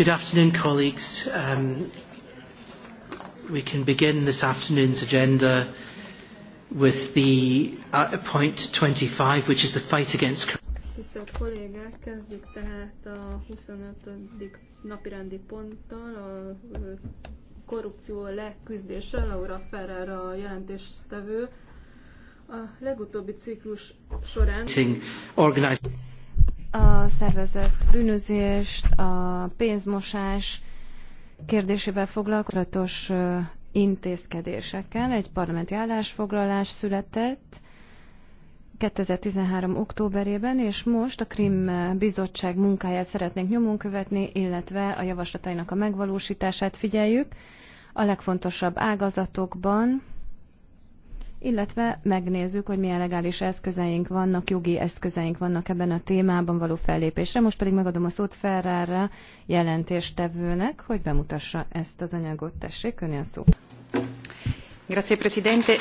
Good afternoon, colleagues. Um, we can begin this afternoon's agenda with the uh, point 25, which is the fight against Tisztelt kollégák, kezdjük tehát a 25. napirendi ponttal, a korrupció leküzdése, Laura Ferrer a jelentéstevő. A legutóbbi ciklus során a szervezett bűnözést, a pénzmosás kérdésével foglalkozatos intézkedéseken egy parlamenti állásfoglalás született 2013. októberében, és most a Krim bizottság munkáját szeretnénk nyomon követni, illetve a javaslatainak a megvalósítását figyeljük. A legfontosabb ágazatokban illetve megnézzük, hogy milyen legális eszközeink vannak, jogi eszközeink vannak ebben a témában való fellépésre. Most pedig megadom a szót Ferrárra jelentéstevőnek, hogy bemutassa ezt az anyagot. Tessék, önél szó. Grazie, Presidente.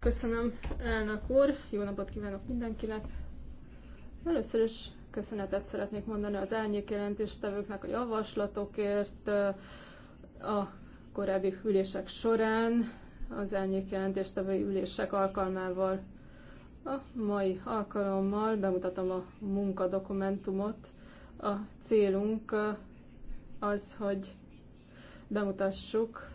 Köszönöm, elnök úr. Jó napot kívánok mindenkinek. Először is köszönetet szeretnék mondani az elnyék jelentéstevőknek a javaslatokért a korábbi ülések során az elnyékjelentéstevő ülések alkalmával. A mai alkalommal bemutatom a munkadokumentumot. A célunk uh, az, hogy bemutassuk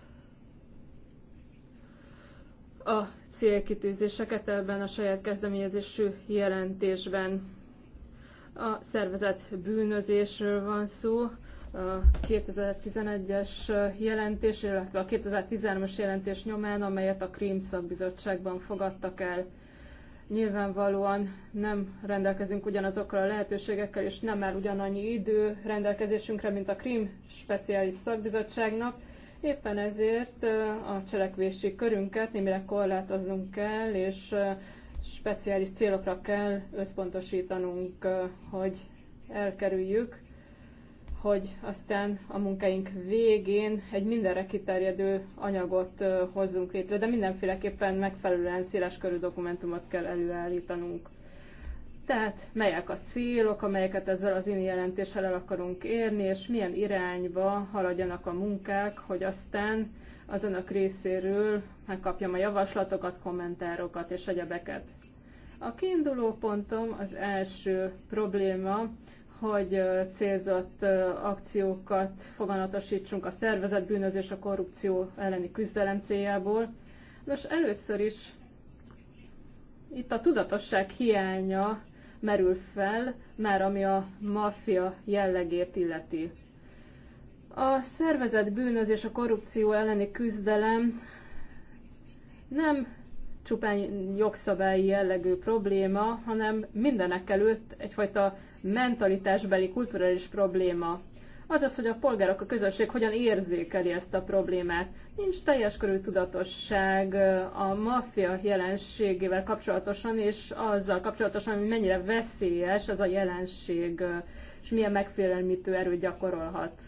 a célkitűzéseket ebben a saját kezdeményezésű jelentésben. A szervezet bűnözésről van szó, a 2011-es jelentés, illetve a 2013-as jelentés nyomán, amelyet a Krím szakbizottságban fogadtak el. Nyilvánvalóan nem rendelkezünk ugyanazokkal a lehetőségekkel, és nem áll ugyanannyi idő rendelkezésünkre, mint a Krím speciális szakbizottságnak. Éppen ezért a cselekvési körünket némileg korlátoznunk kell, és speciális célokra kell összpontosítanunk, hogy elkerüljük hogy aztán a munkáink végén egy mindenre kiterjedő anyagot hozzunk létre, de mindenféleképpen megfelelően széles körű dokumentumot kell előállítanunk. Tehát melyek a célok, amelyeket ezzel az én jelentéssel el akarunk érni, és milyen irányba haladjanak a munkák, hogy aztán az önök részéről megkapjam a javaslatokat, kommentárokat és egyebeket. A kiinduló pontom az első probléma, hogy célzott akciókat foganatosítsunk a szervezetbűnözés és a korrupció elleni küzdelem céljából. Nos, először is itt a tudatosság hiánya merül fel, már ami a maffia jellegét illeti. A szervezet bűnözés, a korrupció elleni küzdelem nem csupán jogszabályi jellegű probléma, hanem mindenek előtt egyfajta mentalitásbeli, kulturális probléma. Azaz, hogy a polgárok, a közösség hogyan érzékeli ezt a problémát. Nincs teljes körű tudatosság a maffia jelenségével kapcsolatosan, és azzal kapcsolatosan, hogy mennyire veszélyes az a jelenség, és milyen megfélelmítő erőt gyakorolhat.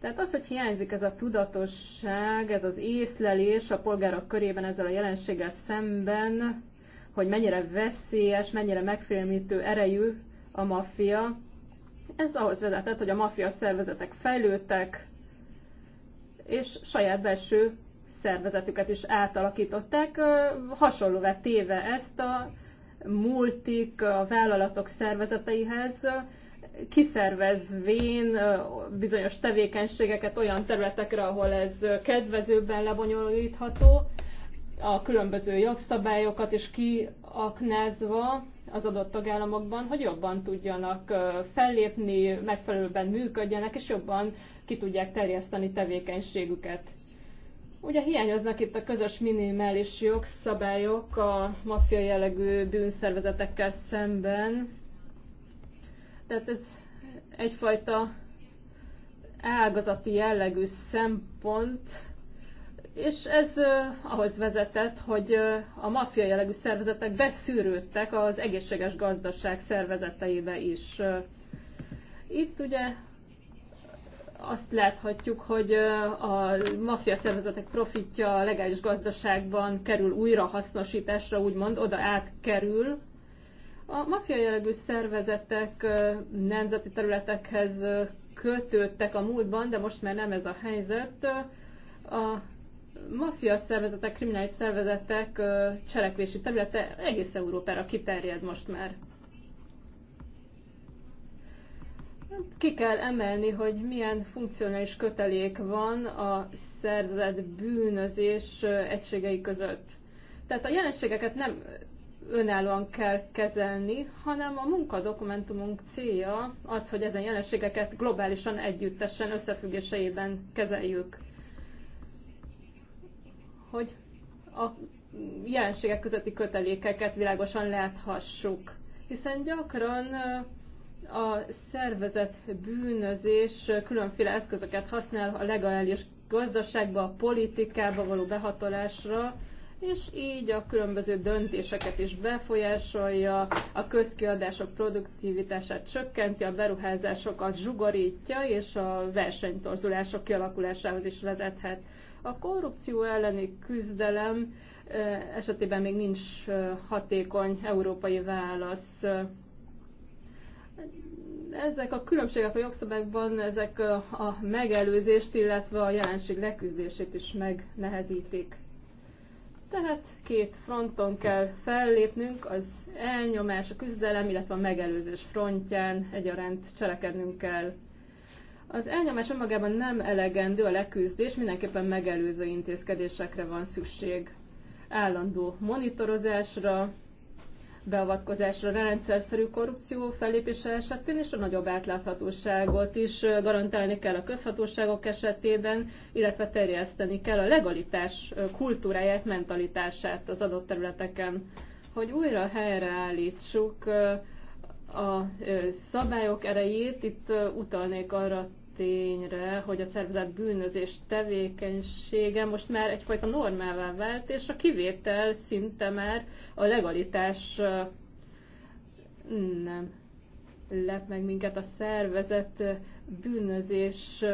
Tehát az, hogy hiányzik ez a tudatosság, ez az észlelés a polgárok körében ezzel a jelenséggel szemben, hogy mennyire veszélyes, mennyire megfélemlítő erejű, a maffia. Ez ahhoz vezetett, hogy a maffia szervezetek fejlődtek, és saját belső szervezetüket is átalakították, hasonlóvá téve ezt a multik, a vállalatok szervezeteihez, kiszervezvén bizonyos tevékenységeket olyan területekre, ahol ez kedvezőbben lebonyolítható, a különböző jogszabályokat is kiaknázva az adott tagállamokban, hogy jobban tudjanak fellépni, megfelelőben működjenek, és jobban ki tudják terjeszteni tevékenységüket. Ugye hiányoznak itt a közös minimális jogszabályok a maffia jellegű bűnszervezetekkel szemben. Tehát ez egyfajta ágazati jellegű szempont, és ez ahhoz vezetett, hogy a maffia jellegű szervezetek beszűrődtek az egészséges gazdaság szervezeteibe is. Itt ugye azt láthatjuk, hogy a maffia szervezetek profitja a legális gazdaságban kerül újra hasznosításra, úgymond oda átkerül. A maffia jellegű szervezetek nemzeti területekhez kötődtek a múltban, de most már nem ez a helyzet. A maffia szervezetek, kriminális szervezetek cselekvési területe egész Európára kiterjed most már. Hát ki kell emelni, hogy milyen funkcionális kötelék van a szerzett bűnözés egységei között. Tehát a jelenségeket nem önállóan kell kezelni, hanem a munkadokumentumunk célja az, hogy ezen jelenségeket globálisan együttesen összefüggéseiben kezeljük hogy a jelenségek közötti kötelékeket világosan láthassuk. Hiszen gyakran a szervezet bűnözés különféle eszközöket használ a legális gazdaságba, a politikába való behatolásra, és így a különböző döntéseket is befolyásolja, a közkiadások produktivitását csökkenti, a beruházásokat zsugorítja, és a versenytorzulások kialakulásához is vezethet. A korrupció elleni küzdelem esetében még nincs hatékony európai válasz. Ezek a különbségek a jogszabályokban, ezek a megelőzést, illetve a jelenség leküzdését is megnehezítik. Tehát két fronton kell fellépnünk, az elnyomás, a küzdelem, illetve a megelőzés frontján egyaránt cselekednünk kell. Az elnyomás önmagában nem elegendő a leküzdés, mindenképpen megelőző intézkedésekre van szükség. Állandó monitorozásra, beavatkozásra, rendszerszerű korrupció fellépése esetén, és a nagyobb átláthatóságot is garantálni kell a közhatóságok esetében, illetve terjeszteni kell a legalitás kultúráját, mentalitását az adott területeken, hogy újra helyreállítsuk a szabályok erejét, itt utalnék arra tényre, hogy a szervezet bűnözés tevékenysége most már egyfajta normává vált, és a kivétel szinte már a legalitás nem lep meg minket a szervezet bűnözés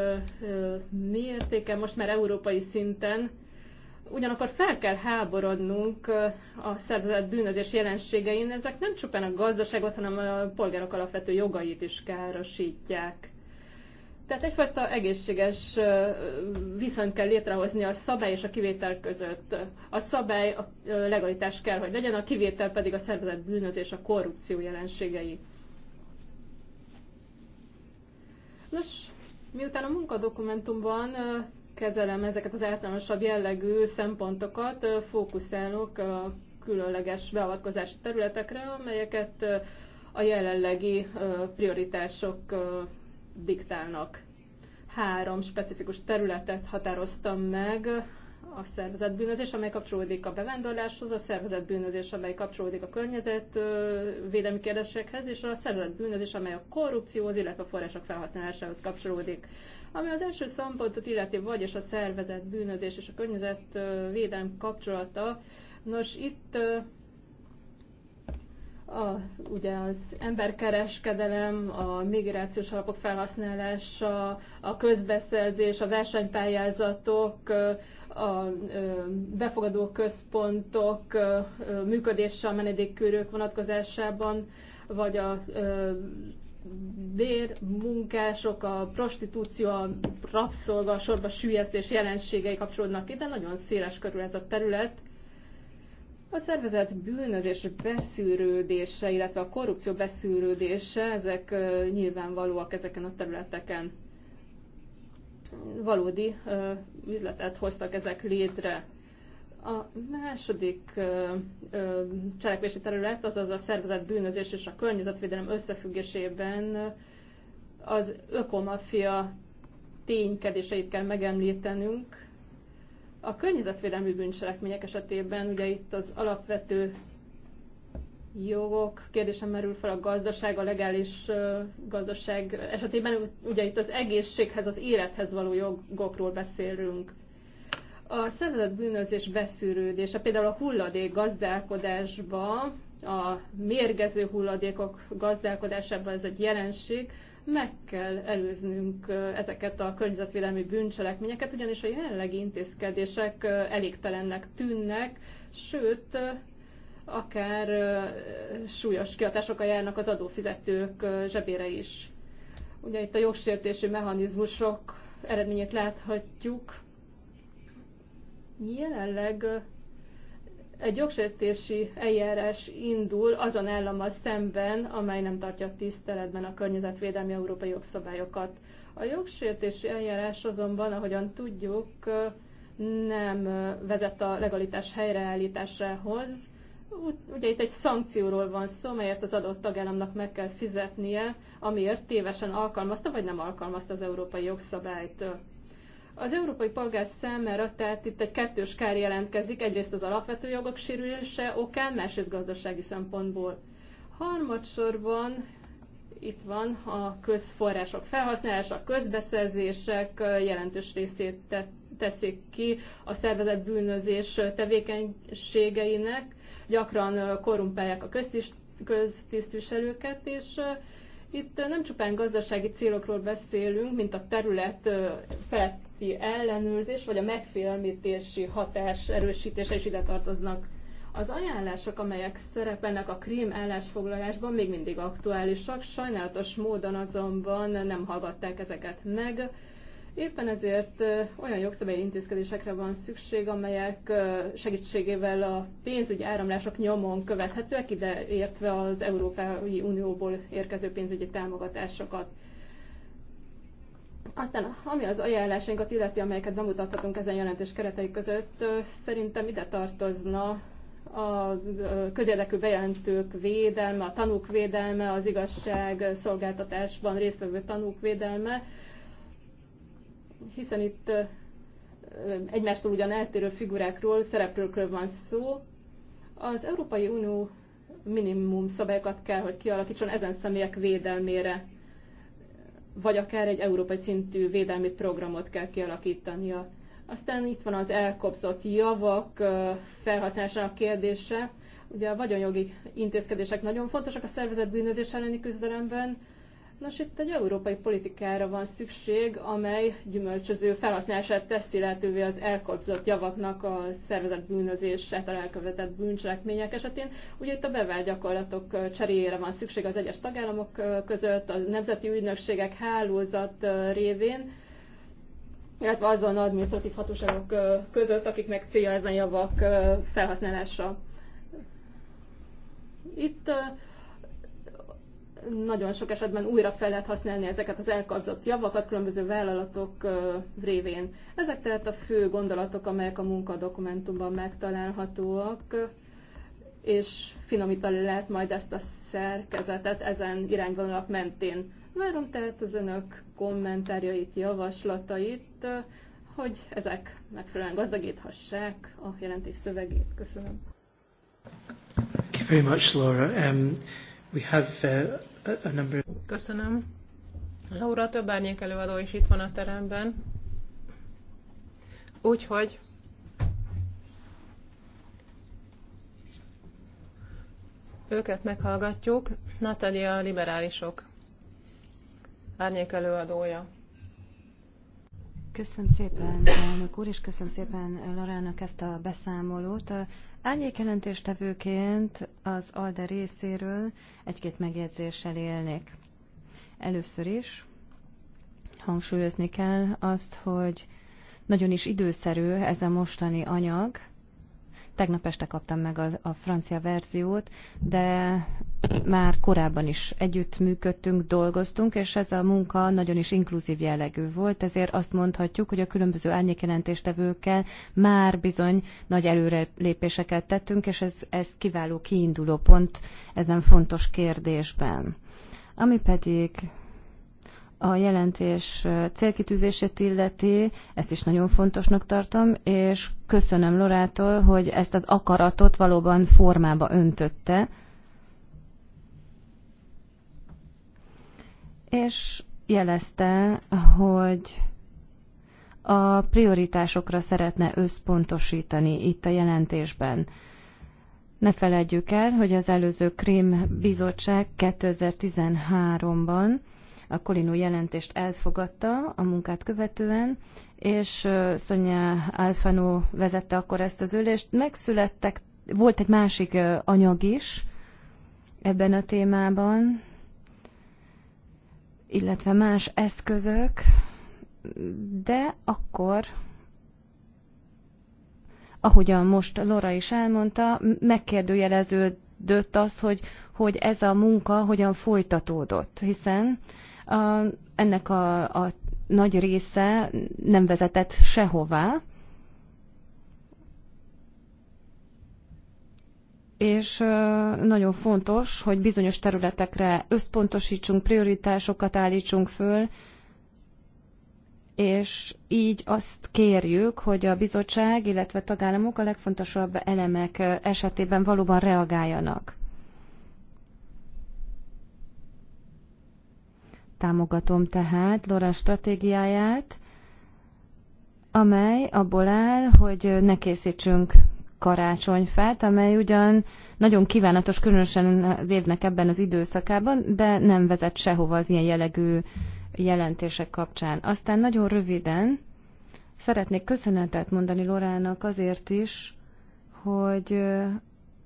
mértéke most már európai szinten Ugyanakkor fel kell háborodnunk a szervezett bűnözés jelenségein, ezek nem csupán a gazdaságot, hanem a polgárok alapvető jogait is károsítják. Tehát egyfajta egészséges viszonyt kell létrehozni a szabály és a kivétel között. A szabály a legalitás kell, hogy legyen, a kivétel pedig a szervezett bűnözés, a korrupció jelenségei. Nos, miután a munkadokumentumban kezelem ezeket az általánosabb jellegű szempontokat, fókuszálok a különleges beavatkozási területekre, amelyeket a jelenlegi prioritások diktálnak. Három specifikus területet határoztam meg a szervezetbűnözés, amely kapcsolódik a bevándorláshoz, a szervezetbűnözés, amely kapcsolódik a környezetvédelmi kérdésekhez, és a szervezetbűnözés, amely a korrupcióhoz, illetve a források felhasználásához kapcsolódik. Ami az első szempontot illeti, vagyis a szervezet bűnözés és a környezetvédelem kapcsolata, nos itt a, ugye az emberkereskedelem, a migrációs alapok felhasználása, a közbeszerzés, a versenypályázatok, a befogadó központok működése a menedékkörök vonatkozásában, vagy a bér, munkások, a prostitúció, a rabszolga, a sorba sűjesztés jelenségei kapcsolódnak ide, nagyon széles körül ez a terület. A szervezet bűnözés beszűrődése, illetve a korrupció beszűrődése, ezek nyilvánvalóak ezeken a területeken. Valódi üzletet hoztak ezek létre. A második cselekvési terület, azaz a szervezett bűnözés és a környezetvédelem összefüggésében az ökomafia ténykedéseit kell megemlítenünk. A környezetvédelmi bűncselekmények esetében ugye itt az alapvető jogok kérdése merül fel a gazdaság, a legális gazdaság esetében, ugye itt az egészséghez, az élethez való jogokról beszélünk a szervezetbűnözés beszűrődése például a hulladék gazdálkodásba, a mérgező hulladékok gazdálkodásában ez egy jelenség, meg kell előznünk ezeket a környezetvédelmi bűncselekményeket, ugyanis a jelenlegi intézkedések elégtelennek tűnnek, sőt, akár súlyos kiadásokkal járnak az adófizetők zsebére is. Ugye itt a jogsértési mechanizmusok eredményét láthatjuk, Jelenleg egy jogsértési eljárás indul azon állammal szemben, amely nem tartja tiszteletben a környezetvédelmi európai jogszabályokat. A jogsértési eljárás azonban, ahogyan tudjuk, nem vezet a legalitás helyreállításához. Ugye itt egy szankcióról van szó, melyet az adott tagállamnak meg kell fizetnie, amiért tévesen alkalmazta vagy nem alkalmazta az európai jogszabályt. Az európai polgár számára tehát itt egy kettős kár jelentkezik, egyrészt az alapvető jogok sérülése okán, másrészt gazdasági szempontból. Harmadsorban itt van a közforrások felhasználása, a közbeszerzések jelentős részét te- teszik ki a szervezet bűnözés tevékenységeinek, gyakran korrumpálják a köztiszt- köztisztviselőket, és itt nem csupán gazdasági célokról beszélünk, mint a terület felett közötti ellenőrzés vagy a megfélemlítési hatás erősítése is ide tartoznak. Az ajánlások, amelyek szerepelnek a krím állásfoglalásban még mindig aktuálisak, sajnálatos módon azonban nem hallgatták ezeket meg. Éppen ezért olyan jogszabályi intézkedésekre van szükség, amelyek segítségével a pénzügyi áramlások nyomon követhetőek, értve az Európai Unióból érkező pénzügyi támogatásokat. Aztán, ami az ajánlásainkat illeti, amelyeket bemutathatunk ezen jelentés keretei között, szerintem ide tartozna a közérdekű bejelentők védelme, a tanúk védelme, az igazság szolgáltatásban résztvevő tanúk védelme, hiszen itt egymástól ugyan eltérő figurákról, szereplőkről van szó. Az Európai Unió minimum szabályokat kell, hogy kialakítson ezen személyek védelmére vagy akár egy európai szintű védelmi programot kell kialakítania. Aztán itt van az elkobzott javak felhasználásának kérdése. Ugye a vagyonjogi intézkedések nagyon fontosak a szervezet bűnözés elleni küzdelemben, Nos, itt egy európai politikára van szükség, amely gyümölcsöző felhasználását teszi lehetővé az elkobzott javaknak a szervezett bűnözés által elkövetett bűncselekmények esetén. Ugye itt a bevált gyakorlatok cseréjére van szükség az egyes tagállamok között, a nemzeti ügynökségek hálózat révén, illetve azon adminisztratív hatóságok között, akiknek célja ezen javak felhasználása. Itt uh, nagyon sok esetben újra fel lehet használni ezeket az elkarzott javakat különböző vállalatok révén. Ezek tehát a fő gondolatok, amelyek a munkadokumentumban megtalálhatóak, és finomítani lehet majd ezt a szerkezetet ezen irányvonalak mentén. Várom tehát az önök kommentárjait, javaslatait, hogy ezek megfelelően gazdagíthassák a jelentés szövegét. Köszönöm. Thank you very much, Laura. Um, we have uh, a number... Köszönöm. Laura, több árnyék előadó is itt van a teremben. Úgyhogy őket meghallgatjuk. Natalia a liberálisok árnyék előadója. Köszönöm szépen, elnök úr, és köszönöm szépen Lorának ezt a beszámolót jelentéstevőként az ALDE részéről egy-két megjegyzéssel élnék. Először is hangsúlyozni kell azt, hogy nagyon is időszerű ez a mostani anyag, Tegnap este kaptam meg a, a francia verziót, de már korábban is együtt működtünk, dolgoztunk, és ez a munka nagyon is inkluzív jellegű volt, ezért azt mondhatjuk, hogy a különböző árnyékjelentéstevőkkel már bizony nagy előrelépéseket tettünk, és ez, ez kiváló kiinduló pont ezen fontos kérdésben. Ami pedig a jelentés célkitűzését illeti, ezt is nagyon fontosnak tartom, és köszönöm Lorától, hogy ezt az akaratot valóban formába öntötte. És jelezte, hogy a prioritásokra szeretne összpontosítani itt a jelentésben. Ne feledjük el, hogy az előző Krém bizottság 2013-ban a Kolinó jelentést elfogadta a munkát követően, és Szonya Alfano vezette akkor ezt az ülést. Megszülettek, volt egy másik anyag is ebben a témában, illetve más eszközök, de akkor ahogyan most Lora is elmondta, megkérdőjeleződött az, hogy, hogy ez a munka hogyan folytatódott, hiszen a, ennek a, a nagy része nem vezetett sehová, és nagyon fontos, hogy bizonyos területekre összpontosítsunk, prioritásokat állítsunk föl, és így azt kérjük, hogy a bizottság, illetve a tagállamok a legfontosabb elemek esetében valóban reagáljanak. Támogatom tehát Lora stratégiáját, amely abból áll, hogy ne készítsünk karácsonyfát, amely ugyan nagyon kívánatos, különösen az évnek ebben az időszakában, de nem vezet sehova az ilyen jellegű jelentések kapcsán. Aztán nagyon röviden szeretnék köszönetet mondani Lorának azért is, hogy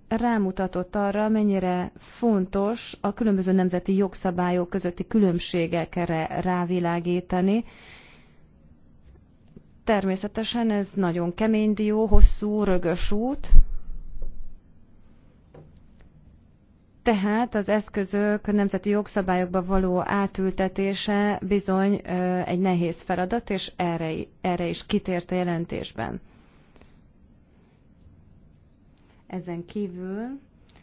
rámutatott arra, mennyire fontos a különböző nemzeti jogszabályok közötti különbségekre rávilágítani. Természetesen ez nagyon kemény dió, hosszú, rögös út, Tehát az eszközök nemzeti jogszabályokba való átültetése bizony egy nehéz feladat, és erre, erre is kitért a jelentésben. Ezen kívül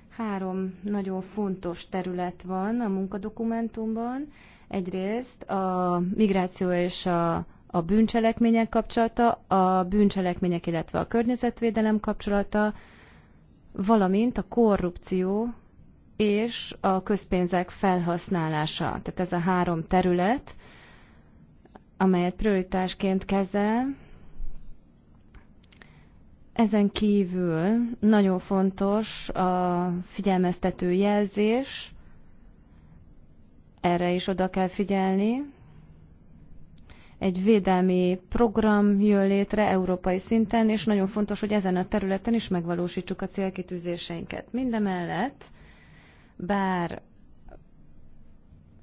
három nagyon fontos terület van a munkadokumentumban. Egyrészt a migráció és a a bűncselekmények kapcsolata, a bűncselekmények, illetve a környezetvédelem kapcsolata, valamint a korrupció és a közpénzek felhasználása. Tehát ez a három terület, amelyet prioritásként kezel, ezen kívül nagyon fontos a figyelmeztető jelzés, erre is oda kell figyelni. Egy védelmi program jön létre európai szinten, és nagyon fontos, hogy ezen a területen is megvalósítsuk a célkitűzéseinket. Mindemellett, bár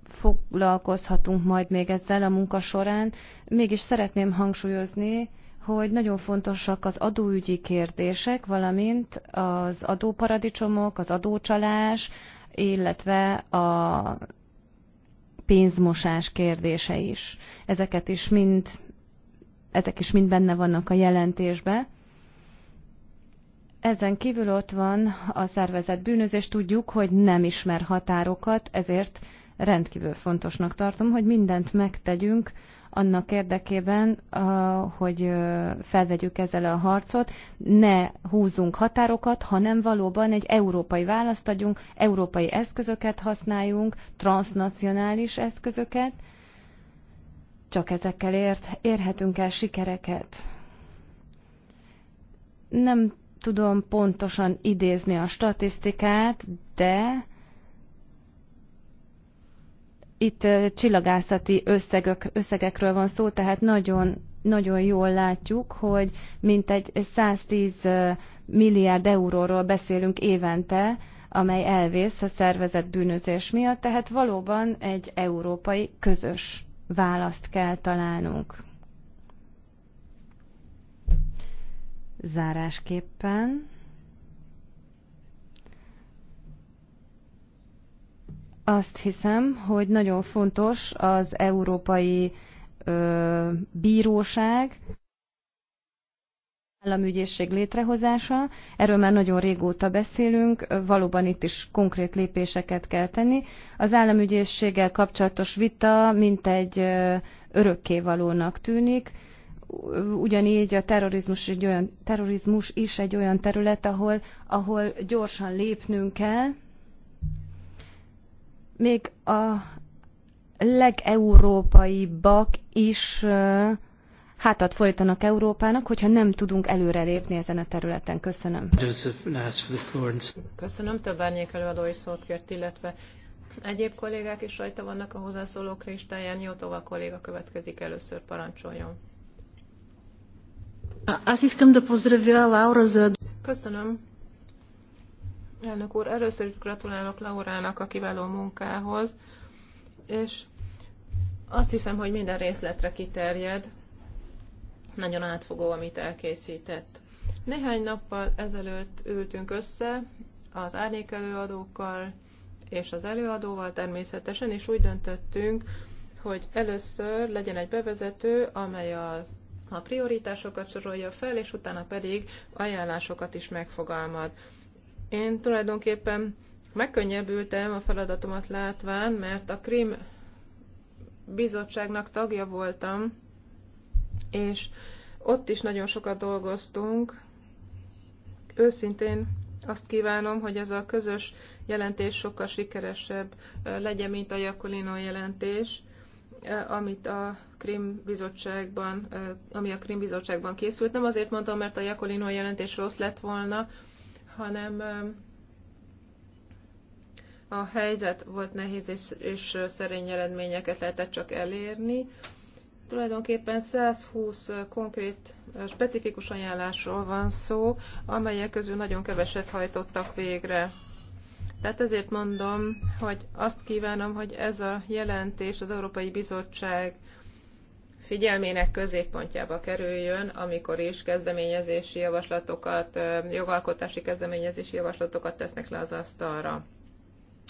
foglalkozhatunk majd még ezzel a munka során, mégis szeretném hangsúlyozni, hogy nagyon fontosak az adóügyi kérdések, valamint az adóparadicsomok, az adócsalás, illetve a pénzmosás kérdése is. Ezeket is mind, ezek is mind benne vannak a jelentésbe. Ezen kívül ott van a szervezet bűnözés, tudjuk, hogy nem ismer határokat, ezért rendkívül fontosnak tartom, hogy mindent megtegyünk annak érdekében, hogy felvegyük ezzel a harcot, ne húzunk határokat, hanem valóban egy európai választ adjunk, európai eszközöket használjunk, transnacionális eszközöket, csak ezekkel ért, érhetünk el sikereket. Nem tudom pontosan idézni a statisztikát, de itt csillagászati összegök, összegekről van szó, tehát nagyon, nagyon jól látjuk, hogy mintegy 110 milliárd euróról beszélünk évente, amely elvész a szervezett bűnözés miatt, tehát valóban egy európai közös választ kell találnunk. Zárásképpen Azt hiszem, hogy nagyon fontos az Európai ö, Bíróság államügyészség létrehozása. Erről már nagyon régóta beszélünk, valóban itt is konkrét lépéseket kell tenni. Az államügyészséggel kapcsolatos vita mintegy örökkévalónak tűnik, ugyanígy a terrorizmus, egy olyan, terrorizmus is egy olyan terület, ahol, ahol gyorsan lépnünk kell, még a legeurópaibbak is hátat folytanak Európának, hogyha nem tudunk előrelépni ezen a területen. Köszönöm. Köszönöm, több árnyék előadó is szót kért, illetve egyéb kollégák is rajta vannak a hozzászólók listáján. Jótova kolléga következik először, parancsoljon. Azt de Laura Köszönöm. Elnök úr, először is gratulálok Laurának a kiváló munkához, és azt hiszem, hogy minden részletre kiterjed. Nagyon átfogó, amit elkészített. Néhány nappal ezelőtt ültünk össze az árnyékelőadókkal előadókkal és az előadóval természetesen, és úgy döntöttünk, hogy először legyen egy bevezető, amely az a prioritásokat sorolja fel, és utána pedig ajánlásokat is megfogalmaz. Én tulajdonképpen megkönnyebbültem a feladatomat látván, mert a Krim bizottságnak tagja voltam, és ott is nagyon sokat dolgoztunk. Őszintén azt kívánom, hogy ez a közös jelentés sokkal sikeresebb legyen, mint a Jakolino jelentés, amit a Krim bizottságban, ami a Krim bizottságban készült. Nem azért mondtam, mert a Jakolino jelentés rossz lett volna, hanem a helyzet volt nehéz, és, és szerény eredményeket lehetett csak elérni. Tulajdonképpen 120 konkrét, specifikus ajánlásról van szó, amelyek közül nagyon keveset hajtottak végre. Tehát ezért mondom, hogy azt kívánom, hogy ez a jelentés az Európai Bizottság figyelmének középpontjába kerüljön, amikor is kezdeményezési javaslatokat, jogalkotási kezdeményezési javaslatokat tesznek le az asztalra.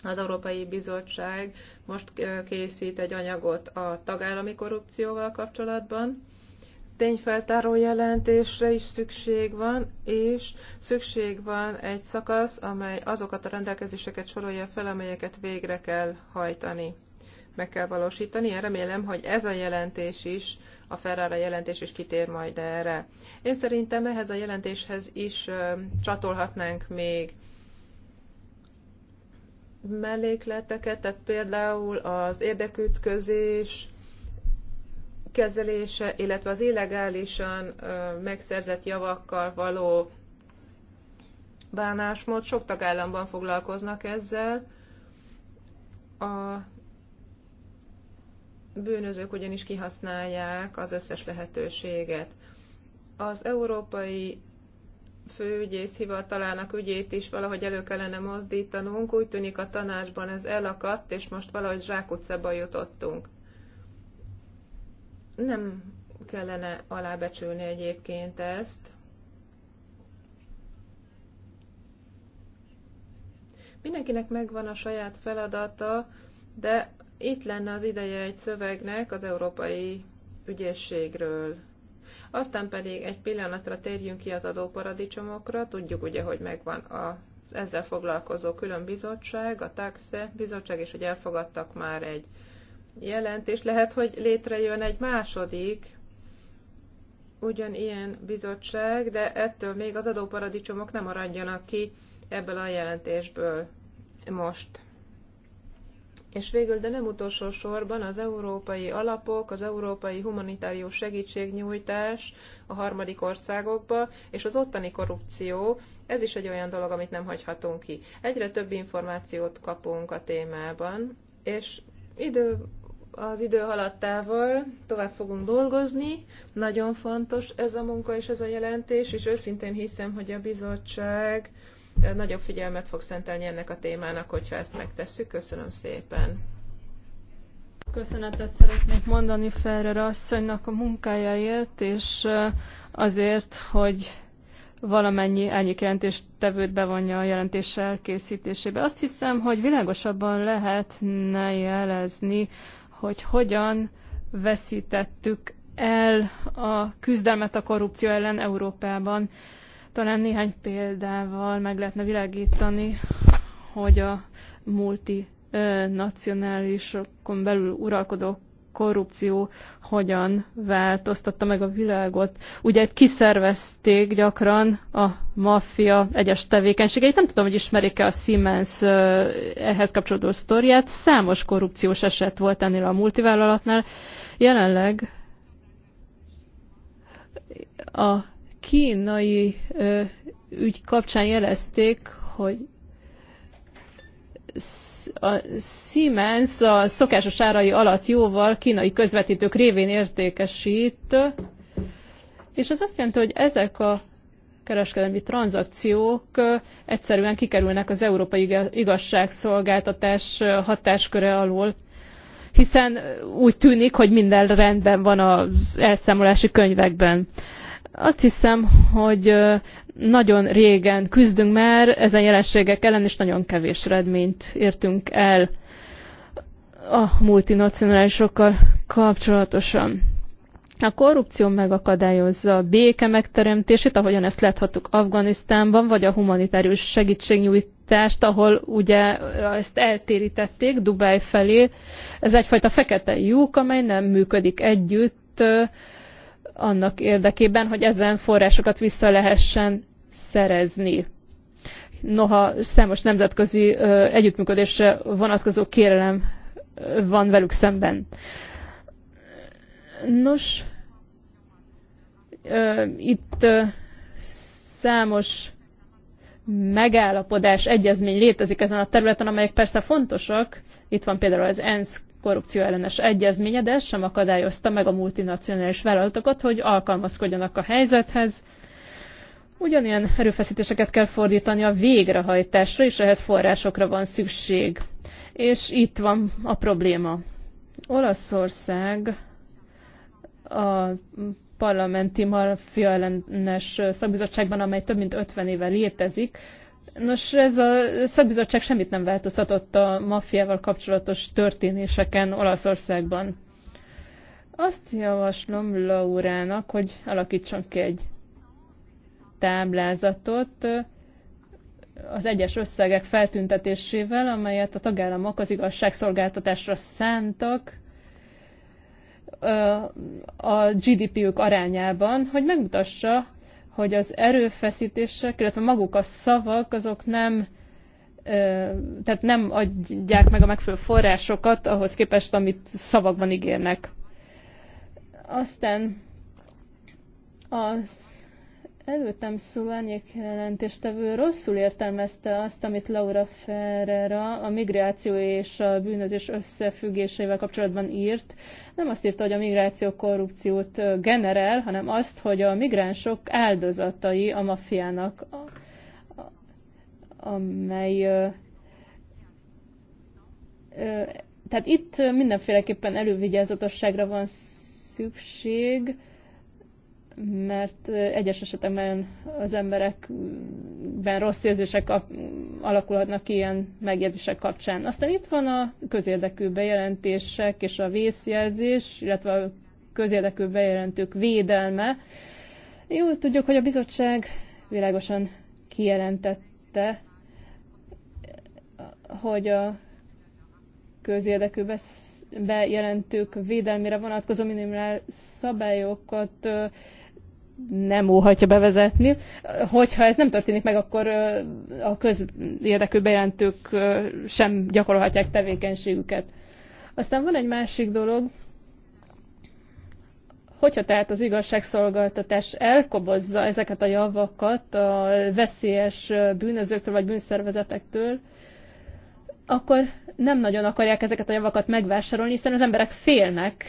Az Európai Bizottság most készít egy anyagot a tagállami korrupcióval kapcsolatban. Tényfeltáró jelentésre is szükség van, és szükség van egy szakasz, amely azokat a rendelkezéseket sorolja fel, amelyeket végre kell hajtani meg kell valósítani. Én remélem, hogy ez a jelentés is, a Ferrara jelentés is kitér majd erre. Én szerintem ehhez a jelentéshez is csatolhatnánk még mellékleteket, tehát például az érdekütközés kezelése, illetve az illegálisan megszerzett javakkal való bánásmód. Sok tagállamban foglalkoznak ezzel. A bűnözők ugyanis kihasználják az összes lehetőséget. Az Európai Főügyész Hivatalának ügyét is valahogy elő kellene mozdítanunk, úgy tűnik a tanácsban ez elakadt, és most valahogy zsákutcába jutottunk. Nem kellene alábecsülni egyébként ezt. Mindenkinek megvan a saját feladata, de itt lenne az ideje egy szövegnek az európai ügyességről. Aztán pedig egy pillanatra térjünk ki az adóparadicsomokra. Tudjuk ugye, hogy megvan a ezzel foglalkozó külön bizottság, a TAXE bizottság, és hogy elfogadtak már egy jelentést. Lehet, hogy létrejön egy második ugyanilyen bizottság, de ettől még az adóparadicsomok nem maradjanak ki ebből a jelentésből most. És végül, de nem utolsó sorban az európai alapok, az európai humanitárius segítségnyújtás a harmadik országokba, és az ottani korrupció, ez is egy olyan dolog, amit nem hagyhatunk ki. Egyre több információt kapunk a témában, és idő, az idő haladtával tovább fogunk dolgozni. Nagyon fontos ez a munka és ez a jelentés, és őszintén hiszem, hogy a bizottság nagyobb figyelmet fog szentelni ennek a témának, hogyha ezt megtesszük. Köszönöm szépen. Köszönetet szeretnék mondani Ferrer asszonynak a munkájáért, és azért, hogy valamennyi elnyékjelentést tevőt bevonja a jelentés elkészítésébe. Azt hiszem, hogy világosabban lehetne jelezni, hogy hogyan veszítettük el a küzdelmet a korrupció ellen Európában. Talán néhány példával meg lehetne világítani, hogy a multinacionálisokon belül uralkodó korrupció hogyan változtatta meg a világot. Ugye kiszervezték gyakran a maffia egyes tevékenységeit. Nem tudom, hogy ismerik-e a Siemens ehhez kapcsolódó sztoriát. Számos korrupciós eset volt ennél a multivállalatnál. Jelenleg a kínai ügy kapcsán jelezték, hogy a Siemens a szokásos árai alatt jóval kínai közvetítők révén értékesít, és az azt jelenti, hogy ezek a kereskedelmi tranzakciók egyszerűen kikerülnek az európai igazságszolgáltatás hatásköre alól, hiszen úgy tűnik, hogy minden rendben van az elszámolási könyvekben. Azt hiszem, hogy nagyon régen küzdünk már ezen jelenségek ellen, és nagyon kevés eredményt értünk el a multinacionálisokkal kapcsolatosan. A korrupció megakadályozza a béke megteremtését, ahogyan ezt láthattuk Afganisztánban, vagy a humanitárius segítségnyújtást, ahol ugye ezt eltérítették Dubáj felé. Ez egyfajta fekete lyuk, amely nem működik együtt annak érdekében, hogy ezen forrásokat vissza lehessen szerezni. Noha számos nemzetközi együttműködésre vonatkozó kérelem van velük szemben. Nos, itt számos megállapodás, egyezmény létezik ezen a területen, amelyek persze fontosak. Itt van például az ENSZ korrupció ellenes egyezménye, de ez sem akadályozta meg a multinacionális vállalatokat, hogy alkalmazkodjanak a helyzethez. Ugyanilyen erőfeszítéseket kell fordítani a végrehajtásra, és ehhez forrásokra van szükség. És itt van a probléma. Olaszország a parlamenti mafia ellenes szakbizottságban, amely több mint 50 éve létezik, Nos, ez a szakbizottság semmit nem változtatott a maffiával kapcsolatos történéseken Olaszországban. Azt javaslom Laurának, hogy alakítson ki egy táblázatot az egyes összegek feltüntetésével, amelyet a tagállamok az igazságszolgáltatásra szántak a GDP-ük arányában, hogy megmutassa, hogy az erőfeszítések, illetve maguk a szavak, azok nem tehát nem adják meg a megfelelő forrásokat ahhoz képest, amit szavakban ígérnek. Aztán az előttem szóló árnyékjelentéstevő rosszul értelmezte azt, amit Laura Ferrera a migráció és a bűnözés összefüggéseivel kapcsolatban írt. Nem azt írta, hogy a migráció korrupciót generál, hanem azt, hogy a migránsok áldozatai a maffiának, amely tehát itt mindenféleképpen elővigyázatosságra van szükség, mert egyes esetekben az emberekben rossz érzések alakulhatnak ki ilyen megjegyzések kapcsán. Aztán itt van a közérdekű bejelentések és a vészjelzés, illetve a közérdekű bejelentők védelme. Jól tudjuk, hogy a bizottság világosan kijelentette, hogy a közérdekű bejelentők védelmére vonatkozó minimál szabályokat nem óhatja bevezetni. Hogyha ez nem történik meg, akkor a közérdekű bejelentők sem gyakorolhatják tevékenységüket. Aztán van egy másik dolog, hogyha tehát az igazságszolgáltatás elkobozza ezeket a javakat a veszélyes bűnözőktől vagy bűnszervezetektől, akkor nem nagyon akarják ezeket a javakat megvásárolni, hiszen az emberek félnek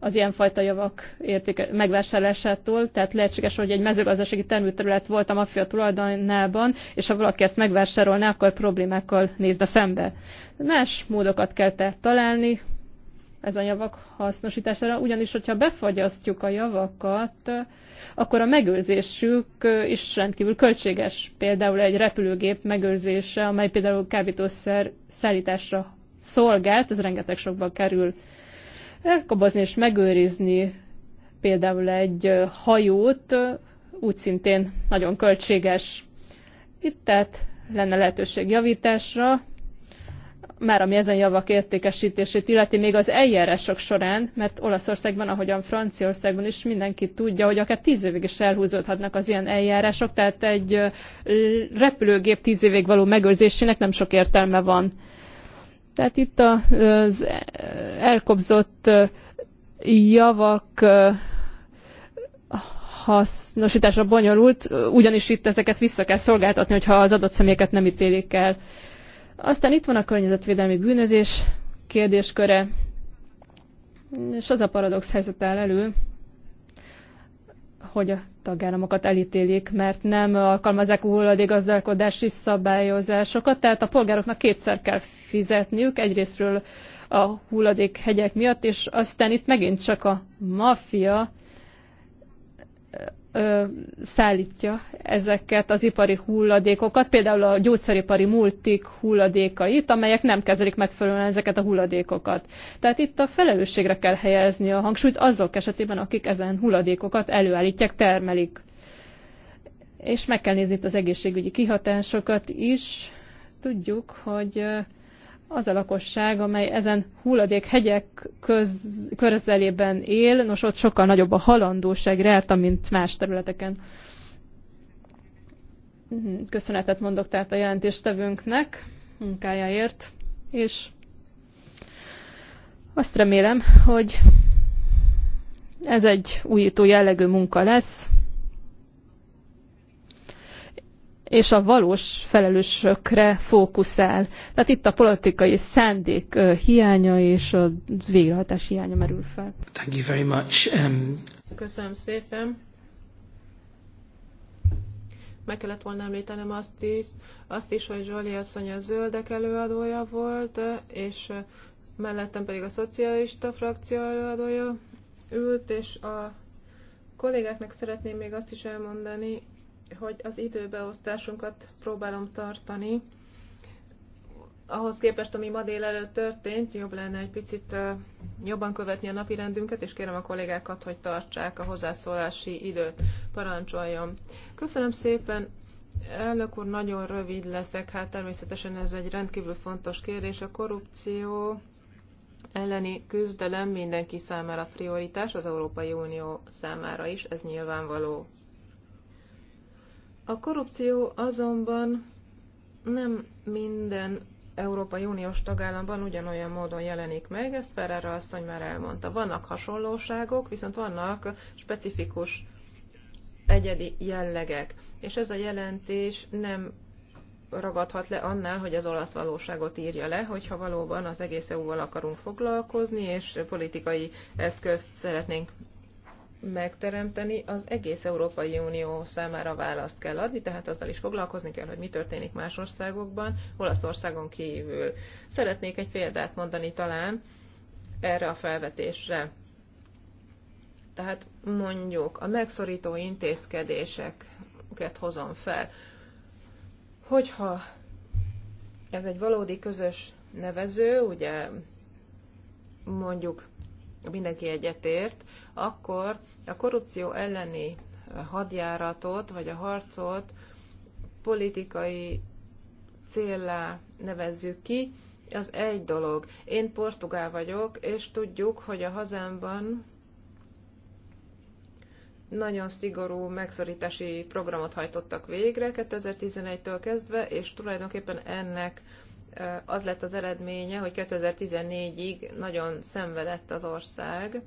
az ilyenfajta javak értéke, megvásárlásától, tehát lehetséges, hogy egy mezőgazdasági termőterület volt a maffia tulajdonában, és ha valaki ezt megvásárolná, akkor problémákkal a szembe. Más módokat kell tehát találni ez a javak hasznosítására, ugyanis, hogyha befagyasztjuk a javakat, akkor a megőrzésük is rendkívül költséges. Például egy repülőgép megőrzése, amely például kábítószer szállításra szolgált, ez rengeteg sokba kerül elkobozni és megőrizni például egy hajót, úgy szintén nagyon költséges. Itt tehát lenne lehetőség javításra, már ami ezen javak értékesítését illeti, még az eljárások során, mert Olaszországban, ahogyan Franciaországban is mindenki tudja, hogy akár tíz évig is elhúzódhatnak az ilyen eljárások, tehát egy repülőgép tíz évig való megőrzésének nem sok értelme van. Tehát itt az elkobzott javak hasznosításra bonyolult, ugyanis itt ezeket vissza kell szolgáltatni, hogyha az adott személyeket nem ítélik el. Aztán itt van a környezetvédelmi bűnözés kérdésköre, és az a paradox helyzet áll elő, hogy a tagállamokat elítélik, mert nem alkalmazzák a hulladékgazdálkodási szabályozásokat, tehát a polgároknak kétszer kell fizetniük, egyrésztről a hegyek miatt, és aztán itt megint csak a maffia ö, szállítja ezeket az ipari hulladékokat, például a gyógyszeripari multik hulladékait, amelyek nem kezelik megfelelően ezeket a hulladékokat. Tehát itt a felelősségre kell helyezni a hangsúlyt azok esetében, akik ezen hulladékokat előállítják, termelik. És meg kell nézni itt az egészségügyi kihatásokat is. Tudjuk, hogy az a lakosság, amely ezen hulladékhegyek köz, közelében él, nos ott sokkal nagyobb a halandóság ráta, mint más területeken. Mhm, köszönetet mondok tehát a jelentéstevőnknek munkájáért, és azt remélem, hogy ez egy újító jellegű munka lesz, és a valós felelősökre fókuszál. Tehát itt a politikai szándék hiánya és a végrehajtás hiánya merül fel. Thank you very much. Um... Köszönöm szépen. Meg kellett volna említenem azt is, azt is hogy Zsoli asszony a zöldek előadója volt, és mellettem pedig a szocialista frakció előadója ült, és a kollégáknak szeretném még azt is elmondani, hogy az időbeosztásunkat próbálom tartani. Ahhoz képest, ami ma délelőtt történt, jobb lenne egy picit jobban követni a napi rendünket, és kérem a kollégákat, hogy tartsák a hozzászólási időt. Parancsoljon. Köszönöm szépen, elnök úr, nagyon rövid leszek. Hát természetesen ez egy rendkívül fontos kérdés. A korrupció elleni küzdelem mindenki számára prioritás, az Európai Unió számára is, ez nyilvánvaló a korrupció azonban nem minden Európai Uniós tagállamban ugyanolyan módon jelenik meg, ezt Ferrara asszony már elmondta. Vannak hasonlóságok, viszont vannak specifikus egyedi jellegek, és ez a jelentés nem ragadhat le annál, hogy az olasz valóságot írja le, hogyha valóban az egész EU-val akarunk foglalkozni, és politikai eszközt szeretnénk megteremteni, az egész Európai Unió számára választ kell adni, tehát azzal is foglalkozni kell, hogy mi történik más országokban, Olaszországon kívül. Szeretnék egy példát mondani talán erre a felvetésre. Tehát mondjuk a megszorító intézkedéseket hozom fel. Hogyha ez egy valódi közös nevező, ugye mondjuk mindenki egyetért, akkor a korrupció elleni hadjáratot, vagy a harcot politikai célra nevezzük ki, az egy dolog. Én portugál vagyok, és tudjuk, hogy a hazámban nagyon szigorú megszorítási programot hajtottak végre 2011-től kezdve, és tulajdonképpen ennek az lett az eredménye, hogy 2014-ig nagyon szenvedett az ország,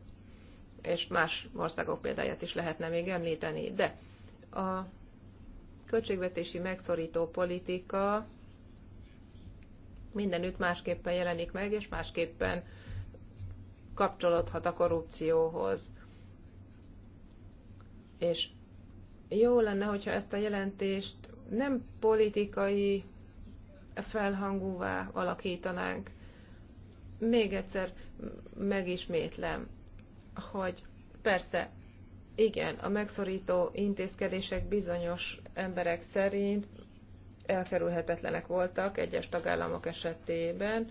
és más országok példáját is lehetne még említeni. De a költségvetési megszorító politika mindenütt másképpen jelenik meg, és másképpen kapcsolódhat a korrupcióhoz. És jó lenne, hogyha ezt a jelentést nem politikai felhangúvá alakítanánk. Még egyszer megismétlem, hogy persze, igen, a megszorító intézkedések bizonyos emberek szerint elkerülhetetlenek voltak egyes tagállamok esetében,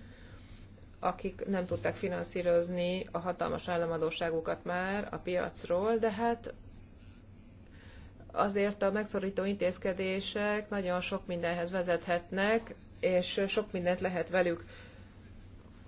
akik nem tudták finanszírozni a hatalmas államadóságukat már a piacról, de hát azért a megszorító intézkedések nagyon sok mindenhez vezethetnek, és sok mindent lehet velük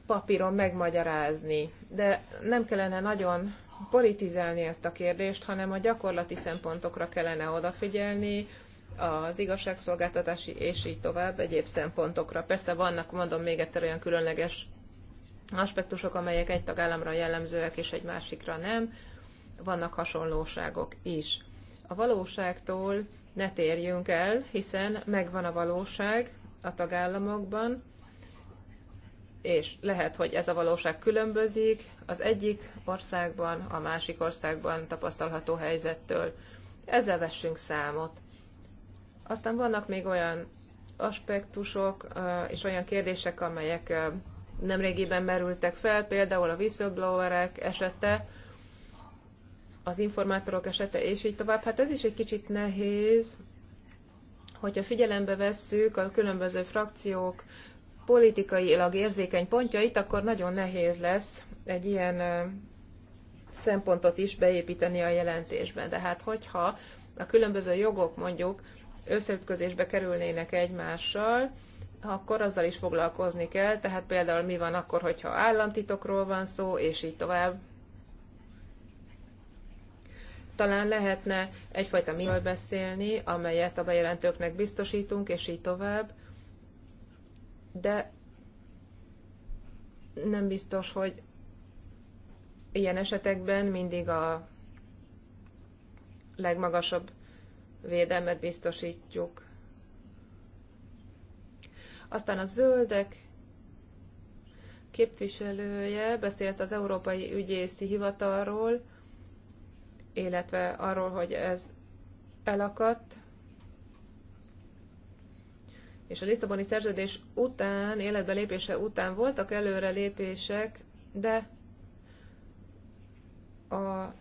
papíron megmagyarázni. De nem kellene nagyon politizálni ezt a kérdést, hanem a gyakorlati szempontokra kellene odafigyelni, az igazságszolgáltatási és így tovább egyéb szempontokra. Persze vannak, mondom még egyszer, olyan különleges aspektusok, amelyek egy tagállamra jellemzőek és egy másikra nem, vannak hasonlóságok is. A valóságtól ne térjünk el, hiszen megvan a valóság, a tagállamokban, és lehet, hogy ez a valóság különbözik az egyik országban, a másik országban tapasztalható helyzettől. Ezzel vessünk számot. Aztán vannak még olyan aspektusok és olyan kérdések, amelyek nemrégiben merültek fel, például a whistleblowerek esete, az informátorok esete, és így tovább. Hát ez is egy kicsit nehéz, hogyha figyelembe vesszük a különböző frakciók politikailag érzékeny pontjait, akkor nagyon nehéz lesz egy ilyen szempontot is beépíteni a jelentésben. De hát hogyha a különböző jogok mondjuk összeütközésbe kerülnének egymással, akkor azzal is foglalkozni kell, tehát például mi van akkor, hogyha államtitokról van szó, és így tovább talán lehetne egyfajta miről beszélni, amelyet a bejelentőknek biztosítunk, és így tovább, de nem biztos, hogy ilyen esetekben mindig a legmagasabb védelmet biztosítjuk. Aztán a zöldek képviselője beszélt az Európai Ügyészi Hivatalról, illetve arról, hogy ez elakadt, és a Lisszaboni szerződés után, életbe lépése után voltak előre lépések, de a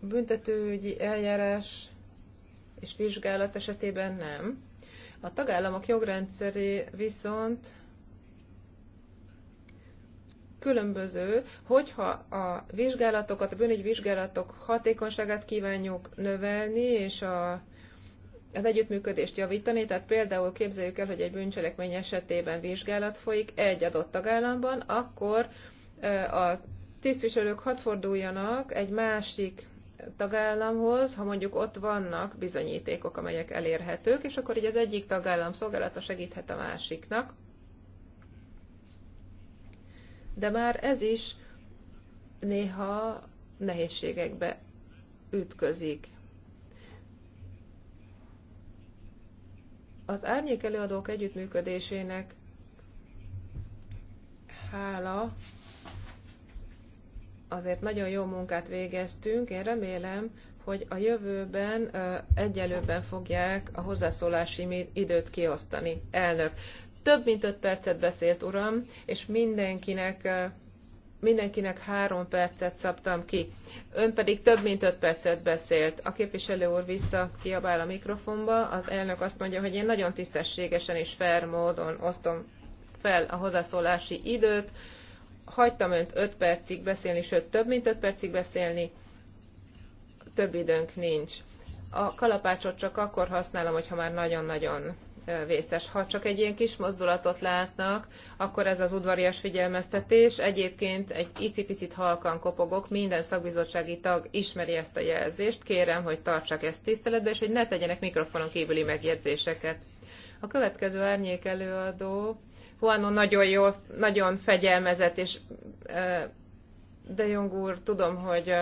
büntetőügyi eljárás és vizsgálat esetében nem. A tagállamok jogrendszeri viszont különböző, hogyha a vizsgálatokat, a vizsgálatok hatékonyságát kívánjuk növelni, és a, az együttműködést javítani, tehát például képzeljük el, hogy egy bűncselekmény esetében vizsgálat folyik egy adott tagállamban, akkor a tisztviselők hadd forduljanak egy másik tagállamhoz, ha mondjuk ott vannak bizonyítékok, amelyek elérhetők, és akkor így az egyik tagállam szolgálata segíthet a másiknak de már ez is néha nehézségekbe ütközik. Az árnyék előadók együttműködésének hála azért nagyon jó munkát végeztünk. Én remélem, hogy a jövőben egyelőbben fogják a hozzászólási időt kiosztani. Elnök, több mint öt percet beszélt, uram, és mindenkinek mindenkinek három percet szabtam ki. Ön pedig több mint öt percet beszélt. A képviselő úr vissza kiabál a mikrofonba, az elnök azt mondja, hogy én nagyon tisztességesen és fair módon osztom fel a hozzászólási időt. Hagytam önt öt percig beszélni, sőt több mint öt percig beszélni, több időnk nincs. A kalapácsot csak akkor használom, hogyha már nagyon-nagyon vészes. Ha csak egy ilyen kis mozdulatot látnak, akkor ez az udvarias figyelmeztetés. Egyébként egy icipicit halkan kopogok, minden szakbizottsági tag ismeri ezt a jelzést. Kérem, hogy tartsak ezt tiszteletbe, és hogy ne tegyenek mikrofonon kívüli megjegyzéseket. A következő árnyék előadó Juanon nagyon jól, nagyon fegyelmezett, és De Jong úr, tudom, hogy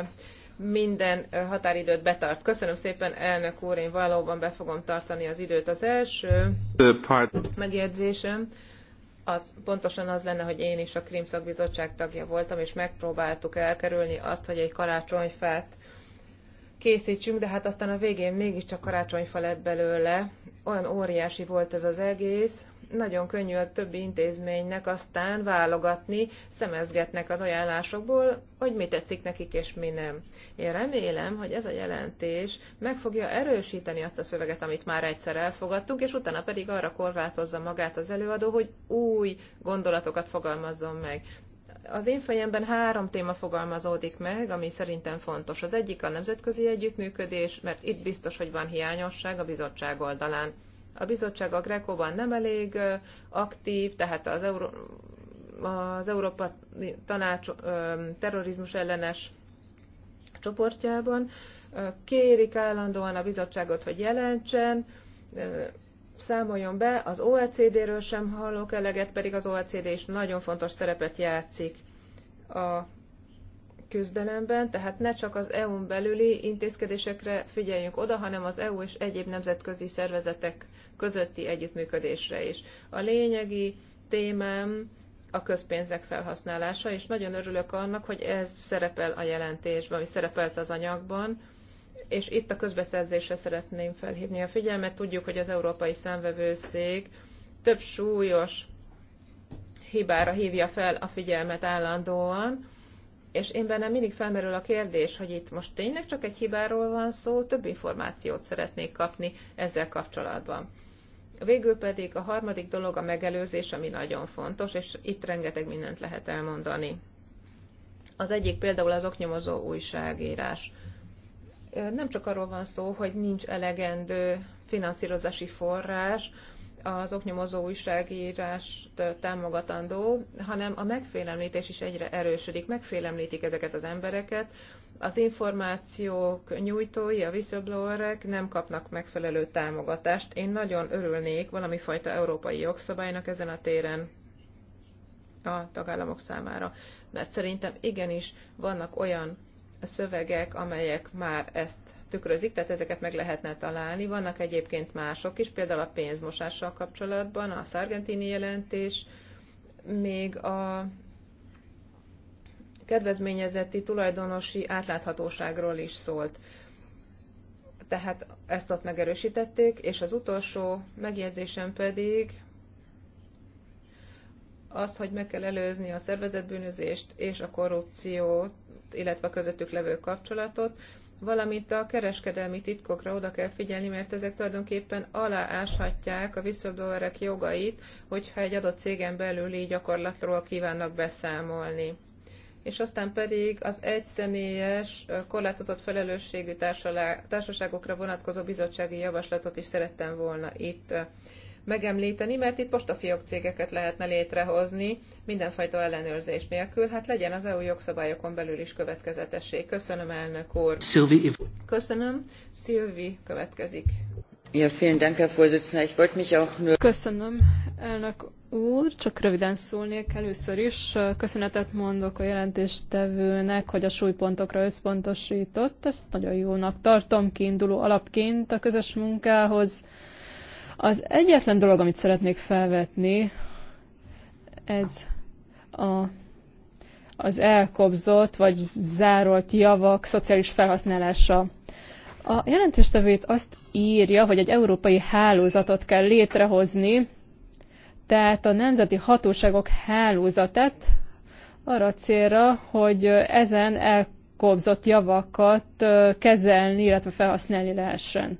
minden határidőt betart. Köszönöm szépen, elnök úr, én valóban be fogom tartani az időt. Az első megjegyzésem az pontosan az lenne, hogy én is a Krim szakbizottság tagja voltam, és megpróbáltuk elkerülni azt, hogy egy karácsonyfát készítsünk, de hát aztán a végén mégiscsak karácsonyfa lett belőle. Olyan óriási volt ez az egész, nagyon könnyű a többi intézménynek aztán válogatni, szemezgetnek az ajánlásokból, hogy mi tetszik nekik és mi nem. Én remélem, hogy ez a jelentés meg fogja erősíteni azt a szöveget, amit már egyszer elfogadtunk, és utána pedig arra korlátozza magát az előadó, hogy új gondolatokat fogalmazzon meg az én fejemben három téma fogalmazódik meg, ami szerintem fontos. Az egyik a nemzetközi együttműködés, mert itt biztos, hogy van hiányosság a bizottság oldalán. A bizottság a Grekóban nem elég aktív, tehát az, Euró- az Európa Tanács terrorizmus ellenes csoportjában. Kérik állandóan a bizottságot, hogy jelentsen, számoljon be, az OECD-ről sem hallok eleget, pedig az OECD is nagyon fontos szerepet játszik a küzdelemben, tehát ne csak az EU-n belüli intézkedésekre figyeljünk oda, hanem az EU és egyéb nemzetközi szervezetek közötti együttműködésre is. A lényegi témám a közpénzek felhasználása, és nagyon örülök annak, hogy ez szerepel a jelentésben, ami szerepelt az anyagban, és itt a közbeszerzésre szeretném felhívni a figyelmet. Tudjuk, hogy az Európai Számvevőszék több súlyos hibára hívja fel a figyelmet állandóan, és én bennem mindig felmerül a kérdés, hogy itt most tényleg csak egy hibáról van szó, több információt szeretnék kapni ezzel kapcsolatban. Végül pedig a harmadik dolog a megelőzés, ami nagyon fontos, és itt rengeteg mindent lehet elmondani. Az egyik például az oknyomozó újságírás. Nem csak arról van szó, hogy nincs elegendő finanszírozási forrás, az oknyomozó újságírást támogatandó, hanem a megfélemlítés is egyre erősödik. Megfélemlítik ezeket az embereket, az információk nyújtói, a whistleblowerek nem kapnak megfelelő támogatást. Én nagyon örülnék valami fajta európai jogszabálynak ezen a téren a tagállamok számára, mert szerintem igenis vannak olyan szövegek, amelyek már ezt tükrözik, tehát ezeket meg lehetne találni. Vannak egyébként mások is, például a pénzmosással kapcsolatban, a szargentini jelentés, még a kedvezményezeti tulajdonosi átláthatóságról is szólt. Tehát ezt ott megerősítették, és az utolsó megjegyzésem pedig az, hogy meg kell előzni a szervezetbűnözést és a korrupciót, illetve a közöttük levő kapcsolatot valamint a kereskedelmi titkokra oda kell figyelni, mert ezek tulajdonképpen alááshatják a visszadóerek jogait, hogyha egy adott cégen belüli gyakorlatról kívánnak beszámolni. És aztán pedig az egyszemélyes, korlátozott felelősségű társaságokra vonatkozó bizottsági javaslatot is szerettem volna itt megemlíteni, mert itt postafiók cégeket lehetne létrehozni mindenfajta ellenőrzés nélkül. Hát legyen az EU jogszabályokon belül is következetesség. Köszönöm, elnök úr. Szilvi. Köszönöm. Szilvi következik. Ja, vielen Dank, Herr Vorsitzender. Ich wollte mich auch nur... Köszönöm, elnök úr. Csak röviden szólnék először is. Köszönetet mondok a jelentéstevőnek, hogy a súlypontokra összpontosított. Ezt nagyon jónak tartom kiinduló alapként a közös munkához. Az egyetlen dolog, amit szeretnék felvetni, ez a, az elkobzott vagy zárolt javak szociális felhasználása. A jelentéstevőt azt írja, hogy egy európai hálózatot kell létrehozni, tehát a nemzeti hatóságok hálózatát arra célra, hogy ezen elkobzott javakat kezelni, illetve felhasználni lehessen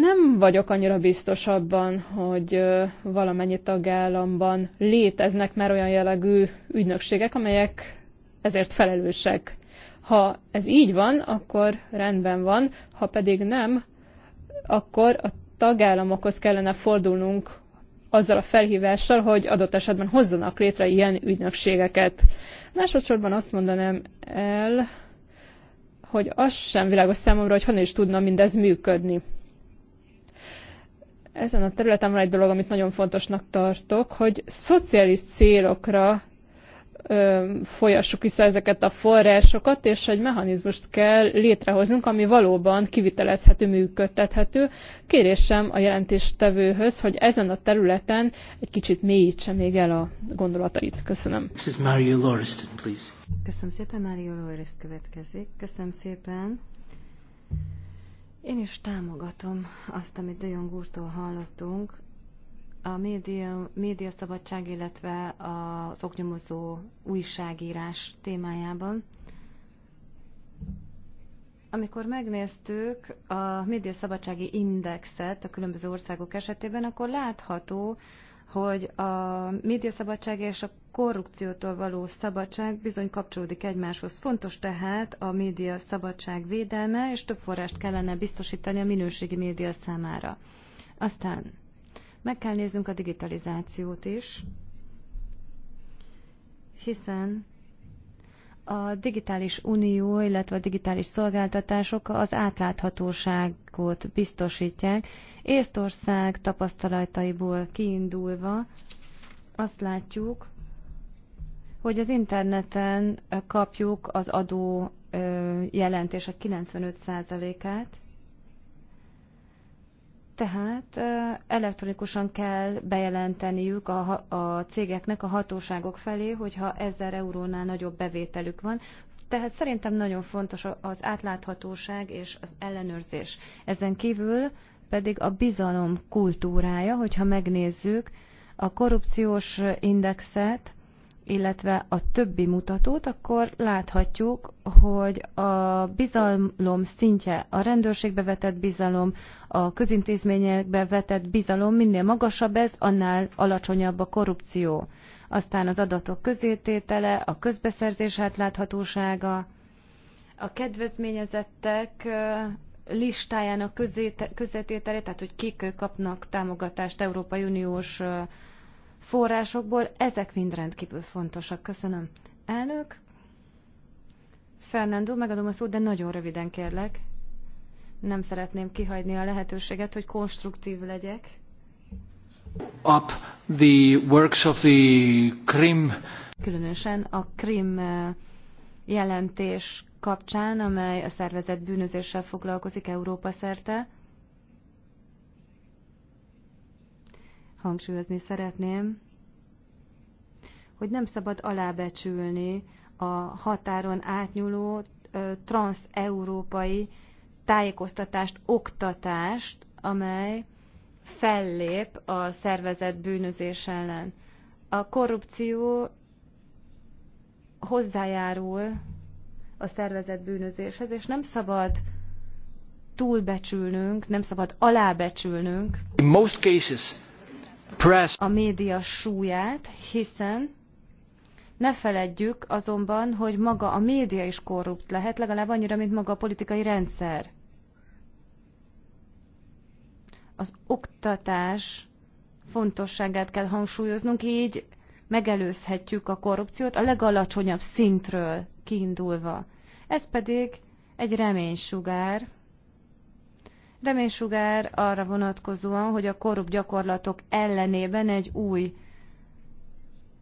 nem vagyok annyira biztos abban, hogy valamennyi tagállamban léteznek már olyan jellegű ügynökségek, amelyek ezért felelősek. Ha ez így van, akkor rendben van, ha pedig nem, akkor a tagállamokhoz kellene fordulnunk azzal a felhívással, hogy adott esetben hozzanak létre ilyen ügynökségeket. Másodszorban azt mondanám el, hogy az sem világos számomra, hogy honnan is tudna mindez működni. Ezen a területen van egy dolog, amit nagyon fontosnak tartok, hogy szociális célokra ö, folyassuk vissza ezeket a forrásokat, és egy mechanizmust kell létrehoznunk, ami valóban kivitelezhető, működtethető. Kérésem a jelentéstevőhöz, hogy ezen a területen egy kicsit mélyítse még el a gondolatait. Köszönöm. This is Mario Lauriston, please. Köszönöm szépen, Mario Lauriston következik. Köszönöm szépen. Én is támogatom azt, amit Döjong úrtól hallottunk. A média, média szabadság, illetve az oknyomozó újságírás témájában. Amikor megnéztük a médiaszabadsági indexet a különböző országok esetében, akkor látható, hogy a médiaszabadság és a korrupciótól való szabadság bizony kapcsolódik egymáshoz. Fontos tehát a média szabadság védelme, és több forrást kellene biztosítani a minőségi média számára. Aztán meg kell néznünk a digitalizációt is, hiszen a digitális unió, illetve a digitális szolgáltatások az átláthatóságot biztosítják. Észtország tapasztalataiból kiindulva azt látjuk, hogy az interneten kapjuk az adó jelentések 95%-át, tehát elektronikusan kell bejelenteniük a, a cégeknek a hatóságok felé, hogyha 1000 eurónál nagyobb bevételük van. Tehát szerintem nagyon fontos az átláthatóság és az ellenőrzés. Ezen kívül pedig a bizalom kultúrája, hogyha megnézzük a korrupciós indexet, illetve a többi mutatót, akkor láthatjuk, hogy a bizalom szintje, a rendőrségbe vetett bizalom, a közintézményekbe vetett bizalom, minél magasabb ez, annál alacsonyabb a korrupció. Aztán az adatok közértétele, a közbeszerzés átláthatósága, a kedvezményezettek listájának közététele, tehát hogy kik kapnak támogatást Európai Uniós forrásokból, ezek mind rendkívül fontosak. Köszönöm. Elnök, Fernando, megadom a szót, de nagyon röviden kérlek. Nem szeretném kihagyni a lehetőséget, hogy konstruktív legyek. Up the works of the Krim. Különösen a Krim eh, jelentés kapcsán, amely a szervezet bűnözéssel foglalkozik Európa szerte. hangsúlyozni szeretném, hogy nem szabad alábecsülni a határon átnyúló trans-európai tájékoztatást, oktatást, amely fellép a szervezet bűnözés ellen. A korrupció hozzájárul a szervezet bűnözéshez, és nem szabad túlbecsülnünk, nem szabad alábecsülnünk. In most cases, press. a média súlyát, hiszen ne feledjük azonban, hogy maga a média is korrupt lehet, legalább annyira, mint maga a politikai rendszer. Az oktatás fontosságát kell hangsúlyoznunk, így megelőzhetjük a korrupciót a legalacsonyabb szintről kiindulva. Ez pedig egy reménysugár, reménysugár arra vonatkozóan, hogy a korrupt gyakorlatok ellenében egy új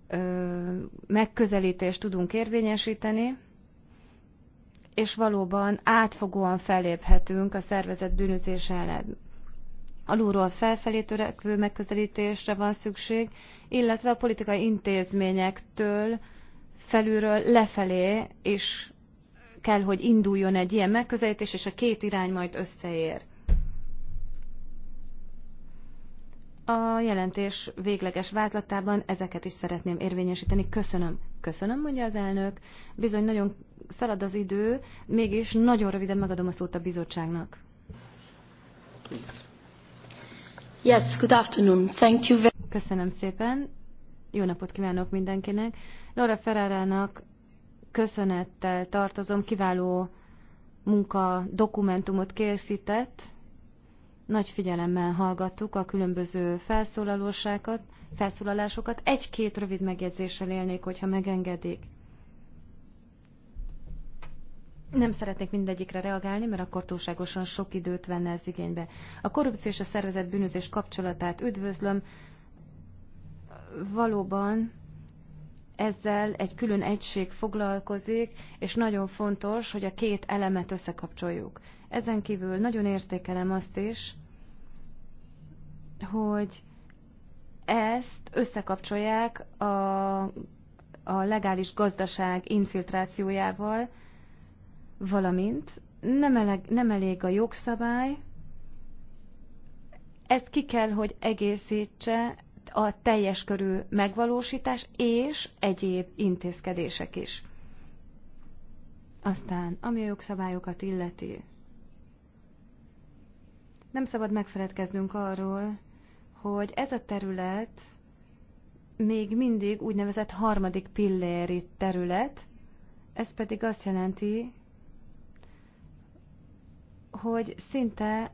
ö, megközelítést tudunk érvényesíteni, és valóban átfogóan felléphetünk a szervezet bűnözés ellen. Alulról felfelé törekvő megközelítésre van szükség, illetve a politikai intézményektől felülről lefelé is kell, hogy induljon egy ilyen megközelítés, és a két irány majd összeér. A jelentés végleges vázlatában ezeket is szeretném érvényesíteni. Köszönöm. Köszönöm, mondja az elnök. Bizony nagyon szalad az idő, mégis nagyon röviden megadom a szót a bizottságnak. Yes, good afternoon. Thank you very Köszönöm szépen. Jó napot kívánok mindenkinek. Laura Ferrárának köszönettel tartozom, kiváló munka dokumentumot készített, nagy figyelemmel hallgattuk a különböző felszólalósákat, felszólalásokat. Egy-két rövid megjegyzéssel élnék, hogyha megengedik. Nem szeretnék mindegyikre reagálni, mert akkor túlságosan sok időt venne ez igénybe. A korrupció és a szervezett bűnözés kapcsolatát üdvözlöm. Valóban ezzel egy külön egység foglalkozik, és nagyon fontos, hogy a két elemet összekapcsoljuk. Ezen kívül nagyon értékelem azt is, hogy ezt összekapcsolják a, a legális gazdaság infiltrációjával, valamint nem, eleg, nem elég a jogszabály, ezt ki kell, hogy egészítse a teljes körű megvalósítás és egyéb intézkedések is. Aztán, ami a jogszabályokat illeti, nem szabad megfeledkeznünk arról, hogy ez a terület még mindig úgynevezett harmadik pilléri terület, ez pedig azt jelenti, hogy szinte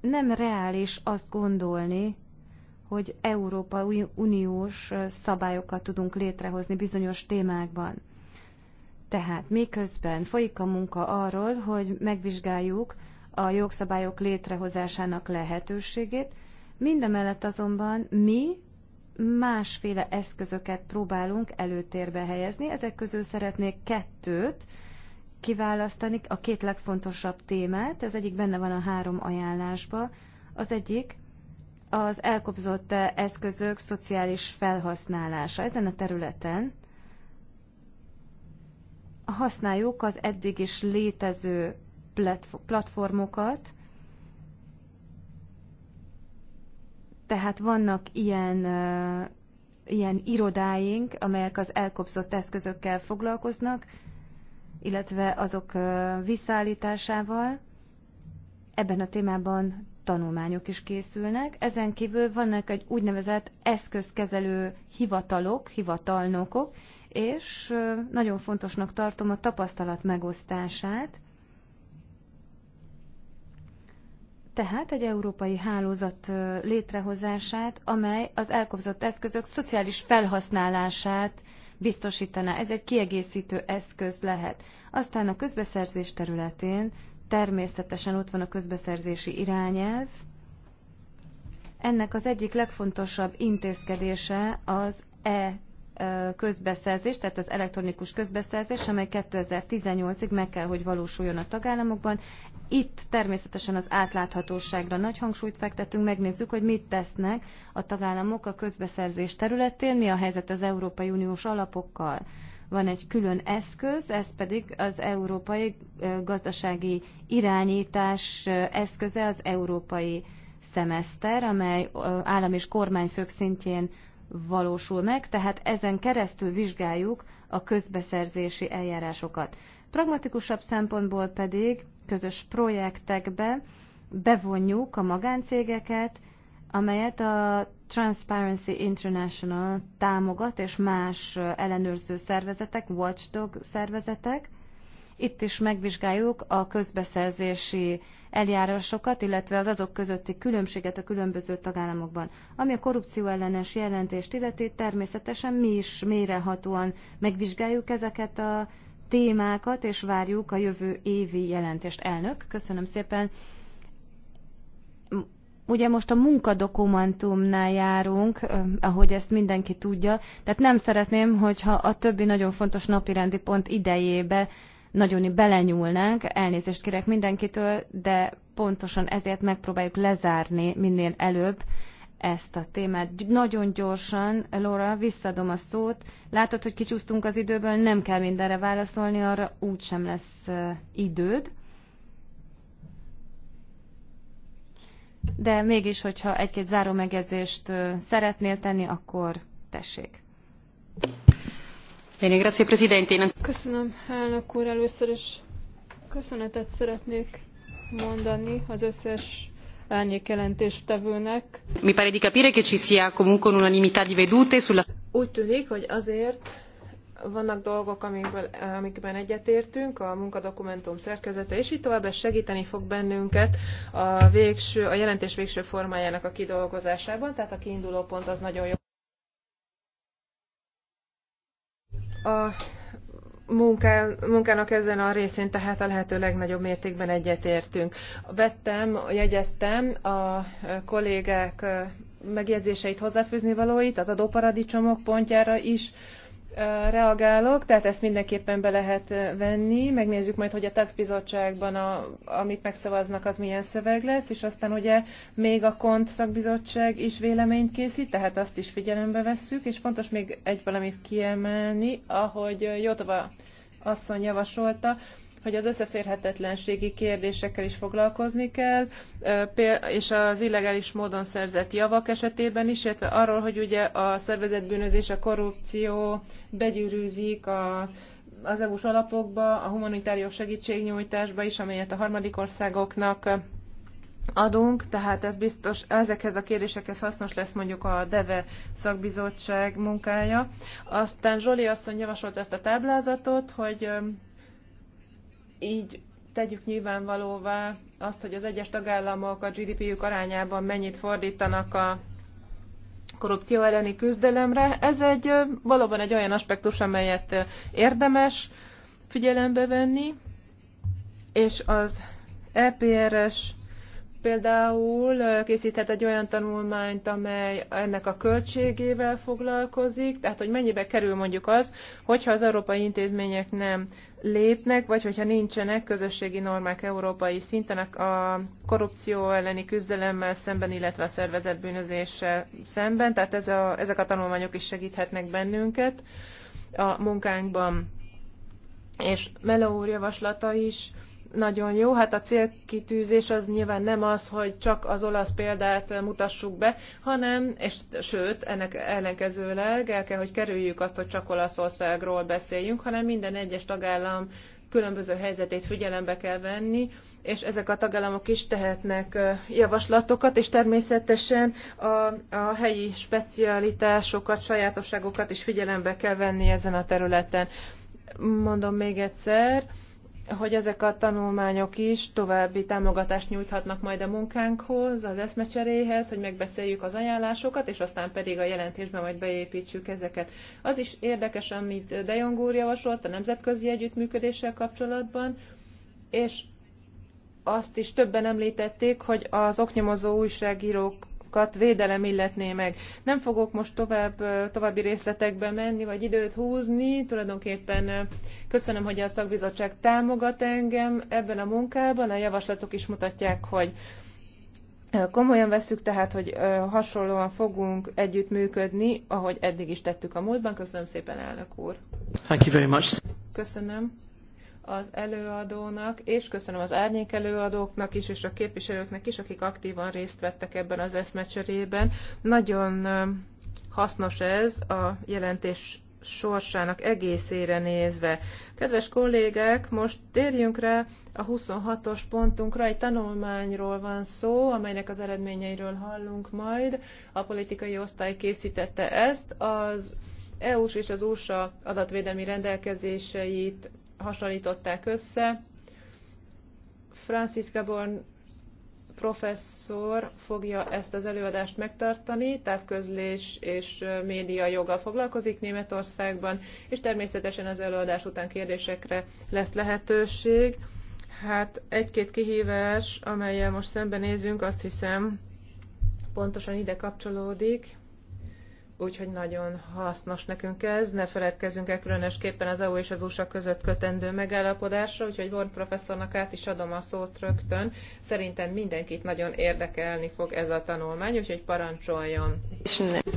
nem reális azt gondolni, hogy Európa uniós szabályokat tudunk létrehozni bizonyos témákban. Tehát miközben folyik a munka arról, hogy megvizsgáljuk a jogszabályok létrehozásának lehetőségét, Mindemellett azonban mi másféle eszközöket próbálunk előtérbe helyezni. Ezek közül szeretnék kettőt kiválasztani, a két legfontosabb témát. Ez egyik benne van a három ajánlásba. Az egyik az elkobzott eszközök szociális felhasználása. Ezen a területen használjuk az eddig is létező platformokat, Tehát vannak ilyen ilyen irodáink, amelyek az elkobzott eszközökkel foglalkoznak, illetve azok visszaállításával. Ebben a témában tanulmányok is készülnek. Ezen kívül vannak egy úgynevezett eszközkezelő hivatalok, hivatalnokok, és nagyon fontosnak tartom a tapasztalat megosztását, tehát egy európai hálózat létrehozását, amely az elkobzott eszközök szociális felhasználását biztosítaná. Ez egy kiegészítő eszköz lehet. Aztán a közbeszerzés területén természetesen ott van a közbeszerzési irányelv. Ennek az egyik legfontosabb intézkedése az e közbeszerzés, tehát az elektronikus közbeszerzés, amely 2018-ig meg kell, hogy valósuljon a tagállamokban. Itt természetesen az átláthatóságra nagy hangsúlyt fektetünk, megnézzük, hogy mit tesznek a tagállamok a közbeszerzés területén, mi a helyzet az Európai Uniós alapokkal. Van egy külön eszköz, ez pedig az európai gazdasági irányítás eszköze, az európai szemeszter, amely állam és kormányfők szintjén valósul meg, tehát ezen keresztül vizsgáljuk a közbeszerzési eljárásokat. Pragmatikusabb szempontból pedig közös projektekbe bevonjuk a magáncégeket, amelyet a Transparency International támogat, és más ellenőrző szervezetek, watchdog szervezetek, itt is megvizsgáljuk a közbeszerzési eljárásokat, illetve az azok közötti különbséget a különböző tagállamokban. Ami a korrupció ellenes jelentést illeti, természetesen mi is mérehatóan megvizsgáljuk ezeket a témákat, és várjuk a jövő évi jelentést. Elnök, köszönöm szépen. Ugye most a munkadokumentumnál járunk, ahogy ezt mindenki tudja, tehát nem szeretném, hogyha a többi nagyon fontos napirendi pont idejébe nagyon belenyúlnánk, elnézést kérek mindenkitől, de pontosan ezért megpróbáljuk lezárni minél előbb ezt a témát. Nagyon gyorsan, Laura, visszadom a szót. Látod, hogy kicsúsztunk az időből, nem kell mindenre válaszolni, arra úgy sem lesz időd. De mégis, hogyha egy-két záró megjegyzést szeretnél tenni, akkor tessék. Köszönöm, elnök úr, először is köszönetet szeretnék mondani az összes árnyékjelentéstevőnek. Mi pare di capire che ci sia comunque un'unanimità di vedute sulla... Úgy tűnik, hogy azért vannak dolgok, amikben, amikben egyetértünk, a munkadokumentum szerkezete, és így tovább ez segíteni fog bennünket a, végső, a jelentés végső formájának a kidolgozásában, tehát a kiinduló pont az nagyon jó. a munkán, munkának ezen a részén tehát a lehető legnagyobb mértékben egyetértünk. Vettem, jegyeztem a kollégák megjegyzéseit, hozzáfűzni valóit, az adóparadicsomok pontjára is reagálok, tehát ezt mindenképpen be lehet venni. Megnézzük majd, hogy a TAX bizottságban, a, amit megszavaznak, az milyen szöveg lesz, és aztán ugye még a KONT szakbizottság is véleményt készít, tehát azt is figyelembe vesszük, és fontos még egy valamit kiemelni, ahogy Jotva asszony javasolta, hogy az összeférhetetlenségi kérdésekkel is foglalkozni kell, és az illegális módon szerzett javak esetében is, illetve arról, hogy ugye a szervezetbűnözés, a korrupció begyűrűzik a az EU-s alapokba, a humanitárius segítségnyújtásba is, amelyet a harmadik országoknak adunk, tehát ez biztos, ezekhez a kérdésekhez hasznos lesz mondjuk a DEVE szakbizottság munkája. Aztán Zsoli asszony javasolt ezt a táblázatot, hogy így tegyük nyilvánvalóvá azt, hogy az egyes tagállamok a GDP-jük arányában mennyit fordítanak a korrupció elleni küzdelemre. Ez egy valóban egy olyan aspektus, amelyet érdemes figyelembe venni, és az EPRS például készíthet egy olyan tanulmányt, amely ennek a költségével foglalkozik, tehát hogy mennyibe kerül mondjuk az, hogyha az európai intézmények nem lépnek, vagy hogyha nincsenek közösségi normák európai szinten a korrupció elleni küzdelemmel szemben, illetve a szervezetbűnözéssel szemben, tehát ez a, ezek a tanulmányok is segíthetnek bennünket a munkánkban. És Melo úr javaslata is nagyon jó. Hát a célkitűzés az nyilván nem az, hogy csak az olasz példát mutassuk be, hanem, és sőt, ennek ellenkezőleg el kell, hogy kerüljük azt, hogy csak Olaszországról beszéljünk, hanem minden egyes tagállam különböző helyzetét figyelembe kell venni, és ezek a tagállamok is tehetnek javaslatokat, és természetesen a, a helyi specialitásokat, sajátosságokat is figyelembe kell venni ezen a területen. Mondom még egyszer, hogy ezek a tanulmányok is további támogatást nyújthatnak majd a munkánkhoz, az eszmecseréhez, hogy megbeszéljük az ajánlásokat, és aztán pedig a jelentésben majd beépítsük ezeket. Az is érdekes, amit De Jong úr javasolt a nemzetközi együttműködéssel kapcsolatban, és azt is többen említették, hogy az oknyomozó újságírók jogokat védelem illetné meg. Nem fogok most tovább, további részletekbe menni, vagy időt húzni. Tulajdonképpen köszönöm, hogy a szakbizottság támogat engem ebben a munkában. A javaslatok is mutatják, hogy Komolyan veszük tehát, hogy hasonlóan fogunk együttműködni, ahogy eddig is tettük a múltban. Köszönöm szépen, elnök úr. Thank you very much. Köszönöm az előadónak, és köszönöm az árnyék előadóknak is, és a képviselőknek is, akik aktívan részt vettek ebben az eszmecserében. Nagyon hasznos ez a jelentés sorsának egészére nézve. Kedves kollégák, most térjünk rá a 26-os pontunkra. Egy tanulmányról van szó, amelynek az eredményeiről hallunk majd. A politikai osztály készítette ezt. Az EU-s és az USA adatvédelmi rendelkezéseit hasonlították össze. Francis Gabon professzor fogja ezt az előadást megtartani, távközlés és média joga foglalkozik Németországban, és természetesen az előadás után kérdésekre lesz lehetőség. Hát egy-két kihívás, amelyel most szembenézünk, azt hiszem pontosan ide kapcsolódik úgyhogy nagyon hasznos nekünk ez. Ne feledkezzünk el különösképpen az EU és az USA között kötendő megállapodásra, úgyhogy Born professzornak át is adom a szót rögtön. Szerintem mindenkit nagyon érdekelni fog ez a tanulmány, úgyhogy parancsoljon.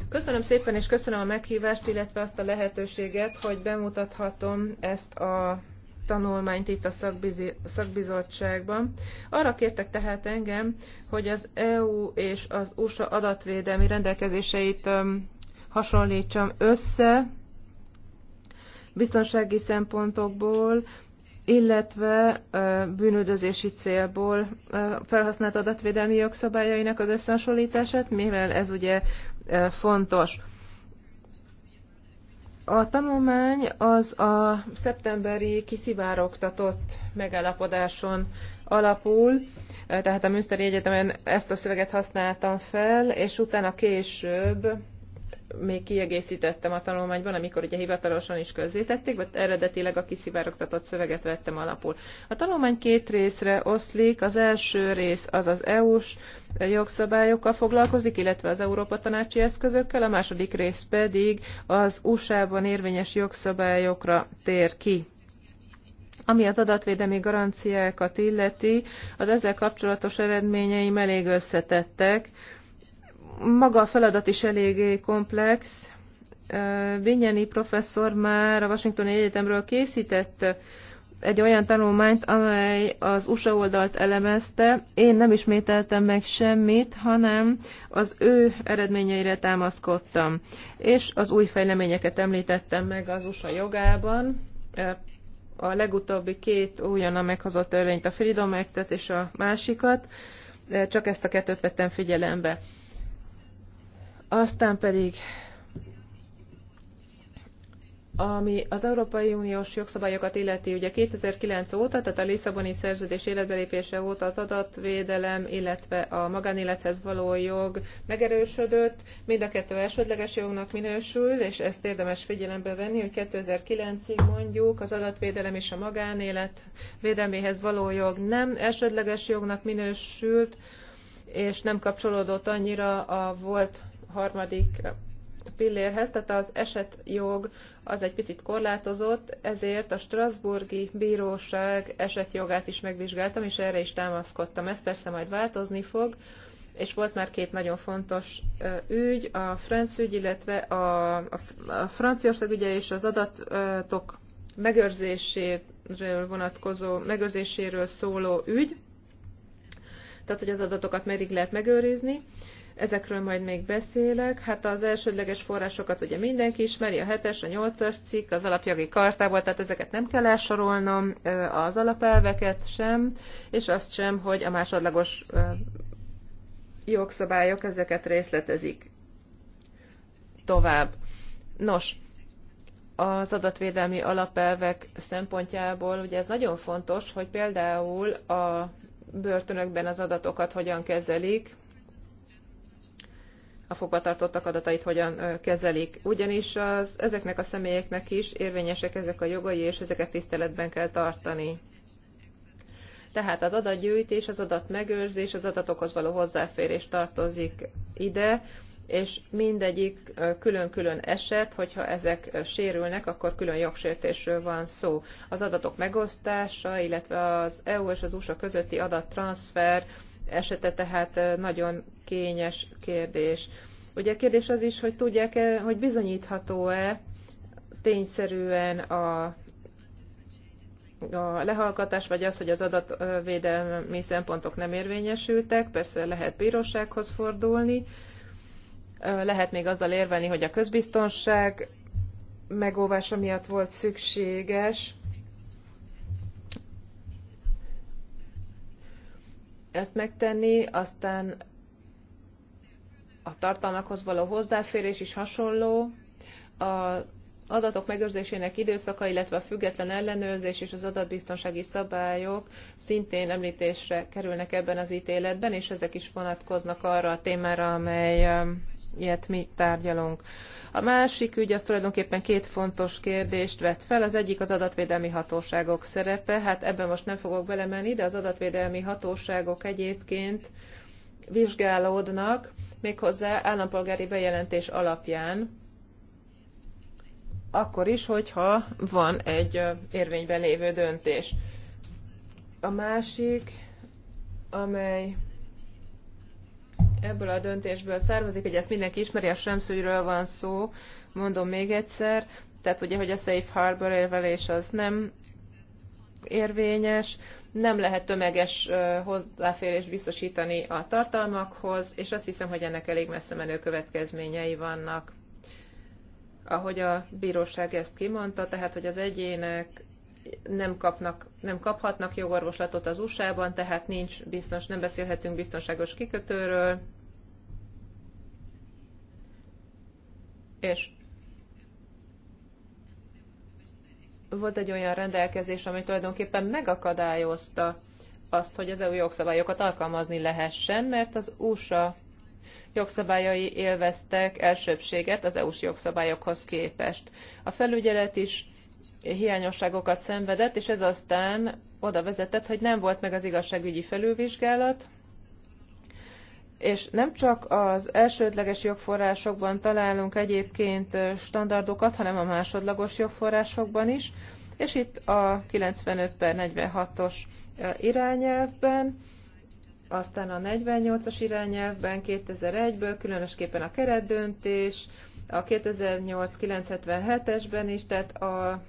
Köszönöm szépen, és köszönöm a meghívást, illetve azt a lehetőséget, hogy bemutathatom ezt a tanulmányt itt a szakbizottságban. Arra kértek tehát engem, hogy az EU és az USA adatvédelmi rendelkezéseit hasonlítsam össze biztonsági szempontokból, illetve bűnüldözési célból felhasznált adatvédelmi jogszabályainak az összehasonlítását, mivel ez ugye fontos. A tanulmány az a szeptemberi kiszivárogtatott megállapodáson alapul, tehát a Münsteri Egyetemen ezt a szöveget használtam fel, és utána később még kiegészítettem a tanulmányban, amikor ugye hivatalosan is közzétették, vagy eredetileg a kiszivárogtatott szöveget vettem alapul. A tanulmány két részre oszlik, az első rész az az EU-s jogszabályokkal foglalkozik, illetve az Európa tanácsi eszközökkel, a második rész pedig az USA-ban érvényes jogszabályokra tér ki. Ami az adatvédelmi garanciákat illeti, az ezzel kapcsolatos eredményeim elég összetettek, maga a feladat is eléggé komplex. Vinyeni professzor már a Washingtoni Egyetemről készített egy olyan tanulmányt, amely az USA oldalt elemezte. Én nem ismételtem meg semmit, hanem az ő eredményeire támaszkodtam. És az új fejleményeket említettem meg az USA jogában. A legutóbbi két a meghozott törvényt, a Freedom act és a másikat. Csak ezt a kettőt vettem figyelembe. Aztán pedig ami az Európai Uniós jogszabályokat illeti, ugye 2009 óta, tehát a Lisszaboni szerződés életbelépése óta az adatvédelem, illetve a magánélethez való jog megerősödött, mind a kettő elsődleges jognak minősül, és ezt érdemes figyelembe venni, hogy 2009-ig mondjuk az adatvédelem és a magánélet védelméhez való jog nem elsődleges jognak minősült, és nem kapcsolódott annyira a volt harmadik pillérhez, tehát az esetjog az egy picit korlátozott, ezért a Strasburgi Bíróság esetjogát is megvizsgáltam, és erre is támaszkodtam. Ez persze majd változni fog, és volt már két nagyon fontos ügy, a franc ügy, illetve a, a, a Franciaország ügye és az adatok megőrzéséről vonatkozó, megőrzéséről szóló ügy, tehát hogy az adatokat meddig lehet megőrizni, ezekről majd még beszélek. Hát az elsődleges forrásokat ugye mindenki ismeri, a 7-es, a 8-as cikk, az alapjogi kartából, tehát ezeket nem kell elsorolnom, az alapelveket sem, és azt sem, hogy a másodlagos jogszabályok ezeket részletezik tovább. Nos, az adatvédelmi alapelvek szempontjából ugye ez nagyon fontos, hogy például a börtönökben az adatokat hogyan kezelik, a fogvatartottak adatait hogyan kezelik. Ugyanis az, ezeknek a személyeknek is érvényesek ezek a jogai, és ezeket tiszteletben kell tartani. Tehát az adatgyűjtés, az adatmegőrzés, az adatokhoz való hozzáférés tartozik ide, és mindegyik külön-külön eset, hogyha ezek sérülnek, akkor külön jogsértésről van szó. Az adatok megosztása, illetve az EU és az USA közötti adattranszfer, transfer esete tehát nagyon kényes kérdés. Ugye a kérdés az is, hogy tudják-e, hogy bizonyítható-e tényszerűen a, a lehallgatás, vagy az, hogy az adatvédelmi szempontok nem érvényesültek, persze lehet bírósághoz fordulni, lehet még azzal érvelni, hogy a közbiztonság megóvása miatt volt szükséges, ezt megtenni, aztán a tartalmakhoz való hozzáférés is hasonló, az adatok megőrzésének időszaka, illetve a független ellenőrzés és az adatbiztonsági szabályok szintén említésre kerülnek ebben az ítéletben, és ezek is vonatkoznak arra a témára, amelyet um, mi tárgyalunk. A másik ügy az tulajdonképpen két fontos kérdést vet fel. Az egyik az adatvédelmi hatóságok szerepe. Hát ebben most nem fogok belemenni, de az adatvédelmi hatóságok egyébként vizsgálódnak, méghozzá állampolgári bejelentés alapján, akkor is, hogyha van egy érvényben lévő döntés. A másik, amely ebből a döntésből származik, hogy ezt mindenki ismeri, a Sremszügyről van szó, mondom még egyszer, tehát ugye, hogy a safe harbor érvelés az nem érvényes, nem lehet tömeges hozzáférést biztosítani a tartalmakhoz, és azt hiszem, hogy ennek elég messze menő következményei vannak. Ahogy a bíróság ezt kimondta, tehát hogy az egyének nem, kapnak, nem kaphatnak jogorvoslatot az USA-ban, tehát nincs biztos, nem beszélhetünk biztonságos kikötőről, és volt egy olyan rendelkezés, ami tulajdonképpen megakadályozta azt, hogy az EU jogszabályokat alkalmazni lehessen, mert az USA jogszabályai élveztek elsőbséget az EU-s jogszabályokhoz képest. A felügyelet is hiányosságokat szenvedett, és ez aztán oda vezetett, hogy nem volt meg az igazságügyi felülvizsgálat, és nem csak az elsődleges jogforrásokban találunk egyébként standardokat, hanem a másodlagos jogforrásokban is, és itt a 95 per 46-os irányelvben, aztán a 48-as irányelvben 2001-ből, különösképpen a keretdöntés, a 2008-977-esben is, tehát a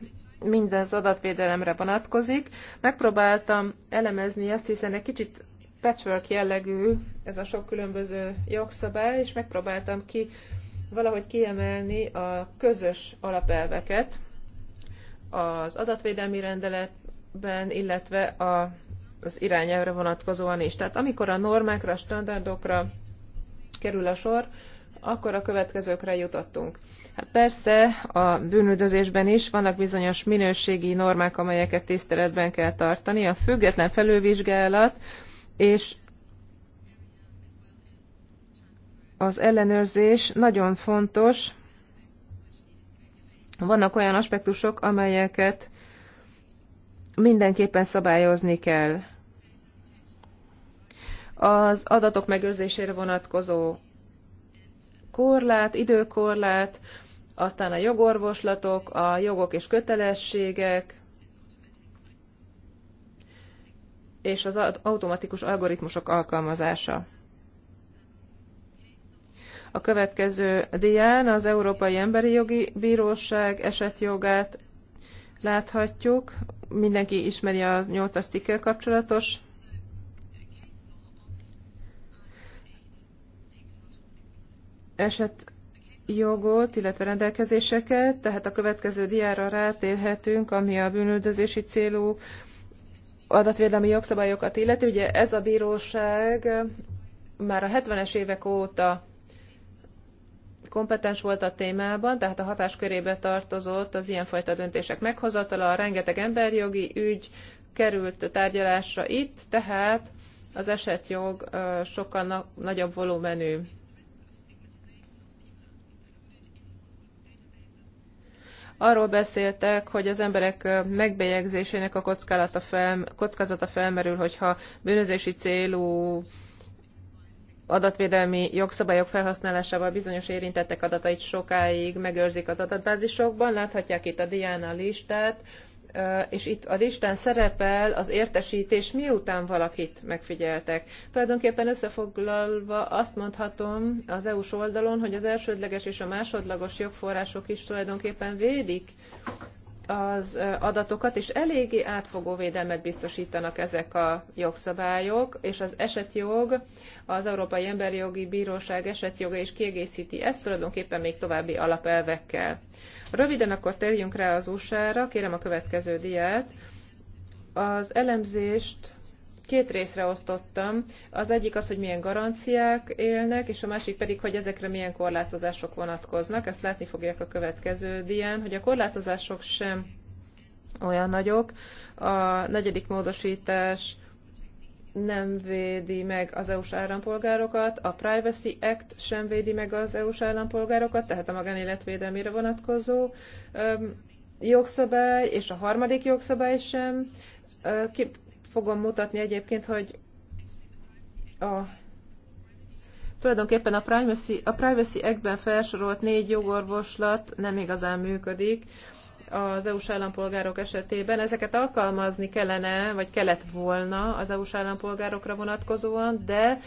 az adatvédelemre vonatkozik. Megpróbáltam elemezni ezt, hiszen egy kicsit patchwork jellegű ez a sok különböző jogszabály, és megpróbáltam ki valahogy kiemelni a közös alapelveket az adatvédelmi rendeletben, illetve a, az irányelvre vonatkozóan is. Tehát amikor a normákra, standardokra kerül a sor, akkor a következőkre jutottunk. Hát persze a bűnüldözésben is vannak bizonyos minőségi normák, amelyeket tiszteletben kell tartani. A független felülvizsgálat és az ellenőrzés nagyon fontos. Vannak olyan aspektusok, amelyeket mindenképpen szabályozni kell. Az adatok megőrzésére vonatkozó korlát, időkorlát, aztán a jogorvoslatok, a jogok és kötelességek, és az automatikus algoritmusok alkalmazása. A következő dián az Európai Emberi Jogi Bíróság esetjogát láthatjuk. Mindenki ismeri a 8-as cikkel kapcsolatos eset jogot, illetve rendelkezéseket, tehát a következő diára rátérhetünk, ami a bűnüldözési célú adatvédelmi jogszabályokat illeti. Ugye ez a bíróság már a 70-es évek óta kompetens volt a témában, tehát a hatáskörébe tartozott az ilyenfajta döntések meghozatala, rengeteg emberjogi ügy került tárgyalásra itt, tehát az esetjog sokkal nagyobb volumenű. Arról beszéltek, hogy az emberek megbélyegzésének a kockázata, fel, kockázata felmerül, hogyha bűnözési célú adatvédelmi jogszabályok felhasználásával bizonyos érintettek adatait sokáig megőrzik az adatbázisokban. Láthatják itt a Diana listát, és itt a listán szerepel az értesítés, miután valakit megfigyeltek. Tulajdonképpen összefoglalva azt mondhatom az EU-s oldalon, hogy az elsődleges és a másodlagos jogforrások is tulajdonképpen védik az adatokat, és eléggé átfogó védelmet biztosítanak ezek a jogszabályok, és az esetjog, az Európai Emberi Jogi Bíróság esetjoga is kiegészíti ezt tulajdonképpen még további alapelvekkel. Röviden akkor térjünk rá az USA-ra, kérem a következő diát. Az elemzést két részre osztottam. Az egyik az, hogy milyen garanciák élnek, és a másik pedig, hogy ezekre milyen korlátozások vonatkoznak. Ezt látni fogják a következő dián, hogy a korlátozások sem olyan nagyok. A negyedik módosítás nem védi meg az EU-s állampolgárokat, a Privacy Act sem védi meg az EU-s állampolgárokat, tehát a magánéletvédelmére vonatkozó jogszabály, és a harmadik jogszabály sem fogom mutatni egyébként, hogy a tulajdonképpen a Privacy, a privacy Act-ben felsorolt négy jogorvoslat nem igazán működik az EU-s állampolgárok esetében. Ezeket alkalmazni kellene, vagy kellett volna az EU-s állampolgárokra vonatkozóan, de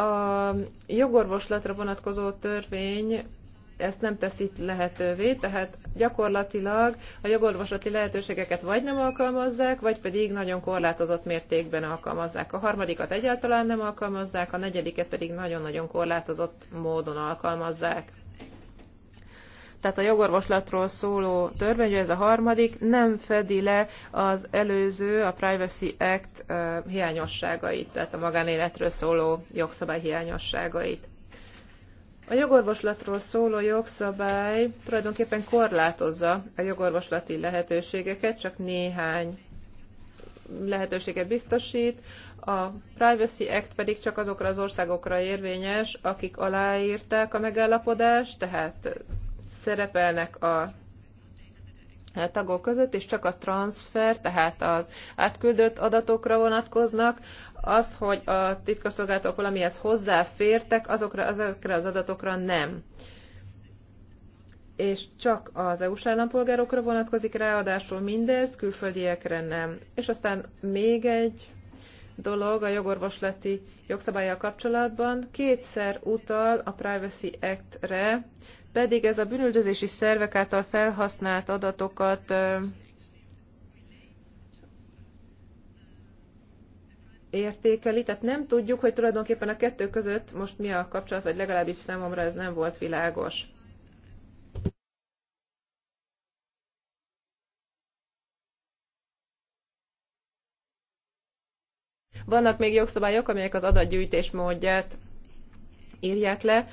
a jogorvoslatra vonatkozó törvény ezt nem teszi lehetővé, tehát gyakorlatilag a jogorvoslati lehetőségeket vagy nem alkalmazzák, vagy pedig nagyon korlátozott mértékben alkalmazzák. A harmadikat egyáltalán nem alkalmazzák, a negyediket pedig nagyon-nagyon korlátozott módon alkalmazzák. Tehát a jogorvoslatról szóló törvény, ez a harmadik, nem fedi le az előző, a Privacy Act hiányosságait, tehát a magánéletről szóló jogszabály hiányosságait. A jogorvoslatról szóló jogszabály tulajdonképpen korlátozza a jogorvoslati lehetőségeket, csak néhány lehetőséget biztosít, a Privacy Act pedig csak azokra az országokra érvényes, akik aláírták a megállapodást, tehát szerepelnek a tagok között, és csak a transfer, tehát az átküldött adatokra vonatkoznak, az, hogy a titkosszolgálatok valamihez hozzáfértek, azokra, azokra az adatokra nem és csak az EU-s állampolgárokra vonatkozik ráadásul mindez, külföldiekre nem. És aztán még egy dolog a jogorvoslati jogszabályjal kapcsolatban. Kétszer utal a Privacy Act-re, pedig ez a bűnüldözési szervek által felhasznált adatokat értékeli, tehát nem tudjuk, hogy tulajdonképpen a kettő között most mi a kapcsolat, vagy legalábbis számomra ez nem volt világos. Vannak még jogszabályok, amelyek az adatgyűjtés módját írják le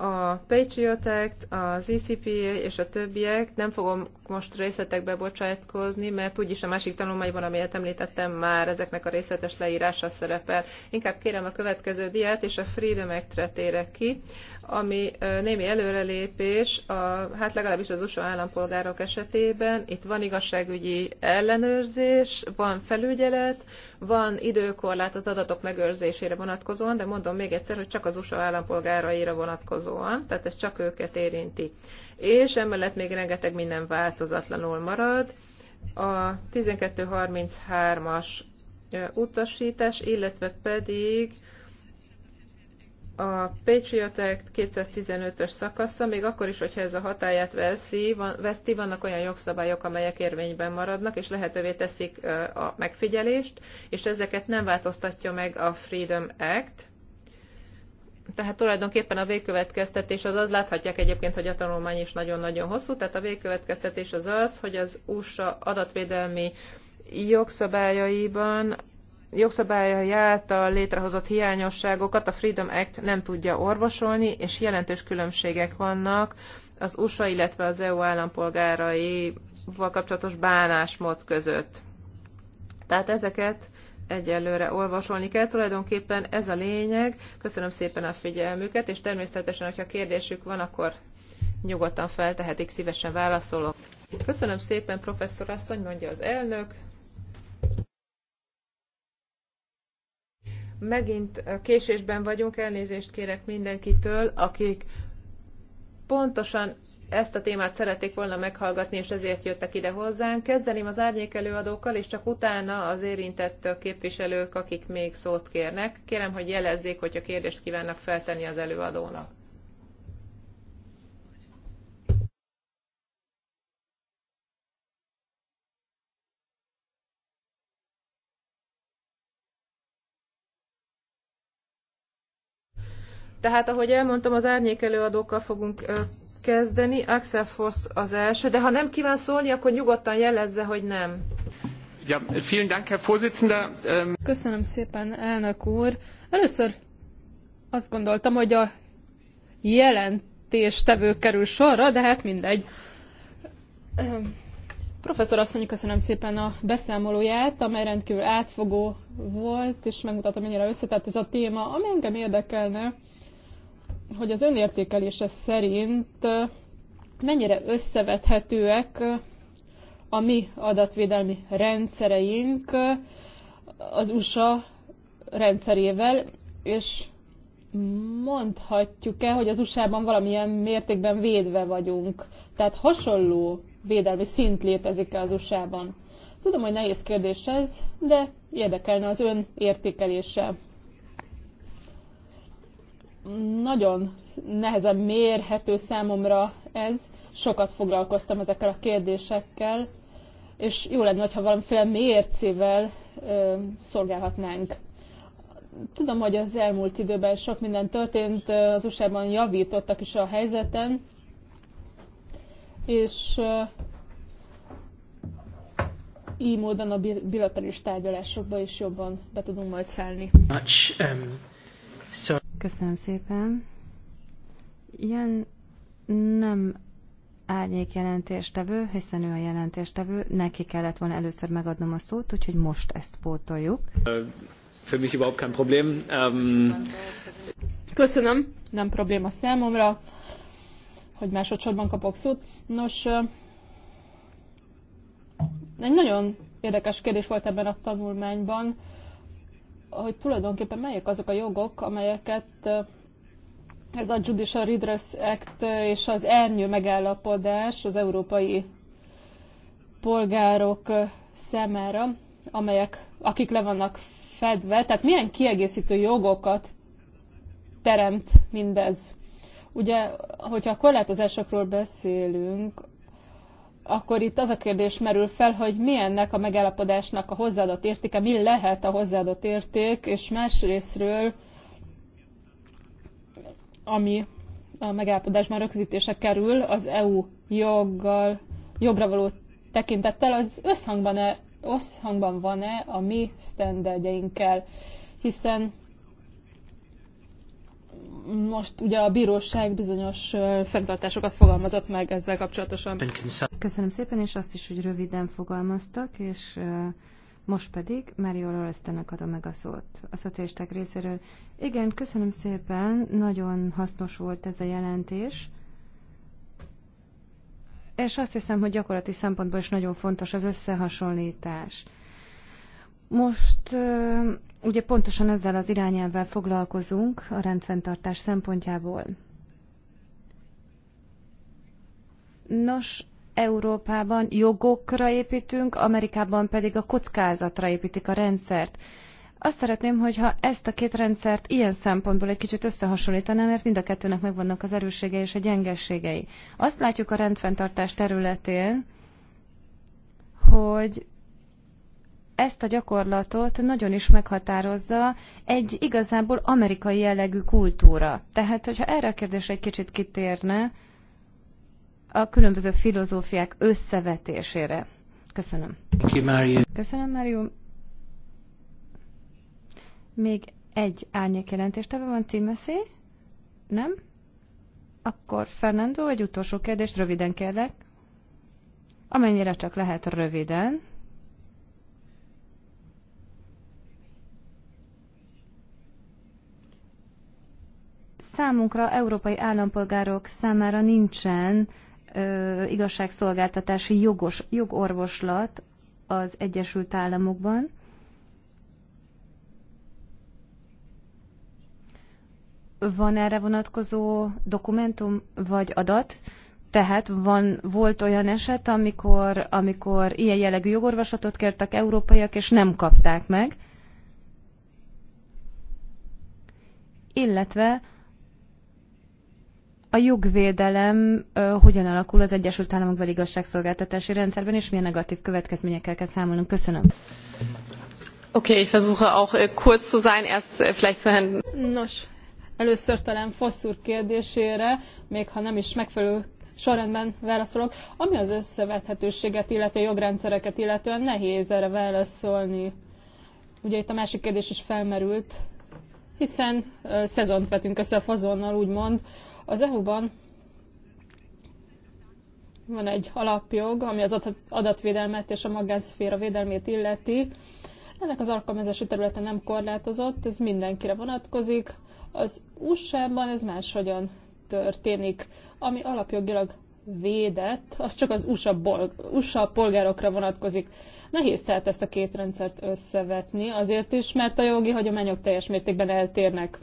a Patriot Act, az ECP és a többiek, nem fogom most részletekbe bocsátkozni, mert úgyis a másik tanulmányban, amelyet említettem már, ezeknek a részletes leírása szerepel. Inkább kérem a következő diát, és a Freedom Act-re térek ki, ami némi előrelépés, a, hát legalábbis az USA állampolgárok esetében. Itt van igazságügyi ellenőrzés, van felügyelet, van időkorlát az adatok megőrzésére vonatkozóan, de mondom még egyszer, hogy csak az USA állampolgáraira vonatkozóan, tehát ez csak őket érinti. És emellett még rengeteg minden változatlanul marad. A 1233-as utasítás, illetve pedig a Patriot Act 215-ös szakasza, még akkor is, hogyha ez a hatáját veszi, van, veszti, vannak olyan jogszabályok, amelyek érvényben maradnak, és lehetővé teszik a megfigyelést, és ezeket nem változtatja meg a Freedom Act. Tehát tulajdonképpen a végkövetkeztetés az az, láthatják egyébként, hogy a tanulmány is nagyon-nagyon hosszú, tehát a végkövetkeztetés az az, hogy az USA adatvédelmi jogszabályaiban jogszabályai által létrehozott hiányosságokat a Freedom Act nem tudja orvosolni, és jelentős különbségek vannak az USA, illetve az EU állampolgáraival kapcsolatos bánásmód között. Tehát ezeket egyelőre olvasolni kell. Tulajdonképpen ez a lényeg. Köszönöm szépen a figyelmüket, és természetesen, hogyha kérdésük van, akkor nyugodtan feltehetik, szívesen válaszolok. Köszönöm szépen, professzor asszony, mondja az elnök. Megint késésben vagyunk, elnézést kérek mindenkitől, akik pontosan ezt a témát szerették volna meghallgatni, és ezért jöttek ide hozzánk. Kezdeném az árnyék előadókkal, és csak utána az érintett képviselők, akik még szót kérnek. Kérem, hogy jelezzék, hogyha kérdést kívánnak feltenni az előadónak. Tehát, ahogy elmondtam, az árnyék előadókkal fogunk kezdeni. Axel Foss az első, de ha nem kíván szólni, akkor nyugodtan jelezze, hogy nem. Ja, vielen Dank, Herr Vorsitzender. Ähm, köszönöm szépen, elnök úr. Először azt gondoltam, hogy a jelentéstevő kerül sorra, de hát mindegy. Professzor asszony, köszönöm szépen a beszámolóját, amely rendkívül átfogó volt, és megmutatta, mennyire összetett ez a téma. Ami engem érdekelne, hogy az önértékelése szerint mennyire összevethetőek a mi adatvédelmi rendszereink az USA rendszerével, és mondhatjuk-e, hogy az USA-ban valamilyen mértékben védve vagyunk? Tehát hasonló védelmi szint létezik-e az USA-ban? Tudom, hogy nehéz kérdés ez, de érdekelne az ön értékelése nagyon nehezen mérhető számomra ez. Sokat foglalkoztam ezekkel a kérdésekkel, és jó lenne, ha valamiféle mércével ö, szolgálhatnánk. Tudom, hogy az elmúlt időben sok minden történt, az USA-ban javítottak is a helyzeten, és ö, így módon a bilaterális tárgyalásokba is jobban be tudunk majd szállni. Much, um, so... Köszönöm szépen. Jön, nem árnyék jelentéstevő, hiszen ő a jelentéstevő, neki kellett volna először megadnom a szót, úgyhogy most ezt pótoljuk. Für mich überhaupt kein Problem. Um... Köszönöm, nem probléma számomra, hogy másodszorban kapok szót. Nos, egy nagyon érdekes kérdés volt ebben a tanulmányban, hogy tulajdonképpen melyek azok a jogok, amelyeket eh, ez a Judicial Redress Act eh, és az ernyő megállapodás az európai polgárok eh, számára, amelyek, akik le vannak fedve, tehát milyen kiegészítő jogokat teremt mindez. Ugye, hogyha a korlátozásokról beszélünk, akkor itt az a kérdés merül fel, hogy mi ennek a megállapodásnak a hozzáadott értéke, mi lehet a hozzáadott érték, és másrésztről, ami a megállapodásban rögzítése kerül, az EU joggal, jogra való tekintettel, az összhangban, -e, összhangban van-e a mi sztenderdjeinkkel, hiszen most ugye a bíróság bizonyos fenntartásokat fogalmazott meg ezzel kapcsolatosan. Köszönöm szépen, és azt is, hogy röviden fogalmaztak, és most pedig Mario Loresztenek adom meg a szót a szocialisták részéről. Igen, köszönöm szépen, nagyon hasznos volt ez a jelentés. És azt hiszem, hogy gyakorlati szempontból is nagyon fontos az összehasonlítás. Most ugye pontosan ezzel az irányelvvel foglalkozunk a rendfenntartás szempontjából. Nos, Európában jogokra építünk, Amerikában pedig a kockázatra építik a rendszert. Azt szeretném, hogyha ezt a két rendszert ilyen szempontból egy kicsit összehasonlítanám, mert mind a kettőnek megvannak az erősségei és a gyengességei. Azt látjuk a rendfenntartás területén, hogy ezt a gyakorlatot nagyon is meghatározza egy igazából amerikai jellegű kultúra. Tehát, hogyha erre a kérdésre egy kicsit kitérne, a különböző filozófiák összevetésére. Köszönöm. Köszönöm, Mário. Még egy árnyék jelentéstevő van, Timeszi? Nem? Akkor Fernando, egy utolsó kérdést röviden kérlek. Amennyire csak lehet röviden. Számunkra, európai állampolgárok számára nincsen ö, igazságszolgáltatási jogos, jogorvoslat az Egyesült Államokban. Van erre vonatkozó dokumentum vagy adat? Tehát van, volt olyan eset, amikor, amikor ilyen jellegű jogorvoslatot kértek európaiak, és nem kapták meg. Illetve a jogvédelem uh, hogyan alakul az Egyesült Államokban igazságszolgáltatási rendszerben, és milyen negatív következményekkel kell számolnunk. Köszönöm. Oké, okay, ich versuche auch äh, kurz zu sein, erst äh, vielleicht zu Herrn... Nos, először talán Fosszúr kérdésére, még ha nem is megfelelő sorrendben válaszolok. Ami az összevethetőséget, illeti a jogrendszereket, illetően nehéz erre válaszolni. Ugye itt a másik kérdés is felmerült, hiszen uh, szezont vetünk össze a fazonnal, úgymond. Uh, az EU-ban van egy alapjog, ami az adatvédelmet és a magánszféra védelmét illeti. Ennek az alkalmazási területe nem korlátozott, ez mindenkire vonatkozik. Az USA-ban ez máshogyan történik, ami alapjogilag védett, az csak az USA, USA polgárokra vonatkozik. Nehéz tehát ezt a két rendszert összevetni, azért is, mert a jogi hagyományok teljes mértékben eltérnek.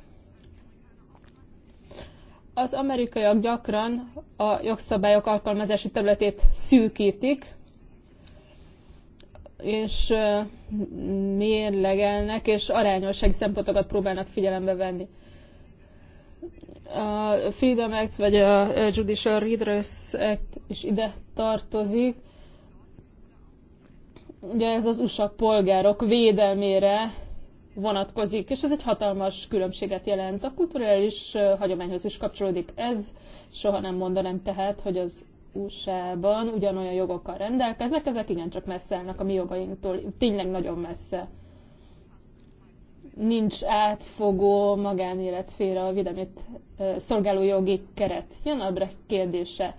Az amerikaiak gyakran a jogszabályok alkalmazási területét szűkítik, és mérlegelnek, és arányossági szempontokat próbálnak figyelembe venni. A Freedom Act, vagy a Judicial Redress Act is ide tartozik. Ugye ez az USA polgárok védelmére vonatkozik, és ez egy hatalmas különbséget jelent. A kulturális hagyományhoz is kapcsolódik ez, soha nem mondanám tehát, hogy az USA-ban ugyanolyan jogokkal rendelkeznek, ezek igencsak messze állnak a mi jogainktól, tényleg nagyon messze. Nincs átfogó magánéletféle a védelmét szolgáló jogi keret. Jön a kérdése.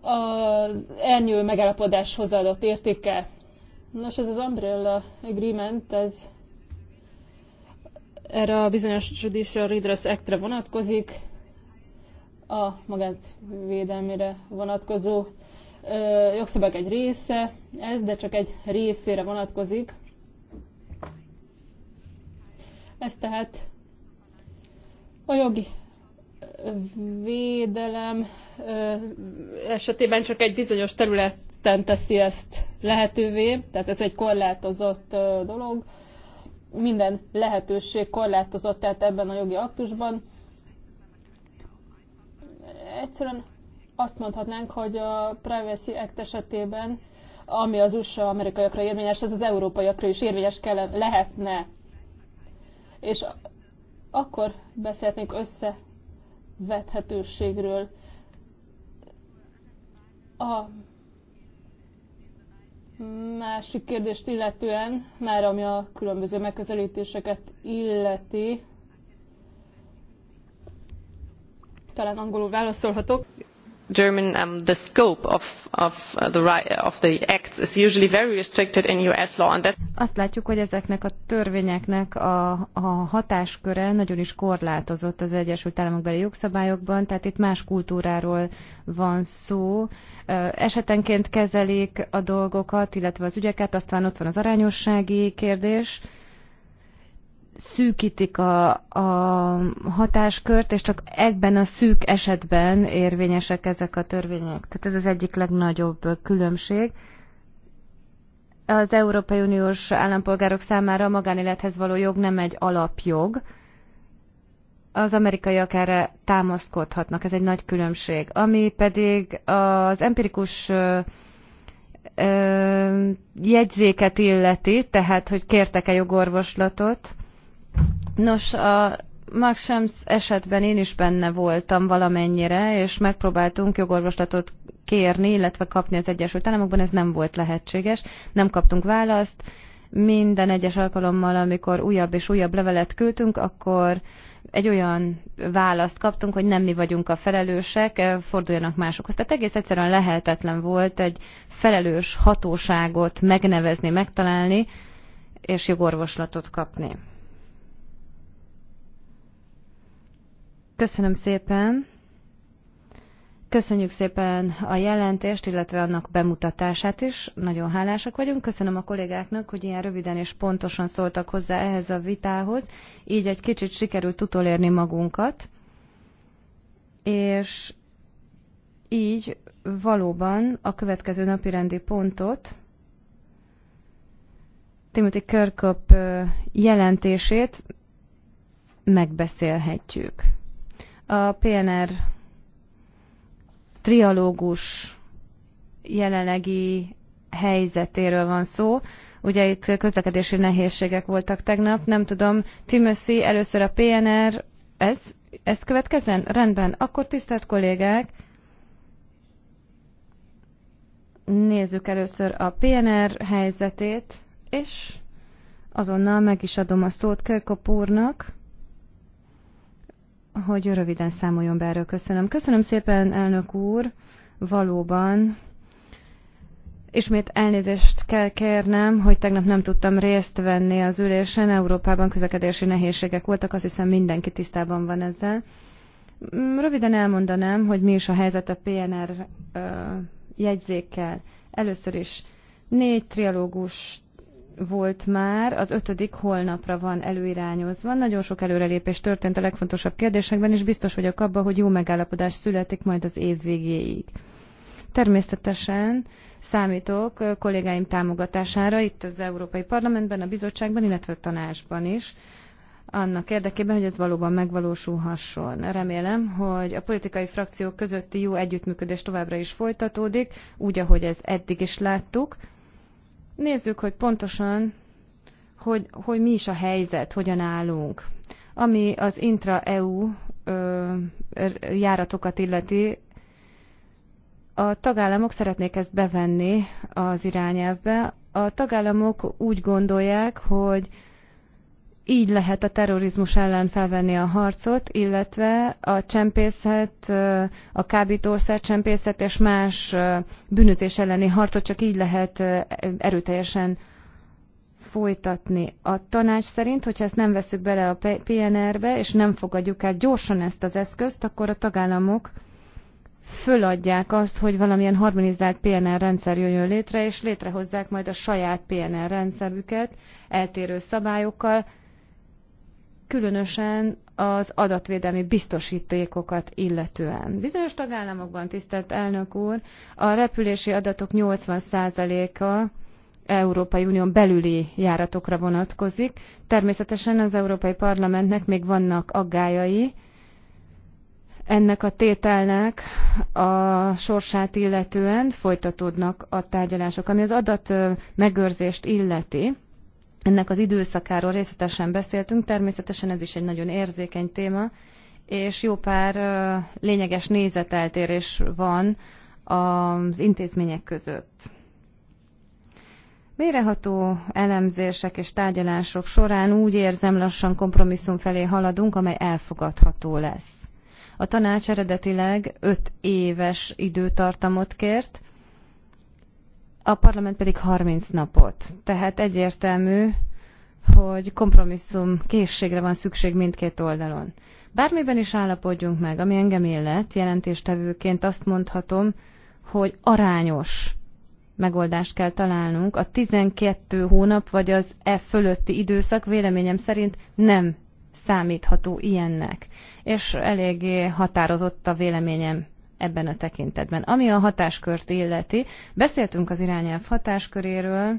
Az ernyő megállapodáshoz adott értéke. Nos, ez az Umbrella Agreement, ez erre a bizonyos Judicial Redress Act-re vonatkozik, a védelmére vonatkozó jogszabály egy része, ez, de csak egy részére vonatkozik. Ez tehát a jogi védelem esetében csak egy bizonyos területen teszi ezt lehetővé, tehát ez egy korlátozott dolog minden lehetőség korlátozott, tehát ebben a jogi aktusban. Egyszerűen azt mondhatnánk, hogy a Privacy Act esetében, ami az USA amerikaiakra érvényes, az az európaiakra is érvényes kellene, lehetne. És akkor beszélhetnénk összevethetőségről. A másik kérdést illetően, már ami a különböző megközelítéseket illeti, talán angolul válaszolhatok. German, um, the scope of, uh, the, acts is usually very restricted in US law. And that Azt látjuk, hogy ezeknek a törvényeknek a, hatásköre nagyon is korlátozott az Egyesült Államokbeli jogszabályokban, tehát itt más kultúráról van szó. Esetenként kezelik a dolgokat, illetve az ügyeket, aztán ott van az arányossági kérdés szűkítik a, a hatáskört, és csak ebben a szűk esetben érvényesek ezek a törvények. Tehát ez az egyik legnagyobb különbség. Az Európai Uniós állampolgárok számára a magánélethez való jog nem egy alapjog. Az amerikaiak erre támaszkodhatnak, ez egy nagy különbség. Ami pedig az empirikus jegyzéket illeti, tehát hogy kértek-e jogorvoslatot, Nos, a Max Schrems esetben én is benne voltam valamennyire, és megpróbáltunk jogorvoslatot kérni, illetve kapni az Egyesült Államokban, ez nem volt lehetséges, nem kaptunk választ. Minden egyes alkalommal, amikor újabb és újabb levelet küldtünk, akkor egy olyan választ kaptunk, hogy nem mi vagyunk a felelősek, forduljanak másokhoz. Tehát egész egyszerűen lehetetlen volt egy felelős hatóságot megnevezni, megtalálni, és jogorvoslatot kapni. Köszönöm szépen. Köszönjük szépen a jelentést, illetve annak bemutatását is. Nagyon hálásak vagyunk. Köszönöm a kollégáknak, hogy ilyen röviden és pontosan szóltak hozzá ehhez a vitához. Így egy kicsit sikerült utolérni magunkat. És így valóban a következő napirendi pontot, Timothy Körköp jelentését megbeszélhetjük. A PNR trialógus jelenlegi helyzetéről van szó. Ugye itt közlekedési nehézségek voltak tegnap, nem tudom, Timothy, először a PNR, ez, ez következzen, Rendben, akkor tisztelt kollégák, nézzük először a PNR helyzetét, és azonnal meg is adom a szót Kölkop úrnak hogy röviden számoljon be erről. Köszönöm. Köszönöm szépen, elnök úr. Valóban Ismét elnézést kell kérnem, hogy tegnap nem tudtam részt venni az ülésen. Európában közlekedési nehézségek voltak, azt hiszem mindenki tisztában van ezzel. Mm, röviden elmondanám, hogy mi is a helyzet a PNR ö, jegyzékkel. Először is négy trialógust volt már, az ötödik holnapra van előirányozva. Nagyon sok előrelépés történt a legfontosabb kérdésekben, és biztos vagyok abban, hogy jó megállapodás születik majd az év végéig. Természetesen számítok kollégáim támogatására itt az Európai Parlamentben, a bizottságban, illetve a tanácsban is, annak érdekében, hogy ez valóban megvalósulhasson. Remélem, hogy a politikai frakciók közötti jó együttműködés továbbra is folytatódik, úgy, ahogy ez eddig is láttuk, Nézzük, hogy pontosan, hogy, hogy mi is a helyzet, hogyan állunk. Ami az intra-EU járatokat illeti, a tagállamok szeretnék ezt bevenni az irányelvbe. A tagállamok úgy gondolják, hogy így lehet a terrorizmus ellen felvenni a harcot, illetve a csempészet, a kábítószer csempészet és más bűnözés elleni harcot csak így lehet erőteljesen folytatni. A tanács szerint, hogyha ezt nem veszük bele a PNR-be, és nem fogadjuk el gyorsan ezt az eszközt, akkor a tagállamok föladják azt, hogy valamilyen harmonizált PNR rendszer jöjjön létre, és létrehozzák majd a saját PNR rendszerüket eltérő szabályokkal, különösen az adatvédelmi biztosítékokat illetően. Bizonyos tagállamokban, tisztelt elnök úr, a repülési adatok 80%-a Európai Unión belüli járatokra vonatkozik. Természetesen az Európai Parlamentnek még vannak aggályai ennek a tételnek a sorsát illetően folytatódnak a tárgyalások, ami az adat megőrzést illeti ennek az időszakáról részletesen beszéltünk, természetesen ez is egy nagyon érzékeny téma, és jó pár lényeges nézeteltérés van az intézmények között. Méreható elemzések és tárgyalások során úgy érzem lassan kompromisszum felé haladunk, amely elfogadható lesz. A tanács eredetileg 5 éves időtartamot kért, a parlament pedig 30 napot. Tehát egyértelmű, hogy kompromisszum készségre van szükség mindkét oldalon. Bármiben is állapodjunk meg, ami engem illet, jelentéstevőként azt mondhatom, hogy arányos megoldást kell találnunk. A 12 hónap vagy az e fölötti időszak véleményem szerint nem számítható ilyennek, és eléggé határozott a véleményem ebben a tekintetben. Ami a hatáskört illeti, beszéltünk az irányelv hatásköréről,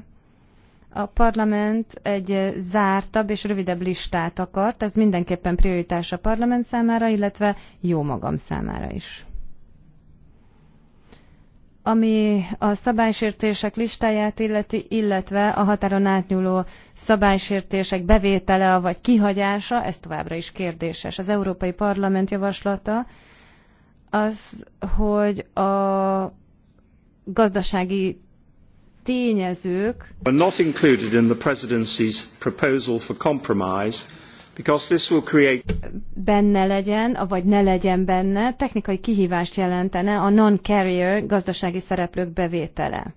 a parlament egy zártabb és rövidebb listát akart, ez mindenképpen prioritás a parlament számára, illetve jó magam számára is. Ami a szabálysértések listáját illeti, illetve a határon átnyúló szabálysértések bevétele vagy kihagyása, ez továbbra is kérdéses. Az Európai Parlament javaslata az, hogy a gazdasági tényezők are not included in the presidency's proposal for compromise because this will create benne legyen, vagy ne legyen benne, technikai kihívást jelentene a non-carrier gazdasági szereplők bevétele.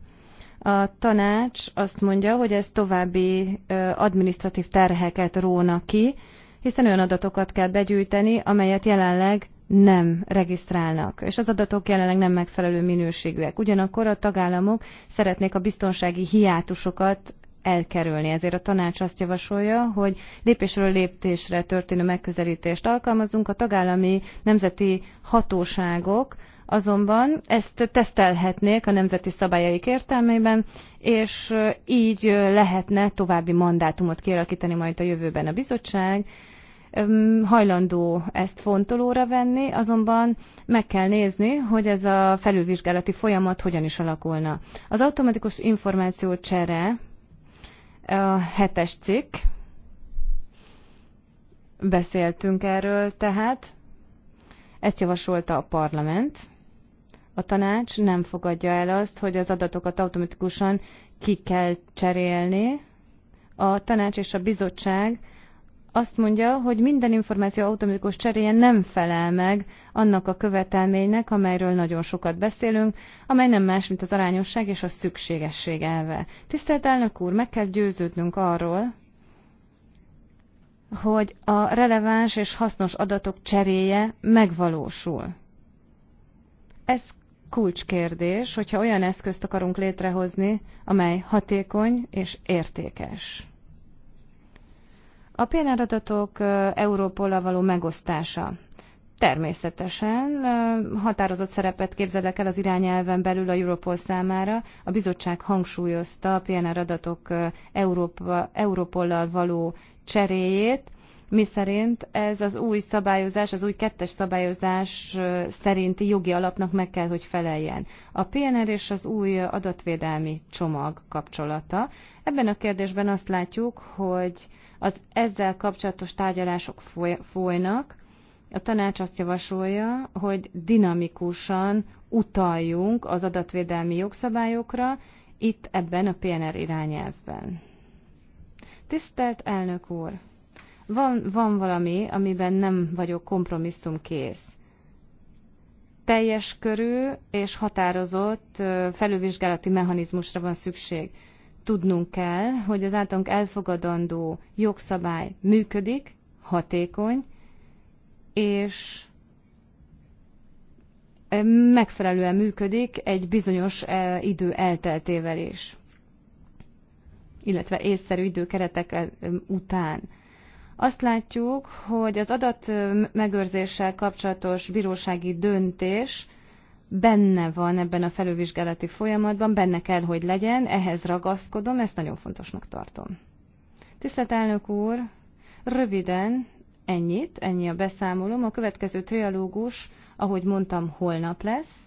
A tanács azt mondja, hogy ez további adminisztratív terheket róna ki, hiszen olyan adatokat kell begyűjteni, amelyet jelenleg nem regisztrálnak, és az adatok jelenleg nem megfelelő minőségűek. Ugyanakkor a tagállamok szeretnék a biztonsági hiátusokat elkerülni. Ezért a tanács azt javasolja, hogy lépésről lépésre történő megközelítést alkalmazunk. A tagállami nemzeti hatóságok azonban ezt tesztelhetnék a nemzeti szabályaik értelmében, és így lehetne további mandátumot kialakítani majd a jövőben a bizottság, hajlandó ezt fontolóra venni, azonban meg kell nézni, hogy ez a felülvizsgálati folyamat hogyan is alakulna. Az automatikus csere a hetes cikk, beszéltünk erről tehát, ezt javasolta a parlament, a tanács nem fogadja el azt, hogy az adatokat automatikusan ki kell cserélni. A tanács és a bizottság azt mondja, hogy minden információ automatikus cseréje nem felel meg annak a követelménynek, amelyről nagyon sokat beszélünk, amely nem más, mint az arányosság és a szükségesség elve. Tisztelt elnök úr, meg kell győződnünk arról, hogy a releváns és hasznos adatok cseréje megvalósul. Ez kulcskérdés, hogyha olyan eszközt akarunk létrehozni, amely hatékony és értékes. A PNR adatok való megosztása. Természetesen határozott szerepet képzelek el az irányelven belül a Europol számára. A bizottság hangsúlyozta a PNR adatok Európa, Európollal való cseréjét, miszerint ez az új szabályozás, az új kettes szabályozás szerinti jogi alapnak meg kell, hogy feleljen. A PNR és az új adatvédelmi csomag kapcsolata. Ebben a kérdésben azt látjuk, hogy az ezzel kapcsolatos tárgyalások folynak, a tanács azt javasolja, hogy dinamikusan utaljunk az adatvédelmi jogszabályokra, itt ebben a PNR irányelvben. Tisztelt elnök úr! Van, van valami, amiben nem vagyok kész. Teljes körű és határozott felülvizsgálati mechanizmusra van szükség. Tudnunk kell, hogy az általunk elfogadandó jogszabály működik, hatékony, és megfelelően működik egy bizonyos idő elteltével is, illetve észszerű időkeretek után. Azt látjuk, hogy az adat megőrzéssel kapcsolatos bírósági döntés benne van ebben a felülvizsgálati folyamatban, benne kell, hogy legyen, ehhez ragaszkodom, ezt nagyon fontosnak tartom. Tisztelt elnök úr, röviden ennyit, ennyi a beszámolom. A következő trialógus, ahogy mondtam, holnap lesz,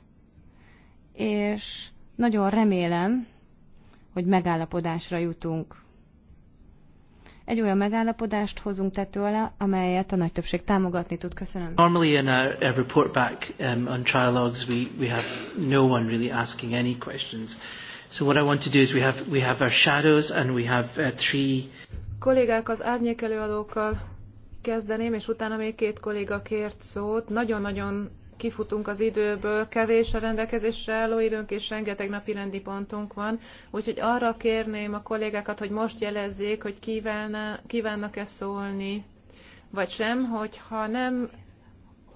és nagyon remélem, hogy megállapodásra jutunk egy olyan megállapodást hozunk tető alá, amelyet a nagy többség támogatni tud. Köszönöm. Normally in our, our report back um, on trialogues we, we have no one really asking any questions. So what I want to do is we have, we have our shadows and we have uh, three... Kollégák az árnyékelőadókkal kezdeném, és utána még két kolléga kért szót. Nagyon-nagyon kifutunk az időből, kevés a rendelkezésre álló időnk, és rengeteg napi rendi pontunk van, úgyhogy arra kérném a kollégákat, hogy most jelezzék, hogy kívánnak-e szólni, vagy sem, hogyha nem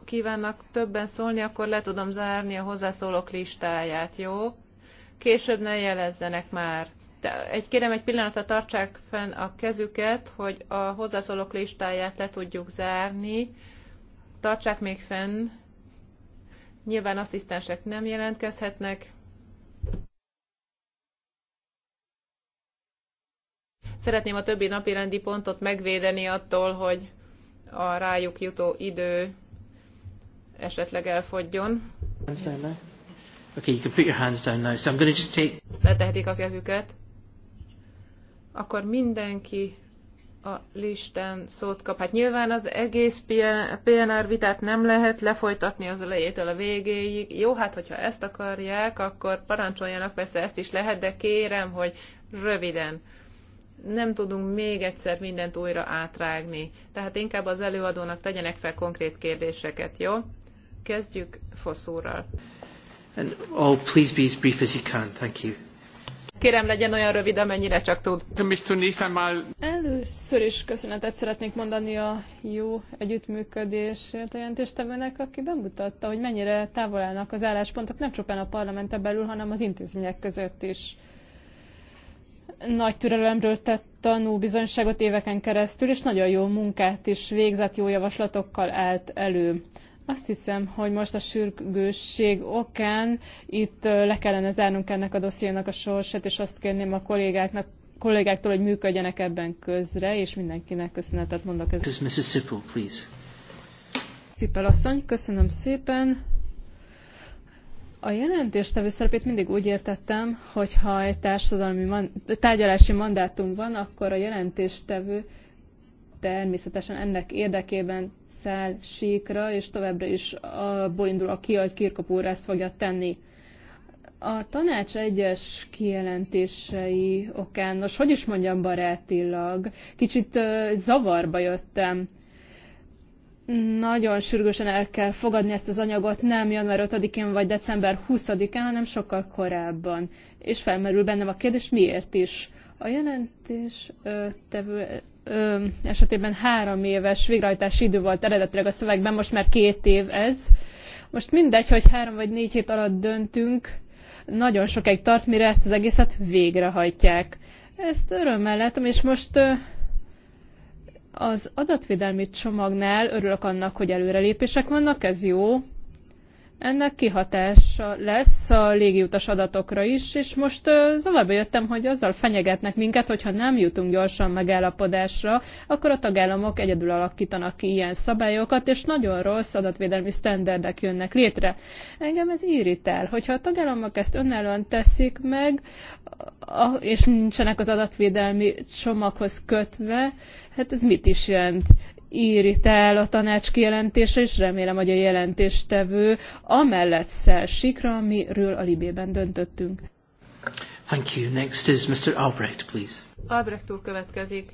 kívánnak többen szólni, akkor le tudom zárni a hozzászólók listáját, jó? Később ne jelezzenek már. De egy kérem, egy pillanatra tartsák fenn a kezüket, hogy a hozzászólók listáját le tudjuk zárni. Tartsák még fenn, Nyilván asszisztensek nem jelentkezhetnek. Szeretném a többi napi rendi pontot megvédeni attól, hogy a rájuk jutó idő esetleg elfogjon. Letehetik a kezüket. Akkor mindenki a listán szót kap. Hát nyilván az egész PNR vitát nem lehet lefolytatni az elejétől a végéig. Jó, hát hogyha ezt akarják, akkor parancsoljanak, persze ezt is lehet, de kérem, hogy röviden nem tudunk még egyszer mindent újra átrágni. Tehát inkább az előadónak tegyenek fel konkrét kérdéseket, jó? Kezdjük Foszúrral. And, oh, please be as brief as you can. Thank you. Kérem, legyen olyan rövid, amennyire csak tud. Először is köszönetet szeretnék mondani a jó együttműködésért a jelentéstevőnek, aki bemutatta, hogy mennyire távol állnak az álláspontok nem csupán a parlamenten belül, hanem az intézmények között is. Nagy türelemről tett bizonyságot éveken keresztül, és nagyon jó munkát is végzett, jó javaslatokkal állt elő. Azt hiszem, hogy most a sürgősség okán itt le kellene zárnunk ennek a dossziénak a sorsát, és azt kérném a kollégáknak, kollégáktól, hogy működjenek ebben közre, és mindenkinek köszönetet mondok. Ez Mrs. Sipple, please. Sipple asszony, köszönöm szépen. A jelentéstevő szerepét mindig úgy értettem, hogy ha egy társadalmi man- tárgyalási mandátum van, akkor a jelentéstevő természetesen ennek érdekében száll síkra, és továbbra is abból indul a ki, hogy Kirkapúr ezt fogja tenni. A tanács egyes kijelentései okán, nos, hogy is mondjam barátilag, kicsit zavarba jöttem. Nagyon sürgősen el kell fogadni ezt az anyagot, nem január 5-én vagy december 20-án, hanem sokkal korábban. És felmerül bennem a kérdés, miért is. A jelentés tevő esetében három éves végrehajtási idő volt eredetileg a szövegben, most már két év ez. Most mindegy, hogy három vagy négy hét alatt döntünk, nagyon sokáig tart, mire ezt az egészet végrehajtják. Ezt örömmel látom, és most az adatvédelmi csomagnál örülök annak, hogy előrelépések vannak, ez jó, ennek kihatása lesz a légiutas adatokra is, és most zavarba jöttem, hogy azzal fenyegetnek minket, hogyha nem jutunk gyorsan megállapodásra, akkor a tagállamok egyedül alakítanak ki ilyen szabályokat, és nagyon rossz adatvédelmi sztenderdek jönnek létre. Engem ez írít el, hogyha a tagállamok ezt önállóan teszik meg, és nincsenek az adatvédelmi csomaghoz kötve, hát ez mit is jelent? el a tanács kijelentése, és remélem, hogy a jelentéstevő amellett szel sikra, amiről a Libében döntöttünk. Thank you. Next is Mr. Albrecht, please. Albrecht úr következik.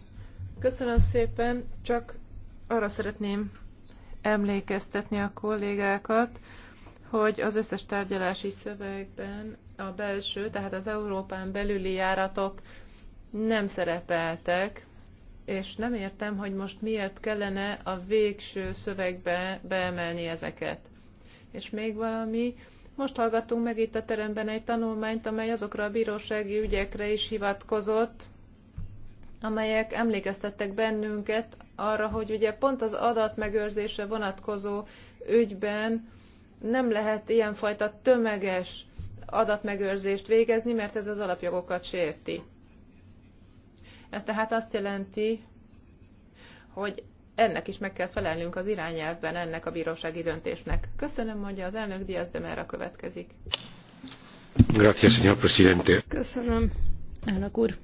Köszönöm szépen, csak arra szeretném emlékeztetni a kollégákat, hogy az összes tárgyalási szövegben a belső, tehát az Európán belüli járatok nem szerepeltek, és nem értem, hogy most miért kellene a végső szövegbe beemelni ezeket. És még valami, most hallgattunk meg itt a teremben egy tanulmányt, amely azokra a bírósági ügyekre is hivatkozott, amelyek emlékeztettek bennünket arra, hogy ugye pont az adatmegőrzése vonatkozó ügyben nem lehet ilyenfajta tömeges adatmegőrzést végezni, mert ez az alapjogokat sérti. Ez tehát azt jelenti, hogy ennek is meg kell felelnünk az irányelvben, ennek a bírósági döntésnek. Köszönöm, mondja az elnök, Diaz de merre következik. Gracias, señor presidente. Köszönöm, elnök úr.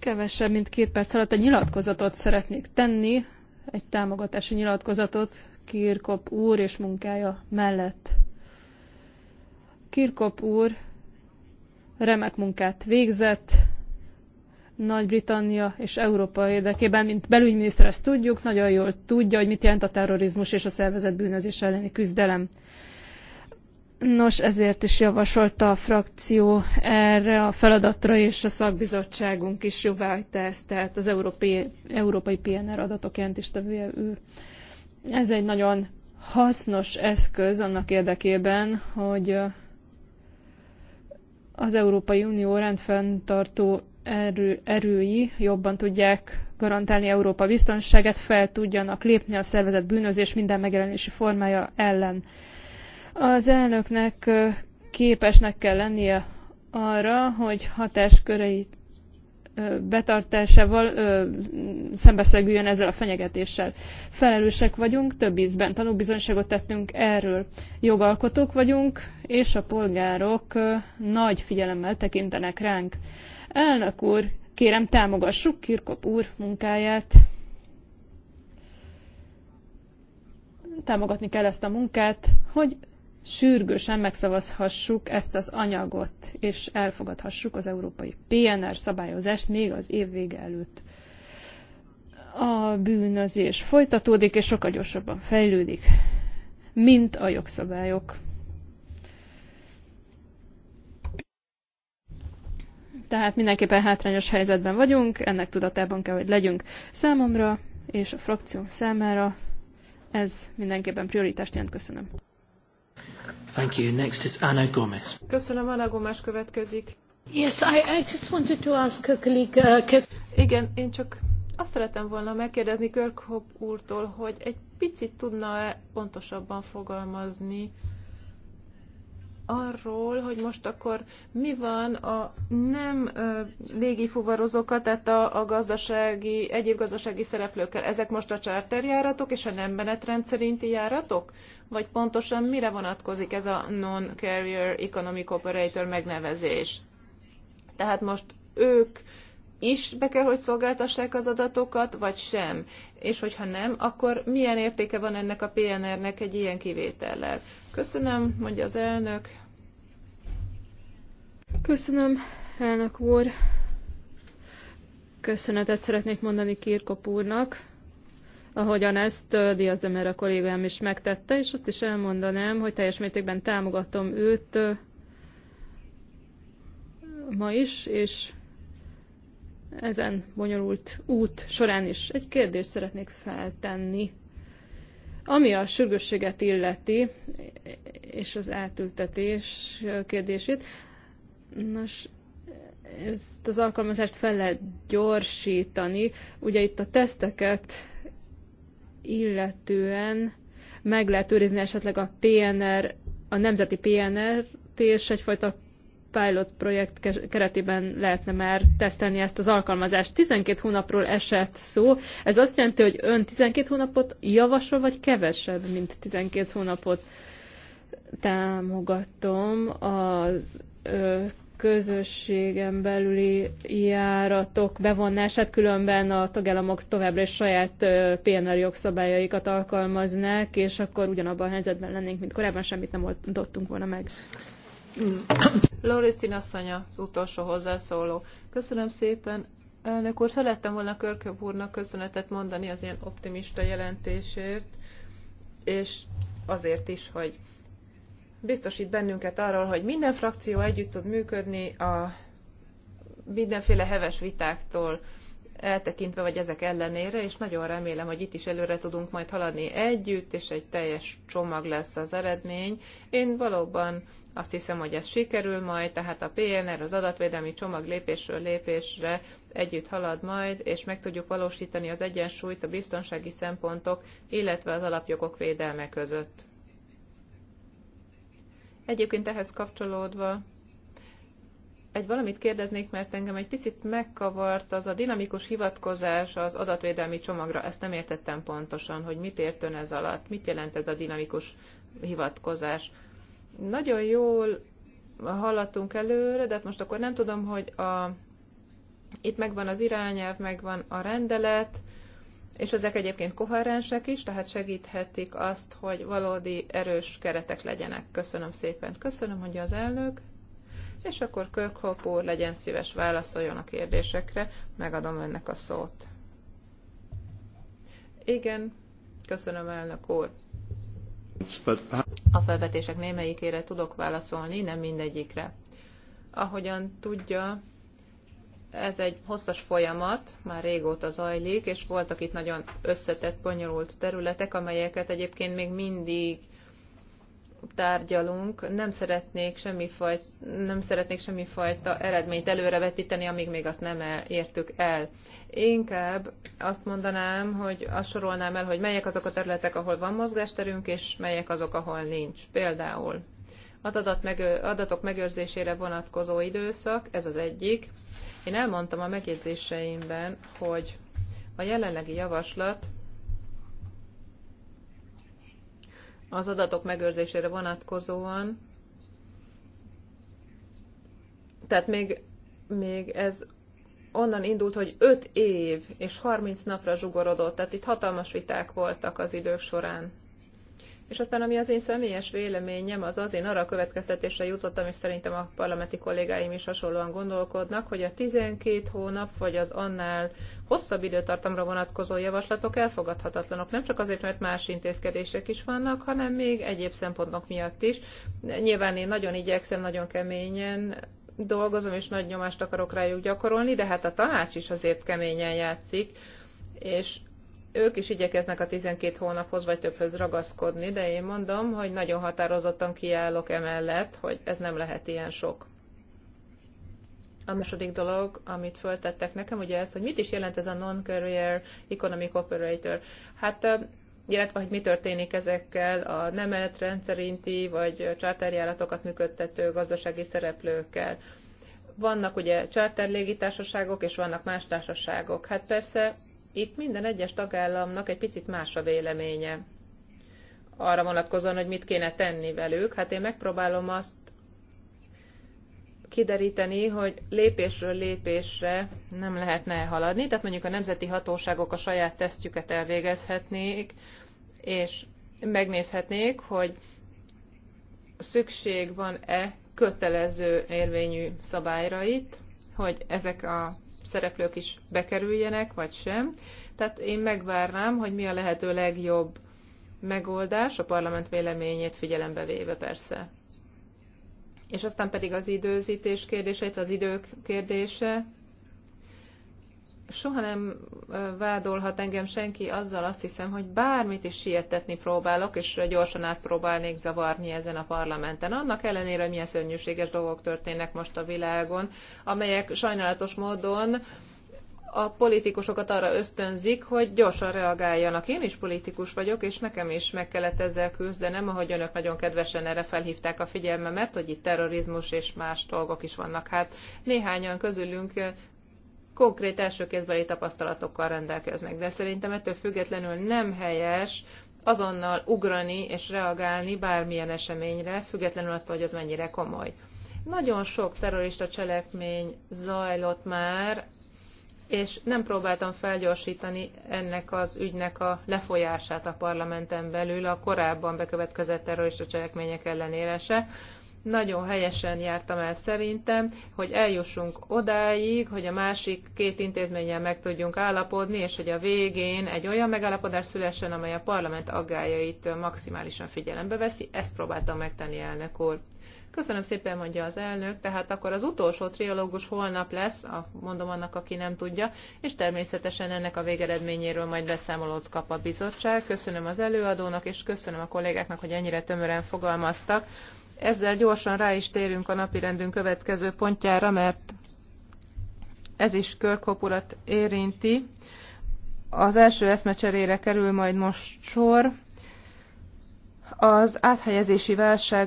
Kevesebb, mint két perc alatt egy nyilatkozatot szeretnék tenni, egy támogatási nyilatkozatot Kirkop úr és munkája mellett. Kirkop úr remek munkát végzett, nagy-Britannia és Európa érdekében, mint belügyminiszter ezt tudjuk, nagyon jól tudja, hogy mit jelent a terrorizmus és a szervezet bűnözés elleni küzdelem. Nos, ezért is javasolta a frakció erre a feladatra, és a szakbizottságunk is hagyta ezt, tehát az Európai, Európai PNR adatok jelentéstevője ő. Ez egy nagyon hasznos eszköz annak érdekében, hogy az Európai Unió rendfenntartó erő, erői jobban tudják garantálni Európa biztonságát, fel tudjanak lépni a szervezet bűnözés minden megjelenési formája ellen. Az elnöknek képesnek kell lennie arra, hogy hatásköreit betartásával szembeszegüljön ezzel a fenyegetéssel. Felelősek vagyunk, több ízben tanúbizonyságot tettünk erről. Jogalkotók vagyunk, és a polgárok nagy figyelemmel tekintenek ránk. Elnök úr, kérem támogassuk Kirkop úr munkáját. Támogatni kell ezt a munkát, hogy sürgősen megszavazhassuk ezt az anyagot, és elfogadhassuk az európai PNR szabályozást még az év vége előtt. A bűnözés folytatódik, és sokkal gyorsabban fejlődik, mint a jogszabályok. Tehát mindenképpen hátrányos helyzetben vagyunk, ennek tudatában kell, hogy legyünk számomra és a frakció számára. Ez mindenképpen prioritást jelent. Köszönöm. Thank you. Next is Anna Gomez. Köszönöm, Anna Gomez következik. Yes, I, I just wanted to ask a colleague, uh, Igen, én csak azt szeretem volna megkérdezni Kirkhope úrtól, hogy egy picit tudna-e pontosabban fogalmazni arról, hogy most akkor mi van a nem légifuvarozókkal, tehát a, a gazdasági, egyéb gazdasági szereplőkkel. Ezek most a charterjáratok és a nem menetrend szerinti járatok? vagy pontosan mire vonatkozik ez a Non-Carrier Economic Operator megnevezés? Tehát most ők is be kell, hogy szolgáltassák az adatokat, vagy sem? És hogyha nem, akkor milyen értéke van ennek a PNR-nek egy ilyen kivétellel? Köszönöm, mondja az elnök. Köszönöm, elnök úr. Köszönetet szeretnék mondani Kirkop úrnak ahogyan ezt Diaz de Mera kollégám is megtette, és azt is elmondanám, hogy teljes mértékben támogatom őt ma is, és ezen bonyolult út során is egy kérdést szeretnék feltenni. Ami a sürgősséget illeti, és az átültetés kérdését, nos, ezt az alkalmazást fel lehet gyorsítani. Ugye itt a teszteket illetően meg lehet őrizni esetleg a PNR, a nemzeti PNR-t, és egyfajta pilot projekt keretében lehetne már tesztelni ezt az alkalmazást. 12 hónapról esett szó. Ez azt jelenti, hogy ön 12 hónapot javasol, vagy kevesebb, mint 12 hónapot támogatom az ö, közösségen belüli járatok bevonását, különben a tagállamok továbbra is saját PNR jogszabályaikat alkalmaznák, és akkor ugyanabban a helyzetben lennénk, mint korábban, semmit nem oldottunk volna meg. Mm. Laurisztin asszonya, az utolsó hozzászóló. Köszönöm szépen. Elnök úr, szerettem volna Körköp úrnak köszönetet mondani az ilyen optimista jelentésért, és azért is, hogy biztosít bennünket arról, hogy minden frakció együtt tud működni a mindenféle heves vitáktól eltekintve, vagy ezek ellenére, és nagyon remélem, hogy itt is előre tudunk majd haladni együtt, és egy teljes csomag lesz az eredmény. Én valóban azt hiszem, hogy ez sikerül majd, tehát a PNR, az adatvédelmi csomag lépésről lépésre együtt halad majd, és meg tudjuk valósítani az egyensúlyt a biztonsági szempontok, illetve az alapjogok védelme között. Egyébként ehhez kapcsolódva egy valamit kérdeznék, mert engem egy picit megkavart az a dinamikus hivatkozás az adatvédelmi csomagra. Ezt nem értettem pontosan, hogy mit ért ön ez alatt, mit jelent ez a dinamikus hivatkozás. Nagyon jól haladtunk előre, de hát most akkor nem tudom, hogy a, itt megvan az irányelv, megvan a rendelet, és ezek egyébként koherensek is, tehát segíthetik azt, hogy valódi erős keretek legyenek. Köszönöm szépen. Köszönöm, hogy az elnök. És akkor Kirkhope úr legyen szíves, válaszoljon a kérdésekre, megadom önnek a szót. Igen, köszönöm elnök úr. A felvetések némelyikére tudok válaszolni, nem mindegyikre. Ahogyan tudja, ez egy hosszas folyamat, már régóta zajlik, és voltak itt nagyon összetett, bonyolult területek, amelyeket egyébként még mindig tárgyalunk. Nem szeretnék semmifajta, nem szeretnék semmifajta eredményt előrevetíteni, amíg még azt nem értük el. Inkább azt mondanám, hogy azt sorolnám el, hogy melyek azok a területek, ahol van mozgásterünk, és melyek azok, ahol nincs. Például az adat adatok megőrzésére vonatkozó időszak, ez az egyik. Én elmondtam a megjegyzéseimben, hogy a jelenlegi javaslat az adatok megőrzésére vonatkozóan, tehát még, még ez onnan indult, hogy 5 év és 30 napra zsugorodott, tehát itt hatalmas viták voltak az idők során és aztán, ami az én személyes véleményem, az az, én arra a következtetésre jutottam, és szerintem a parlamenti kollégáim is hasonlóan gondolkodnak, hogy a 12 hónap, vagy az annál hosszabb időtartamra vonatkozó javaslatok elfogadhatatlanok. Nem csak azért, mert más intézkedések is vannak, hanem még egyéb szempontok miatt is. Nyilván én nagyon igyekszem, nagyon keményen dolgozom, és nagy nyomást akarok rájuk gyakorolni, de hát a tanács is azért keményen játszik, és ők is igyekeznek a 12 hónaphoz vagy többhöz ragaszkodni, de én mondom, hogy nagyon határozottan kiállok emellett, hogy ez nem lehet ilyen sok. A második dolog, amit föltettek nekem, ugye ez, hogy mit is jelent ez a non-career economic operator. Hát illetve hogy mi történik ezekkel a nem rendszerinti vagy csárterjáratokat működtető gazdasági szereplőkkel. Vannak ugye charter légitársaságok, és vannak más társaságok. Hát persze itt minden egyes tagállamnak egy picit más a véleménye arra vonatkozóan, hogy mit kéne tenni velük. Hát én megpróbálom azt kideríteni, hogy lépésről lépésre nem lehetne haladni, tehát mondjuk a nemzeti hatóságok a saját tesztjüket elvégezhetnék, és megnézhetnék, hogy szükség van-e kötelező érvényű szabályra itt, hogy ezek a szereplők is bekerüljenek, vagy sem. Tehát én megvárnám, hogy mi a lehető legjobb megoldás, a parlament véleményét figyelembe véve persze. És aztán pedig az időzítés kérdése, az idők kérdése, soha nem vádolhat engem senki azzal, azt hiszem, hogy bármit is sietetni próbálok, és gyorsan átpróbálnék zavarni ezen a parlamenten. Annak ellenére, hogy milyen szörnyűséges dolgok történnek most a világon, amelyek sajnálatos módon a politikusokat arra ösztönzik, hogy gyorsan reagáljanak. Én is politikus vagyok, és nekem is meg kellett ezzel küzdenem, ahogy önök nagyon kedvesen erre felhívták a figyelmemet, hogy itt terrorizmus és más dolgok is vannak. Hát néhányan közülünk konkrét első kézbeli tapasztalatokkal rendelkeznek, de szerintem ettől függetlenül nem helyes azonnal ugrani és reagálni bármilyen eseményre, függetlenül attól, hogy az mennyire komoly. Nagyon sok terrorista cselekmény zajlott már, és nem próbáltam felgyorsítani ennek az ügynek a lefolyását a parlamenten belül a korábban bekövetkezett terrorista cselekmények ellenére se, nagyon helyesen jártam el szerintem, hogy eljussunk odáig, hogy a másik két intézménnyel meg tudjunk állapodni, és hogy a végén egy olyan megállapodás szülessen, amely a parlament aggájait maximálisan figyelembe veszi. Ezt próbáltam megtenni, elnök úr. Köszönöm szépen, mondja az elnök. Tehát akkor az utolsó triológus holnap lesz, a mondom annak, aki nem tudja, és természetesen ennek a végeredményéről majd beszámolót kap a bizottság. Köszönöm az előadónak, és köszönöm a kollégáknak, hogy ennyire tömören fogalmaztak. Ezzel gyorsan rá is térünk a napirendünk következő pontjára, mert ez is körkopulat érinti. Az első eszmecserére kerül majd most sor. Az áthelyezési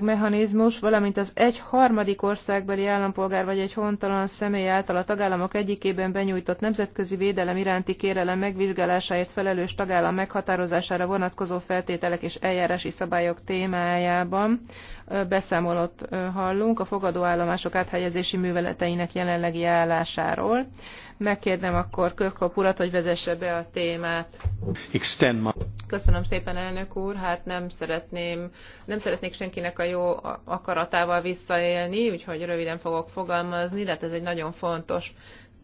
mechanizmus, valamint az egy harmadik országbeli állampolgár vagy egy hontalan személy által a tagállamok egyikében benyújtott nemzetközi védelem iránti kérelem megvizsgálásáért felelős tagállam meghatározására vonatkozó feltételek és eljárási szabályok témájában beszámolót hallunk a fogadóállomások áthelyezési műveleteinek jelenlegi állásáról. Megkérdem akkor Kökkop urat, hogy vezesse be a témát. Köszönöm szépen, elnök úr. Hát nem szeretném, nem szeretnék senkinek a jó akaratával visszaélni, úgyhogy röviden fogok fogalmazni, de hát ez egy nagyon fontos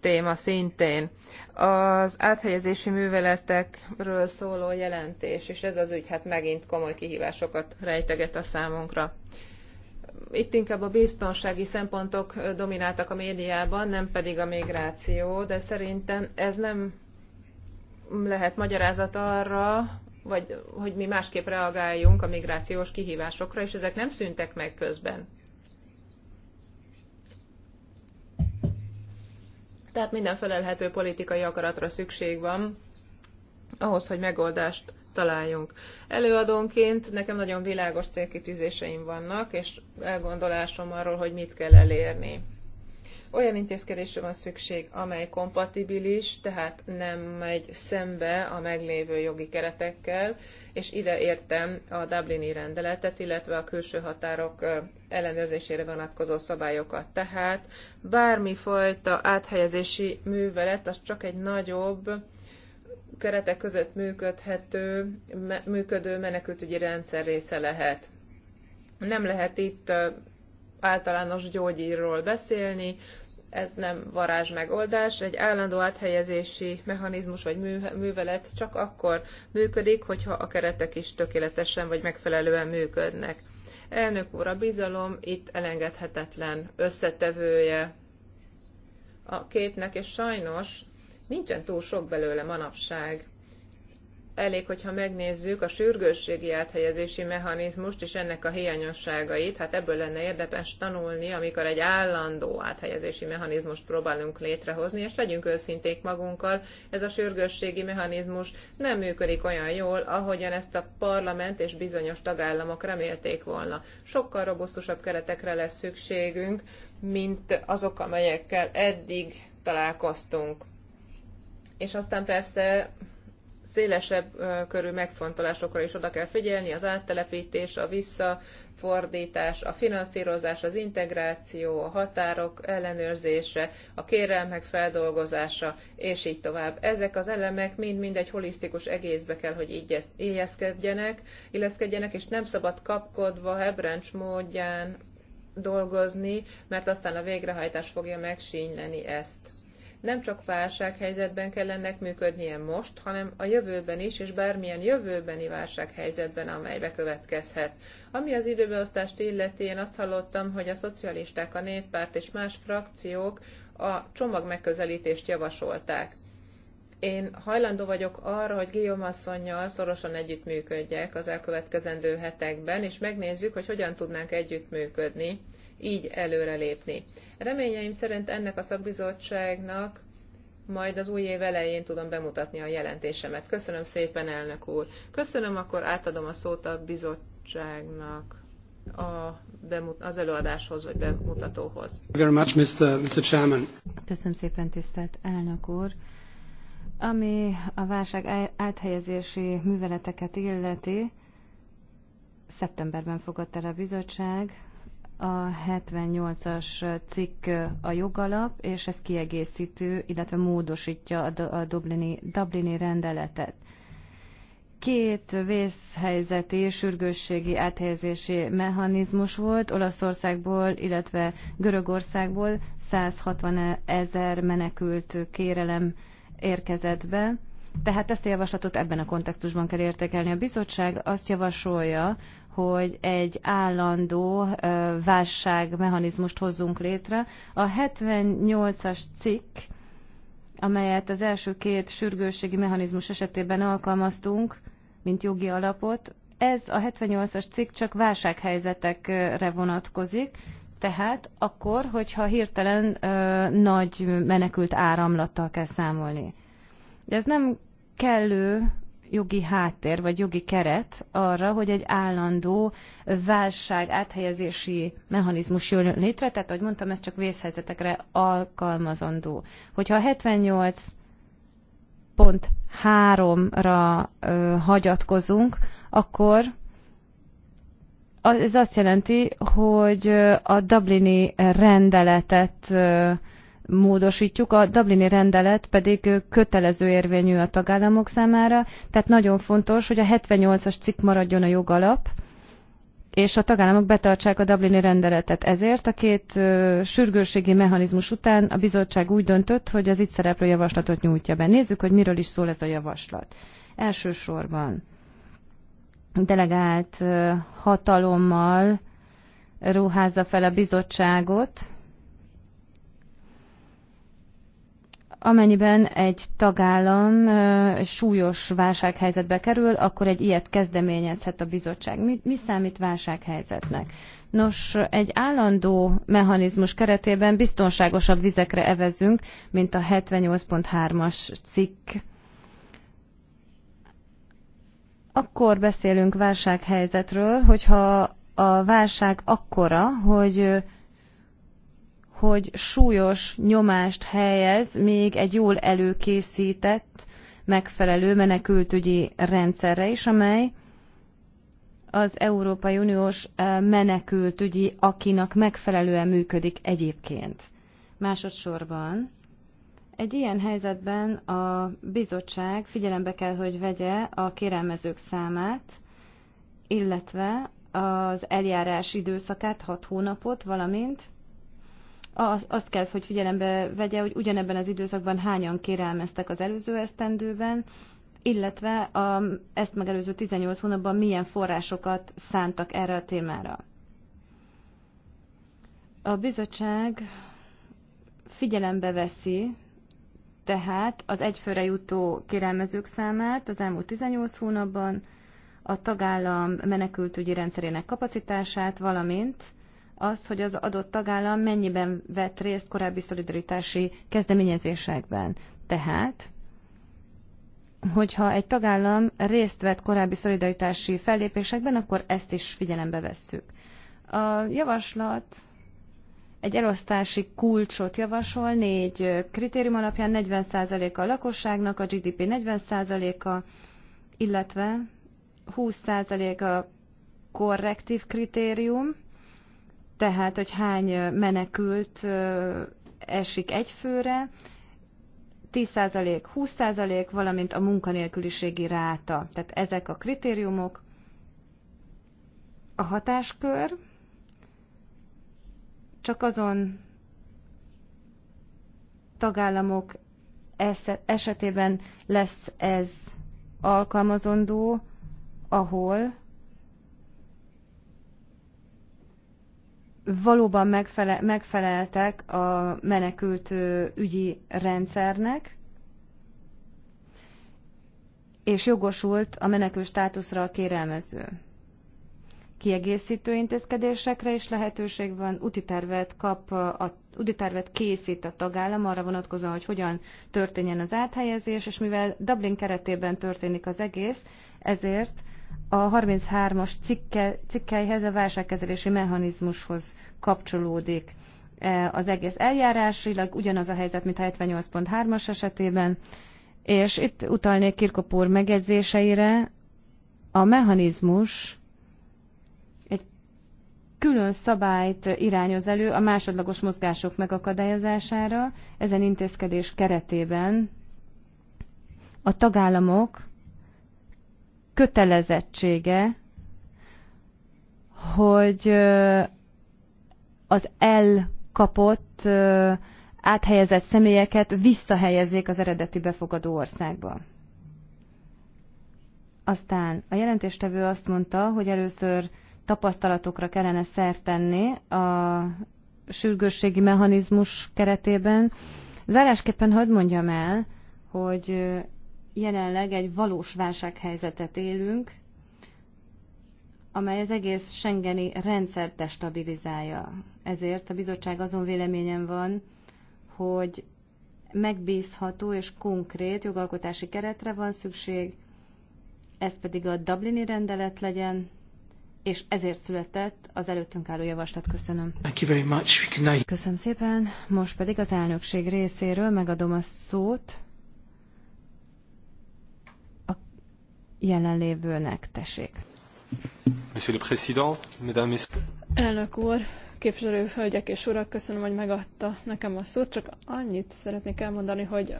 téma szintén az áthelyezési műveletekről szóló jelentés, és ez az ügy hát megint komoly kihívásokat rejteget a számunkra. Itt inkább a biztonsági szempontok domináltak a médiában, nem pedig a migráció, de szerintem ez nem lehet magyarázat arra, vagy hogy mi másképp reagáljunk a migrációs kihívásokra, és ezek nem szűntek meg közben. Tehát minden felelhető politikai akaratra szükség van ahhoz, hogy megoldást találjunk. Előadónként nekem nagyon világos célkitűzéseim vannak, és elgondolásom arról, hogy mit kell elérni olyan intézkedésre van szükség, amely kompatibilis, tehát nem megy szembe a meglévő jogi keretekkel, és ide értem a Dublini rendeletet, illetve a külső határok ellenőrzésére vonatkozó szabályokat. Tehát bármifajta áthelyezési művelet, az csak egy nagyobb, keretek között működhető, működő menekültügyi rendszer része lehet. Nem lehet itt általános gyógyírról beszélni, ez nem varázs megoldás, egy állandó áthelyezési mechanizmus vagy művelet csak akkor működik, hogyha a keretek is tökéletesen vagy megfelelően működnek. Elnök úr, a bizalom itt elengedhetetlen összetevője a képnek, és sajnos nincsen túl sok belőle manapság elég, hogyha megnézzük a sürgősségi áthelyezési mechanizmust és ennek a hiányosságait, hát ebből lenne érdemes tanulni, amikor egy állandó áthelyezési mechanizmust próbálunk létrehozni, és legyünk őszinték magunkkal, ez a sürgősségi mechanizmus nem működik olyan jól, ahogyan ezt a parlament és bizonyos tagállamok remélték volna. Sokkal robosztusabb keretekre lesz szükségünk, mint azok, amelyekkel eddig találkoztunk. És aztán persze szélesebb körű megfontolásokra is oda kell figyelni, az áttelepítés, a visszafordítás, a finanszírozás, az integráció, a határok ellenőrzése, a kérelmek feldolgozása, és így tovább. Ezek az elemek mind-mind egy holisztikus egészbe kell, hogy illeszkedjenek, illeszkedjenek, és nem szabad kapkodva hebrancs módján dolgozni, mert aztán a végrehajtás fogja megsínyleni ezt nem csak válsághelyzetben kell ennek működnie most, hanem a jövőben is, és bármilyen jövőbeni válsághelyzetben, amelybe következhet. Ami az időbeosztást illeti, én azt hallottam, hogy a szocialisták, a néppárt és más frakciók a csomag megközelítést javasolták. Én hajlandó vagyok arra, hogy Guillaume asszonynal szorosan együttműködjek az elkövetkezendő hetekben, és megnézzük, hogy hogyan tudnánk együttműködni így előrelépni. Reményeim szerint ennek a szakbizottságnak majd az új év elején tudom bemutatni a jelentésemet. Köszönöm szépen, elnök úr. Köszönöm, akkor átadom a szót a bizottságnak a bemut- az előadáshoz vagy bemutatóhoz. Köszönöm szépen, tisztelt elnök úr. Ami a válság áthelyezési műveleteket illeti, szeptemberben fogadta el a bizottság a 78-as cikk a jogalap, és ez kiegészítő, illetve módosítja a Dublini, Dublini rendeletet. Két vészhelyzeti, sürgősségi áthelyezési mechanizmus volt Olaszországból, illetve Görögországból 160 ezer menekült kérelem érkezett be. Tehát ezt a javaslatot ebben a kontextusban kell értékelni. A bizottság azt javasolja, hogy egy állandó válságmechanizmust hozzunk létre. A 78-as cikk, amelyet az első két sürgősségi mechanizmus esetében alkalmaztunk, mint jogi alapot, ez a 78-as cikk csak válsághelyzetekre vonatkozik, tehát akkor, hogyha hirtelen ö, nagy menekült áramlattal kell számolni. De ez nem kellő jogi háttér vagy jogi keret arra, hogy egy állandó válság áthelyezési mechanizmus jön létre, tehát ahogy mondtam, ez csak vészhelyzetekre alkalmazandó. Hogyha a 78 pont háromra ö, hagyatkozunk, akkor ez azt jelenti, hogy a Dublini rendeletet ö, módosítjuk, a Dublini rendelet pedig kötelező érvényű a tagállamok számára, tehát nagyon fontos, hogy a 78-as cikk maradjon a jogalap, és a tagállamok betartsák a Dublini rendeletet. Ezért a két ö, sürgősségi mechanizmus után a bizottság úgy döntött, hogy az itt szereplő javaslatot nyújtja be. Nézzük, hogy miről is szól ez a javaslat. Elsősorban delegált hatalommal ruházza fel a bizottságot, Amennyiben egy tagállam súlyos válsághelyzetbe kerül, akkor egy ilyet kezdeményezhet a bizottság. Mi, mi számít válsághelyzetnek? Nos, egy állandó mechanizmus keretében biztonságosabb vizekre evezünk, mint a 78.3-as cikk. Akkor beszélünk válsághelyzetről, hogyha a válság akkora, hogy hogy súlyos nyomást helyez még egy jól előkészített, megfelelő menekültügyi rendszerre is, amely az Európai Uniós eh, menekültügyi, akinak megfelelően működik egyébként. Másodszorban egy ilyen helyzetben a bizottság figyelembe kell, hogy vegye a kérelmezők számát, illetve az eljárás időszakát, 6 hónapot, valamint az, azt kell, hogy figyelembe vegye, hogy ugyanebben az időszakban hányan kérelmeztek az előző esztendőben, illetve a, ezt megelőző 18 hónapban milyen forrásokat szántak erre a témára. A bizottság figyelembe veszi tehát az egyfőre jutó kérelmezők számát az elmúlt 18 hónapban, a tagállam menekültügyi rendszerének kapacitását, valamint azt, hogy az adott tagállam mennyiben vett részt korábbi szolidaritási kezdeményezésekben. Tehát, hogyha egy tagállam részt vett korábbi szolidaritási fellépésekben, akkor ezt is figyelembe vesszük. A javaslat egy elosztási kulcsot javasol, négy kritérium alapján 40%-a a lakosságnak, a GDP 40%-a, illetve 20% a korrektív kritérium, tehát hogy hány menekült esik egy főre, 10%, 20%, valamint a munkanélküliségi ráta. Tehát ezek a kritériumok. A hatáskör csak azon tagállamok esetében lesz ez alkalmazandó, ahol valóban megfele, megfeleltek a menekült ügyi rendszernek, és jogosult a menekült státuszra a kérelmező kiegészítő intézkedésekre is lehetőség van, úti tervet kap, a, úti tervet készít a tagállam arra vonatkozóan, hogy hogyan történjen az áthelyezés, és mivel Dublin keretében történik az egész, ezért a 33-as cikke, cikkeihez a válságkezelési mechanizmushoz kapcsolódik e, az egész eljárásilag, ugyanaz a helyzet, mint a 78.3-as esetében, és itt utalnék Kirkopór megjegyzéseire, a mechanizmus külön szabályt irányoz elő a másodlagos mozgások megakadályozására. Ezen intézkedés keretében a tagállamok kötelezettsége, hogy az elkapott, áthelyezett személyeket visszahelyezzék az eredeti befogadó országba. Aztán a jelentéstevő azt mondta, hogy először tapasztalatokra kellene szert tenni a sürgősségi mechanizmus keretében. Zárásképpen hadd mondjam el, hogy jelenleg egy valós válsághelyzetet élünk, amely az egész Schengeni rendszert destabilizálja. Ezért a bizottság azon véleményen van, hogy megbízható és konkrét jogalkotási keretre van szükség, ez pedig a Dublini rendelet legyen, és ezért született az előttünk álló javaslat. Köszönöm. Thank you very much. Can... Köszönöm szépen. Most pedig az elnökség részéről megadom a szót a jelenlévőnek. Tessék. Monsieur le Président, Mesdames Elnök úr, képviselő hölgyek és urak, köszönöm, hogy megadta nekem a szót. Csak annyit szeretnék elmondani, hogy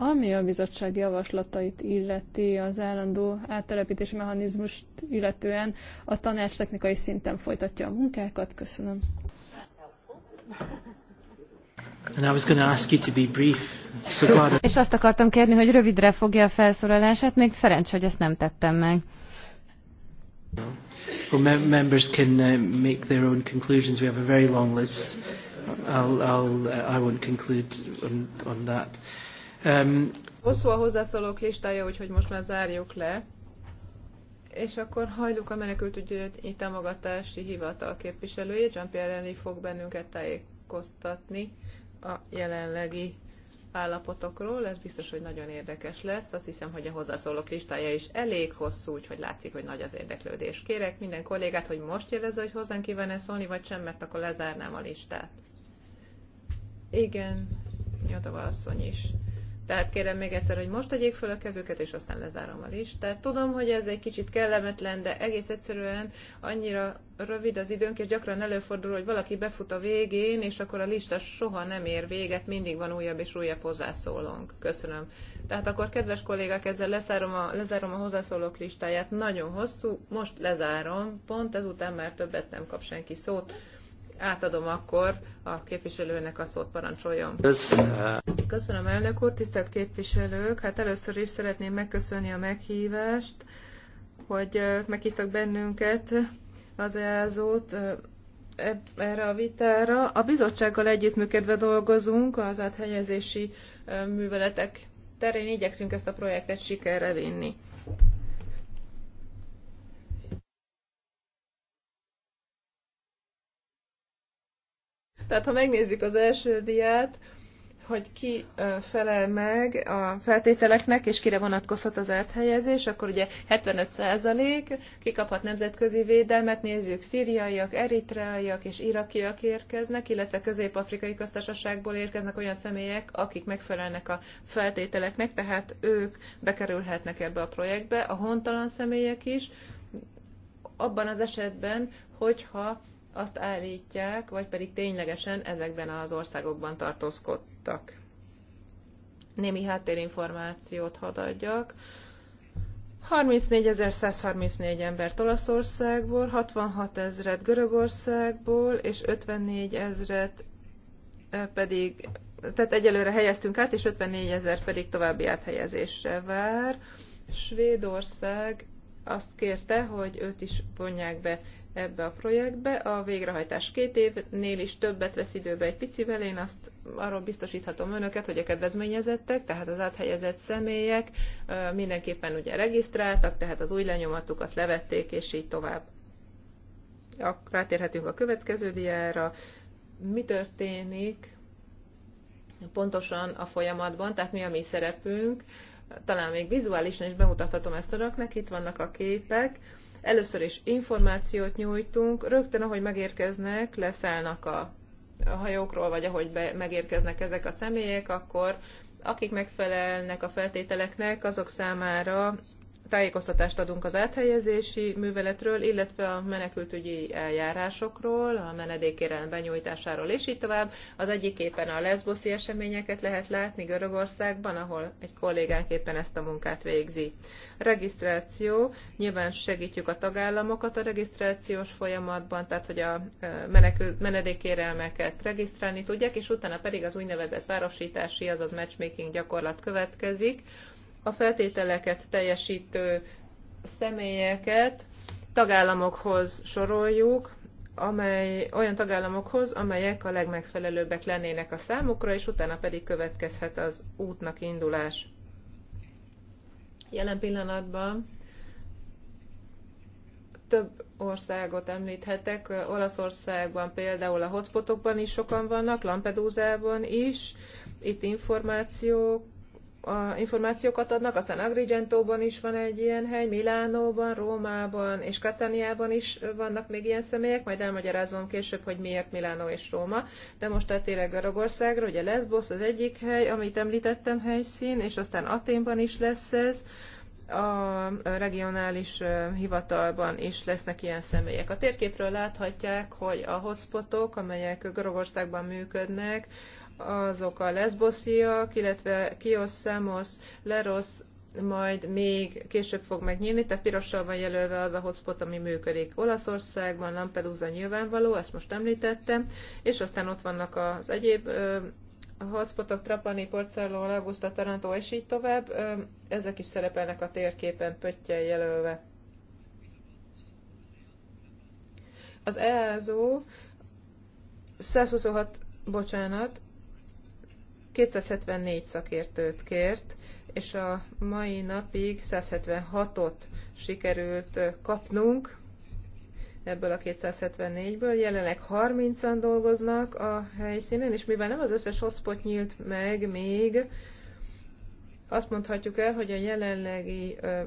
ami a bizottság javaslatait illeti az állandó áttelepítési mechanizmust illetően, a tanács technikai szinten folytatja a munkákat. Köszönöm. And I was going to ask you to be brief. So glad És azt akartam kérni, hogy rövidre fogja a felszólalását, még szerencsé, hogy ezt nem tettem meg. Well, mem members can uh, make their own conclusions. We have a very long list. I'll, I'll, uh, I won't conclude on, on that. Hosszú a hozzászólók listája, úgyhogy most már zárjuk le. És akkor hajluk a menekültügyi támogatási hivatal képviselője, Jean-Pierre Renly fog bennünket tájékoztatni a jelenlegi állapotokról. Ez biztos, hogy nagyon érdekes lesz. Azt hiszem, hogy a hozzászólók listája is elég hosszú, úgyhogy látszik, hogy nagy az érdeklődés. Kérek minden kollégát, hogy most jelezze, hogy hozzánk kívánne szólni, vagy sem, mert akkor lezárnám a listát. Igen, Jatava asszony is tehát kérem még egyszer, hogy most tegyék föl a kezüket, és aztán lezárom a listát. Tudom, hogy ez egy kicsit kellemetlen, de egész egyszerűen annyira rövid az időnk, és gyakran előfordul, hogy valaki befut a végén, és akkor a lista soha nem ér véget, mindig van újabb és újabb hozzászólónk. Köszönöm. Tehát akkor, kedves kollégák, ezzel lezárom a, lezárom a hozzászólók listáját. Nagyon hosszú, most lezárom, pont ezután már többet nem kap senki szót. Átadom akkor a képviselőnek a szót parancsoljon. Eh. Köszönöm, elnök úr, tisztelt képviselők. Hát először is szeretném megköszönni a meghívást, hogy eh, meghívtak bennünket az easo ot eh, e- erre a vitára. A bizottsággal együttműködve dolgozunk az áthelyezési műveletek terén, igyekszünk ezt a projektet sikerre vinni. Tehát ha megnézzük az első diát, hogy ki felel meg a feltételeknek, és kire vonatkozhat az áthelyezés, akkor ugye 75% kikaphat nemzetközi védelmet, nézzük, szíriaiak, eritreaiak és irakiak érkeznek, illetve közép-afrikai köztársaságból érkeznek olyan személyek, akik megfelelnek a feltételeknek, tehát ők bekerülhetnek ebbe a projektbe, a hontalan személyek is, abban az esetben, hogyha azt állítják, vagy pedig ténylegesen ezekben az országokban tartózkodtak. Némi háttérinformációt hadd adjak. 34.134 embert Olaszországból, 66 ezret Görögországból, és 54 ezret eh, pedig, tehát egyelőre helyeztünk át, és 54 ezer pedig további áthelyezésre vár. Svédország azt kérte, hogy őt is vonják be ebbe a projektbe. A végrehajtás két évnél is többet vesz időbe egy picivel. Én azt arról biztosíthatom önöket, hogy a kedvezményezettek, tehát az áthelyezett személyek mindenképpen ugye regisztráltak, tehát az új lenyomatukat levették, és így tovább. Rátérhetünk a következő diára. Mi történik pontosan a folyamatban, tehát mi a mi szerepünk, talán még vizuálisan is bemutathatom ezt önöknek, itt vannak a képek, Először is információt nyújtunk, rögtön ahogy megérkeznek, leszállnak a hajókról, vagy ahogy be, megérkeznek ezek a személyek, akkor akik megfelelnek a feltételeknek, azok számára tájékoztatást adunk az áthelyezési műveletről, illetve a menekültügyi eljárásokról, a menedékérelem benyújtásáról, és így tovább. Az egyik éppen a leszboszi eseményeket lehet látni Görögországban, ahol egy kollégánk éppen ezt a munkát végzi. Regisztráció. Nyilván segítjük a tagállamokat a regisztrációs folyamatban, tehát hogy a menekült, menedékérelmeket regisztrálni tudják, és utána pedig az úgynevezett párosítási, azaz matchmaking gyakorlat következik a feltételeket teljesítő személyeket tagállamokhoz soroljuk, amely, olyan tagállamokhoz, amelyek a legmegfelelőbbek lennének a számukra, és utána pedig következhet az útnak indulás. Jelen pillanatban több országot említhetek. Olaszországban például a hotspotokban is sokan vannak, lampedúzában is. Itt információk információkat adnak, aztán Agrigentóban is van egy ilyen hely, Milánóban, Rómában és Katániában is vannak még ilyen személyek, majd elmagyarázom később, hogy miért Milánó és Róma, de most tehát tényleg Görögországra, ugye Lesbos az egyik hely, amit említettem helyszín, és aztán Aténban is lesz ez, a regionális hivatalban is lesznek ilyen személyek. A térképről láthatják, hogy a hotspotok, amelyek Görögországban működnek, azok a leszbosziak, illetve Kios Samos, Leros, majd még később fog megnyílni, tehát pirossal van jelölve az a hotspot, ami működik Olaszországban, Lampedusa nyilvánvaló, ezt most említettem, és aztán ott vannak az egyéb ö, hotspotok, Trapani, Porcello, Augusta, Taranto, és így tovább, ö, ezek is szerepelnek a térképen pöttyel jelölve. Az EASO 126, bocsánat, 274 szakértőt kért, és a mai napig 176-ot sikerült kapnunk ebből a 274-ből. Jelenleg 30-an dolgoznak a helyszínen, és mivel nem az összes hotspot nyílt meg még, azt mondhatjuk el, hogy a jelenlegi ö,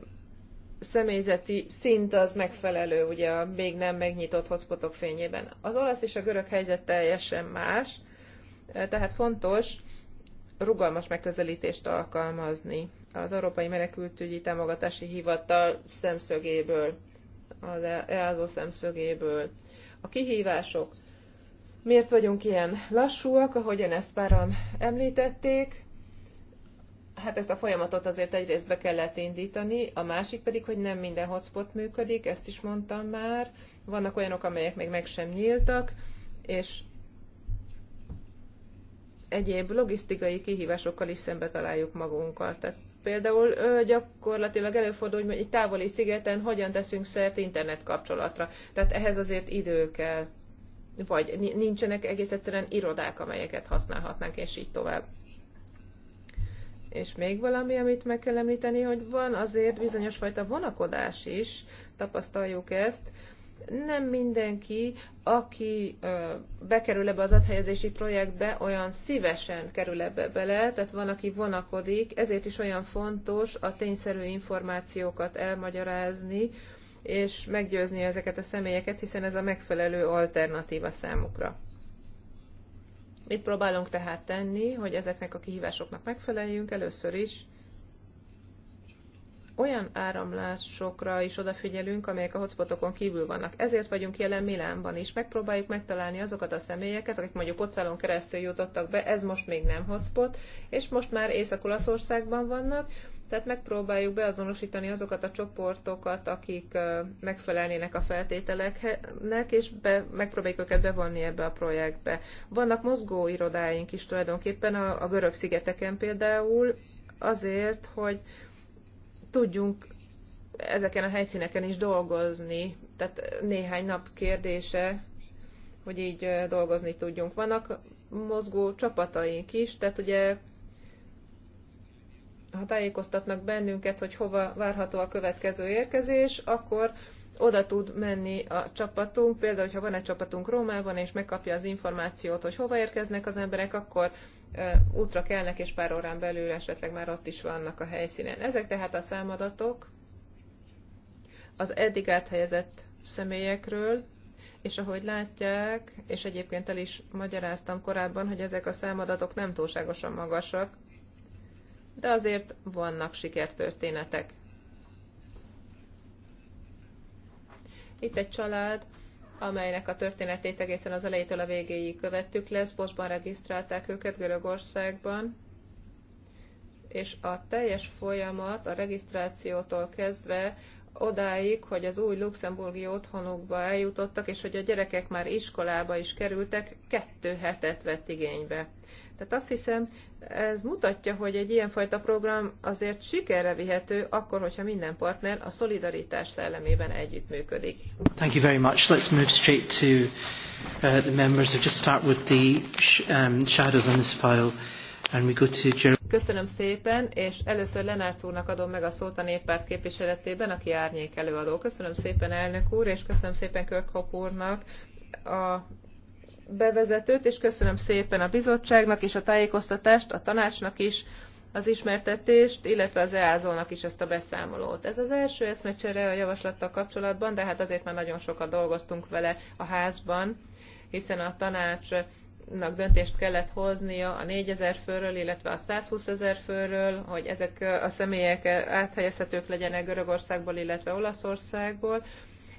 személyzeti szint az megfelelő, ugye a még nem megnyitott hotspotok fényében. Az olasz és a görög helyzet teljesen más, tehát fontos, rugalmas megközelítést alkalmazni az Európai Menekültügyi Támogatási Hivatal szemszögéből, az EASO szemszögéből. A kihívások. Miért vagyunk ilyen lassúak, ahogyan ezt páran említették? Hát ezt a folyamatot azért egyrészt be kellett indítani, a másik pedig, hogy nem minden hotspot működik, ezt is mondtam már. Vannak olyanok, amelyek még meg sem nyíltak, és egyéb logisztikai kihívásokkal is szembe találjuk magunkat. Tehát például gyakorlatilag előfordul, hogy egy távoli szigeten hogyan teszünk szert internet kapcsolatra. Tehát ehhez azért idő kell, vagy nincsenek egész egyszerűen irodák, amelyeket használhatnánk, és így tovább. És még valami, amit meg kell említeni, hogy van azért bizonyos fajta vonakodás is, tapasztaljuk ezt, nem mindenki, aki bekerül ebbe az adhelyezési projektbe, olyan szívesen kerül ebbe bele, tehát van, aki vonakodik, ezért is olyan fontos a tényszerű információkat elmagyarázni, és meggyőzni ezeket a személyeket, hiszen ez a megfelelő alternatíva számukra. Mit próbálunk tehát tenni, hogy ezeknek a kihívásoknak megfeleljünk? Először is olyan áramlásokra is odafigyelünk, amelyek a hotspotokon kívül vannak. Ezért vagyunk jelen Milánban is. Megpróbáljuk megtalálni azokat a személyeket, akik mondjuk Pocalon keresztül jutottak be, ez most még nem hotspot, és most már Észak-Olaszországban vannak, tehát megpróbáljuk beazonosítani azokat a csoportokat, akik megfelelnének a feltételeknek, és be, megpróbáljuk őket bevonni ebbe a projektbe. Vannak mozgó irodáink is tulajdonképpen a, a görög szigeteken például, azért, hogy tudjunk ezeken a helyszíneken is dolgozni. Tehát néhány nap kérdése, hogy így dolgozni tudjunk. Vannak mozgó csapataink is, tehát ugye ha tájékoztatnak bennünket, hogy hova várható a következő érkezés, akkor oda tud menni a csapatunk, például, hogyha van egy csapatunk Rómában, és megkapja az információt, hogy hova érkeznek az emberek, akkor útra kelnek, és pár órán belül esetleg már ott is vannak a helyszínen. Ezek tehát a számadatok az eddig áthelyezett személyekről, és ahogy látják, és egyébként el is magyaráztam korábban, hogy ezek a számadatok nem túlságosan magasak, de azért vannak sikertörténetek. Itt egy család, amelynek a történetét egészen az elejétől a végéig követtük. Lesbosban regisztrálták őket Görögországban, és a teljes folyamat a regisztrációtól kezdve odáig, hogy az új luxemburgi otthonukba eljutottak, és hogy a gyerekek már iskolába is kerültek, kettő hetet vett igénybe. Tehát azt hiszem, ez mutatja, hogy egy ilyenfajta program azért sikerre vihető, akkor, hogyha minden partner a szolidaritás szellemében együttműködik. Thank you very much. Let's move straight to uh, the members. We'll just start with the um, shadows on this file. And we go to Köszönöm szépen, és először Lenárc úrnak adom meg a szót a néppárt képviseletében, aki árnyék előadó. Köszönöm szépen elnök úr, és köszönöm szépen Körkhop úrnak a bevezetőt, és köszönöm szépen a bizottságnak és a tájékoztatást, a tanácsnak is az ismertetést, illetve az EASO-nak is ezt a beszámolót. Ez az első eszmecsere a javaslattal kapcsolatban, de hát azért már nagyon sokat dolgoztunk vele a házban, hiszen a tanács döntést kellett hoznia a 4000 főről, illetve a 120 ezer főről, hogy ezek a személyek áthelyezhetők legyenek Görögországból, illetve Olaszországból.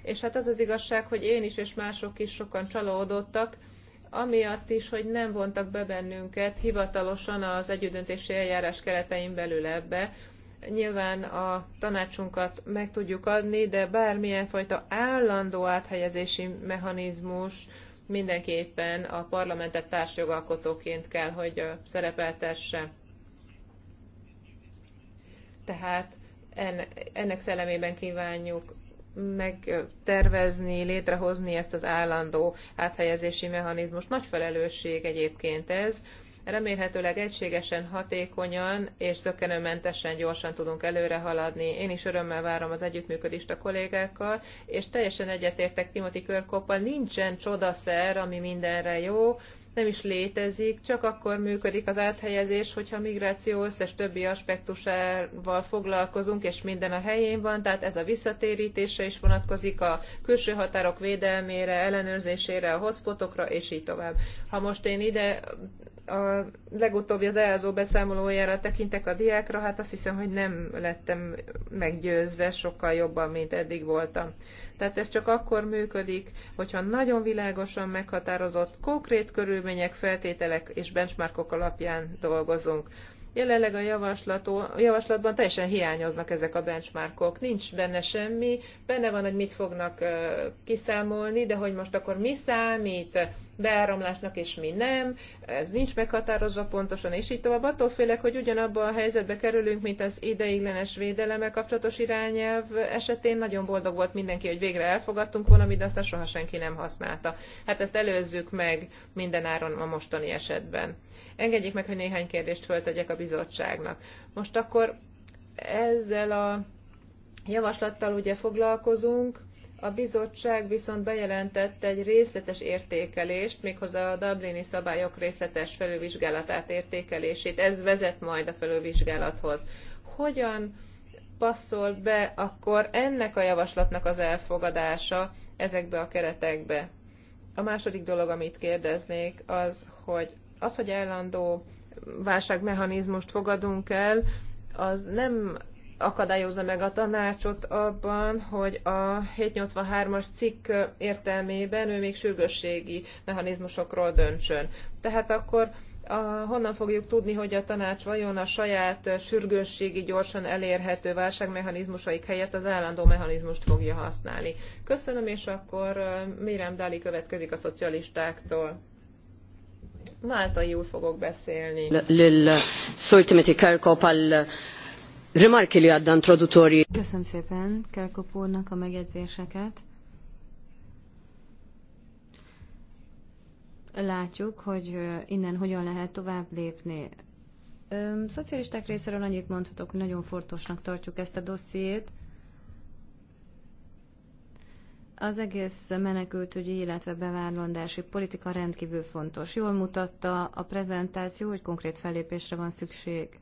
És hát az az igazság, hogy én is és mások is sokan csalódottak, amiatt is, hogy nem vontak be bennünket hivatalosan az együttdöntési eljárás keretein belül ebbe. Nyilván a tanácsunkat meg tudjuk adni, de bármilyen fajta állandó áthelyezési mechanizmus mindenképpen a parlamentet társjogalkotóként kell, hogy szerepeltesse. Tehát ennek szellemében kívánjuk megtervezni, létrehozni ezt az állandó áthelyezési mechanizmust. Nagy felelősség egyébként ez. Remélhetőleg egységesen, hatékonyan és zökenőmentesen gyorsan tudunk előre haladni. Én is örömmel várom az együttműködést a kollégákkal, és teljesen egyetértek Timothy Körkoppal, nincsen csodaszer, ami mindenre jó, nem is létezik, csak akkor működik az áthelyezés, hogyha a migráció összes többi aspektusával foglalkozunk, és minden a helyén van, tehát ez a visszatérítése is vonatkozik a külső határok védelmére, ellenőrzésére, a hotspotokra, és így tovább. Ha most én ide a legutóbbi az ELZO beszámolójára tekintek a diákra, hát azt hiszem, hogy nem lettem meggyőzve sokkal jobban, mint eddig voltam. Tehát ez csak akkor működik, hogyha nagyon világosan meghatározott konkrét körülmények, feltételek és benchmarkok alapján dolgozunk. Jelenleg a, a javaslatban teljesen hiányoznak ezek a benchmarkok, nincs benne semmi, benne van, hogy mit fognak kiszámolni, de hogy most akkor mi számít beáramlásnak és mi nem, ez nincs meghatározva pontosan, és így tovább. Attól félek, hogy ugyanabban a helyzetbe kerülünk, mint az ideiglenes védeleme kapcsolatos irányelv esetén. Nagyon boldog volt mindenki, hogy végre elfogadtunk valamit, de aztán soha senki nem használta. Hát ezt előzzük meg minden áron a mostani esetben. Engedjék meg, hogy néhány kérdést föltegyek a bizottságnak. Most akkor ezzel a javaslattal ugye foglalkozunk, a bizottság viszont bejelentette egy részletes értékelést, méghozzá a Dublini szabályok részletes felülvizsgálatát, értékelését. Ez vezet majd a felülvizsgálathoz. Hogyan passzol be akkor ennek a javaslatnak az elfogadása ezekbe a keretekbe? A második dolog, amit kérdeznék, az, hogy az, hogy állandó válságmechanizmust fogadunk el, az nem akadályozza meg a tanácsot abban, hogy a 783-as cikk értelmében ő még sürgősségi mechanizmusokról döntsön. Tehát akkor a, honnan fogjuk tudni, hogy a tanács vajon a saját sürgősségi, gyorsan elérhető válságmechanizmusaik helyett az állandó mechanizmust fogja használni. Köszönöm, és akkor uh, Mérem Dáli következik a szocialistáktól. Máltaiul fogok beszélni. Uh, Szultimeti Kerkopal al addan traduttori. Köszönöm szépen Kerkop a megjegyzéseket. Látjuk, hogy uh, innen hogyan lehet tovább lépni. Szocialisták részéről annyit mondhatok, hogy nagyon fontosnak tartjuk ezt a dossziét az egész menekültügyi, illetve bevándorlási politika rendkívül fontos. Jól mutatta a prezentáció, hogy konkrét fellépésre van szükség.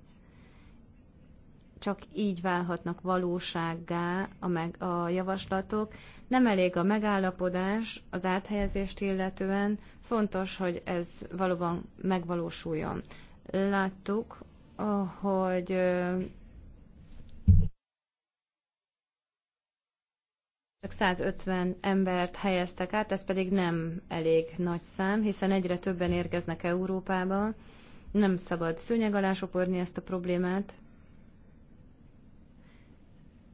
Csak így válhatnak valósággá a, meg, a javaslatok. Nem elég a megállapodás az áthelyezést illetően, fontos, hogy ez valóban megvalósuljon. Láttuk, hogy csak 150 embert helyeztek át, ez pedig nem elég nagy szám, hiszen egyre többen érkeznek Európába. Nem szabad szőnyeg alá soporni ezt a problémát,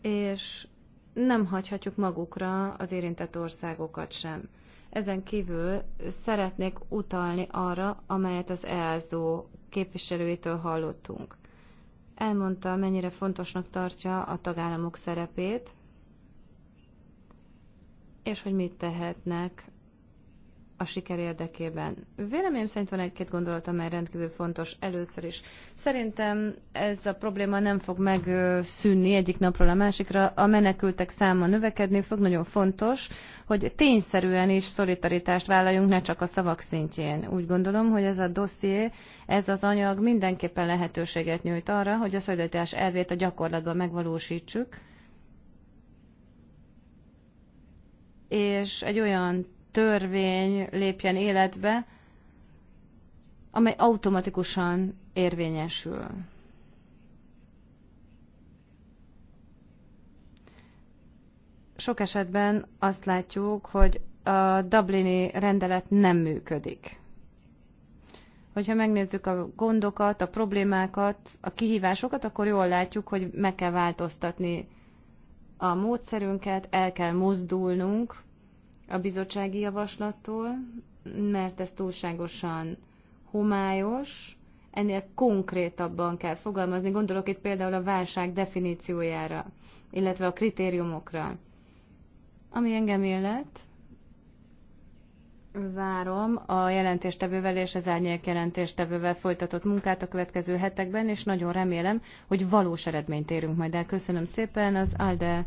és nem hagyhatjuk magukra az érintett országokat sem. Ezen kívül szeretnék utalni arra, amelyet az elzó képviselőitől hallottunk. Elmondta, mennyire fontosnak tartja a tagállamok szerepét, és hogy mit tehetnek a siker érdekében. Véleményem szerint van egy-két gondolat, amely rendkívül fontos először is. Szerintem ez a probléma nem fog megszűnni egyik napról a másikra. A menekültek száma növekedni fog. Nagyon fontos, hogy tényszerűen is szolidaritást vállaljunk, ne csak a szavak szintjén. Úgy gondolom, hogy ez a dosszié, ez az anyag mindenképpen lehetőséget nyújt arra, hogy a szolidaritás elvét a gyakorlatban megvalósítsuk és egy olyan törvény lépjen életbe, amely automatikusan érvényesül. Sok esetben azt látjuk, hogy a Dublini rendelet nem működik. Hogyha megnézzük a gondokat, a problémákat, a kihívásokat, akkor jól látjuk, hogy meg kell változtatni a módszerünket, el kell mozdulnunk a bizottsági javaslattól, mert ez túlságosan homályos, ennél konkrétabban kell fogalmazni. Gondolok itt például a válság definíciójára, illetve a kritériumokra. Ami engem illet, várom a jelentéstevővel és az árnyék jelentéstevővel folytatott munkát a következő hetekben, és nagyon remélem, hogy valós eredményt érünk majd el. Köszönöm szépen az ALDE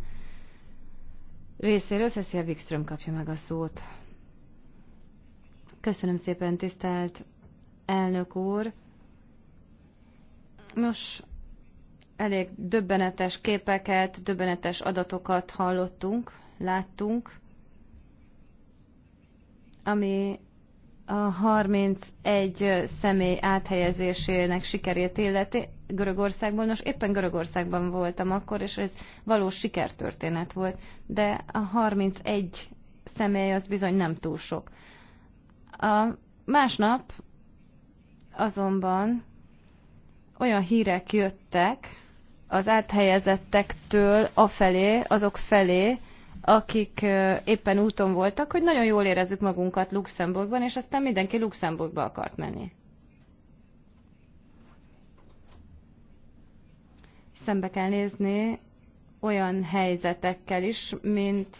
részéről. Szeszia Wikström kapja meg a szót. Köszönöm szépen, tisztelt elnök úr. Nos, elég döbbenetes képeket, döbbenetes adatokat hallottunk, láttunk ami a 31 személy áthelyezésének sikerét illeti Görögországból. Nos, éppen Görögországban voltam akkor, és ez valós sikertörténet volt, de a 31 személy az bizony nem túl sok. A másnap azonban olyan hírek jöttek az áthelyezettektől afelé, azok felé, akik éppen úton voltak, hogy nagyon jól érezzük magunkat Luxemburgban, és aztán mindenki Luxemburgba akart menni. Szembe kell nézni olyan helyzetekkel is, mint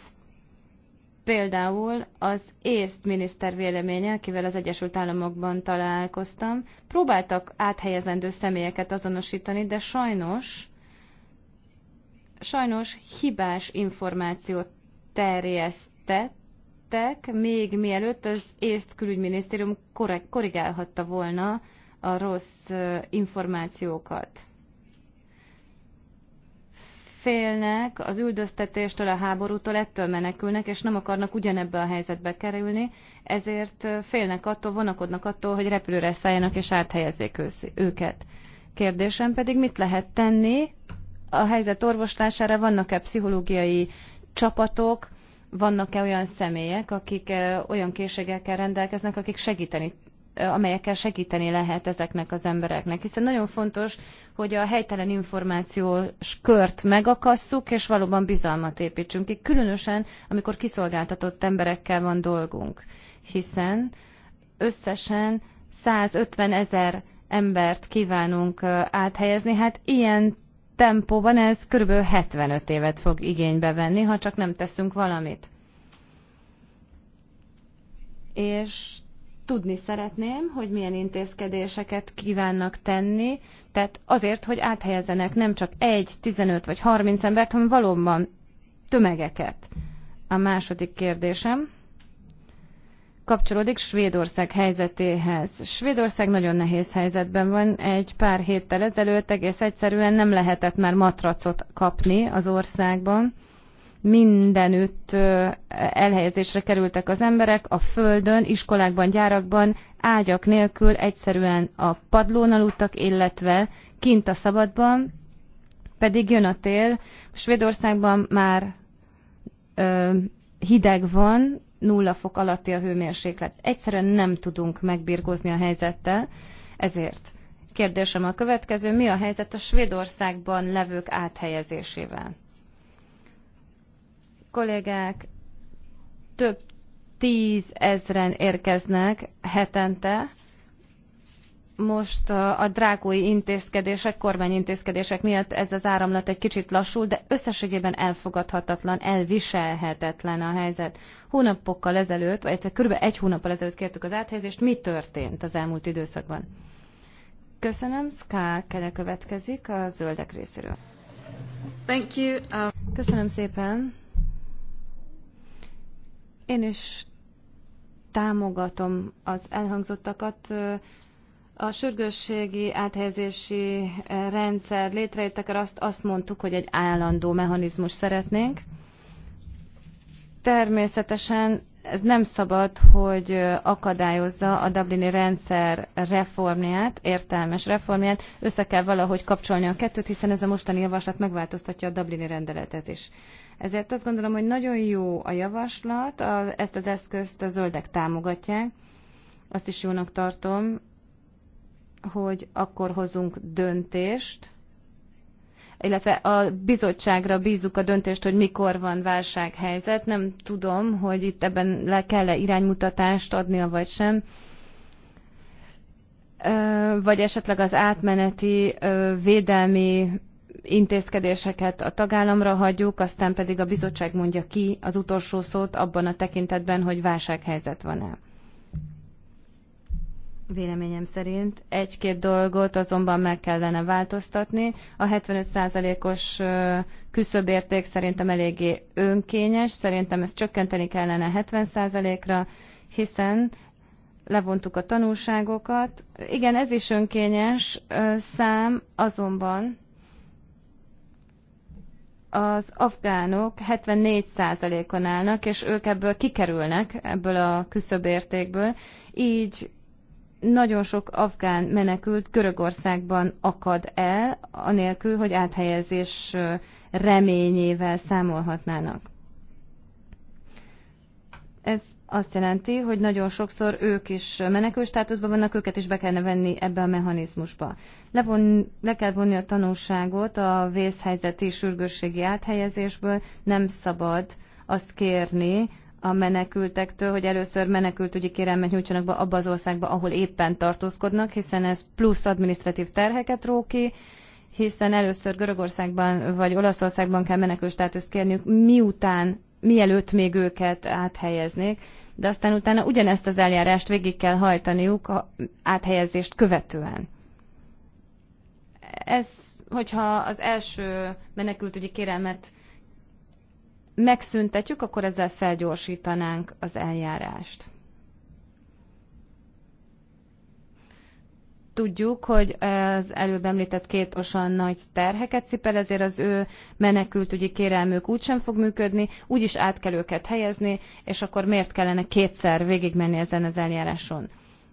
például az észt miniszter véleménye, akivel az Egyesült Államokban találkoztam, próbáltak áthelyezendő személyeket azonosítani, de sajnos sajnos hibás információt terjesztettek, még mielőtt az észt külügyminisztérium korrigálhatta volna a rossz információkat. Félnek az üldöztetéstől, a háborútól, ettől menekülnek, és nem akarnak ugyanebbe a helyzetbe kerülni, ezért félnek attól, vonakodnak attól, hogy repülőre szálljanak és áthelyezzék őket. Kérdésem pedig, mit lehet tenni, a helyzet orvoslására vannak-e pszichológiai csapatok, vannak-e olyan személyek, akik olyan készségekkel rendelkeznek, akik segíteni amelyekkel segíteni lehet ezeknek az embereknek. Hiszen nagyon fontos, hogy a helytelen információs kört megakasszuk, és valóban bizalmat építsünk ki, különösen, amikor kiszolgáltatott emberekkel van dolgunk. Hiszen összesen 150 ezer embert kívánunk áthelyezni, hát ilyen tempóban ez kb. 75 évet fog igénybe venni, ha csak nem teszünk valamit. És tudni szeretném, hogy milyen intézkedéseket kívánnak tenni, tehát azért, hogy áthelyezenek nem csak egy, 15 vagy 30 embert, hanem valóban tömegeket. A második kérdésem kapcsolódik Svédország helyzetéhez. Svédország nagyon nehéz helyzetben van. Egy pár héttel ezelőtt egész egyszerűen nem lehetett már matracot kapni az országban. Mindenütt elhelyezésre kerültek az emberek, a földön, iskolákban, gyárakban, ágyak nélkül egyszerűen a padlón aludtak, illetve kint a szabadban, pedig jön a tél. Svédországban már ö, hideg van, nulla fok alatti a hőmérséklet. Egyszerűen nem tudunk megbirgózni a helyzettel, ezért kérdésem a következő, mi a helyzet a Svédországban levők áthelyezésével? Kollégák, több tízezren érkeznek hetente, most a drágói intézkedések, intézkedések miatt ez az áramlat egy kicsit lassul, de összességében elfogadhatatlan, elviselhetetlen a helyzet. Hónapokkal ezelőtt, vagy kb. egy hónappal ezelőtt kértük az áthelyezést, mi történt az elmúlt időszakban? Köszönöm, Ská Kele következik a zöldek részéről. Thank you. Um... Köszönöm szépen. Én is támogatom az elhangzottakat a sürgősségi áthelyezési eh, rendszer akkor azt, azt mondtuk, hogy egy állandó mechanizmus szeretnénk. Természetesen ez nem szabad, hogy eh, akadályozza a Dublini rendszer reformját, értelmes reformját. Össze kell valahogy kapcsolni a kettőt, hiszen ez a mostani javaslat megváltoztatja a Dublini rendeletet is. Ezért azt gondolom, hogy nagyon jó a javaslat, ezt az eszközt a zöldek támogatják. Azt is jónak tartom, hogy akkor hozunk döntést, illetve a bizottságra bízzuk a döntést, hogy mikor van válsághelyzet. Nem tudom, hogy itt ebben le kell-e iránymutatást adnia, vagy sem. Vagy esetleg az átmeneti védelmi intézkedéseket a tagállamra hagyjuk, aztán pedig a bizottság mondja ki az utolsó szót abban a tekintetben, hogy válsághelyzet van-e véleményem szerint. Egy-két dolgot azonban meg kellene változtatni. A 75%-os küszöbérték szerintem eléggé önkényes, szerintem ezt csökkenteni kellene 70%-ra, hiszen levontuk a tanulságokat. Igen, ez is önkényes szám, azonban az afgánok 74%-on állnak, és ők ebből kikerülnek, ebből a küszöbértékből. Így nagyon sok afgán menekült Görögországban akad el, anélkül, hogy áthelyezés reményével számolhatnának. Ez azt jelenti, hogy nagyon sokszor ők is menekül státuszban vannak, őket is be kellene venni ebbe a mechanizmusba. Levon, le kell vonni a tanulságot a vészhelyzeti sürgősségi áthelyezésből, nem szabad azt kérni a menekültektől, hogy először ügyi kérelmet nyújtsanak be abba az országba, ahol éppen tartózkodnak, hiszen ez plusz administratív terheket ró ki, hiszen először Görögországban vagy Olaszországban kell státuszt kérniük, miután, mielőtt még őket áthelyeznék, de aztán utána ugyanezt az eljárást végig kell hajtaniuk a áthelyezést követően. Ez, hogyha az első menekültügyi kérelmet megszüntetjük, akkor ezzel felgyorsítanánk az eljárást. Tudjuk, hogy az előbb említett két osan nagy terheket cipel, ezért az ő menekültügyi kérelmük úgysem fog működni, úgyis át kell őket helyezni, és akkor miért kellene kétszer végigmenni ezen az eljáráson?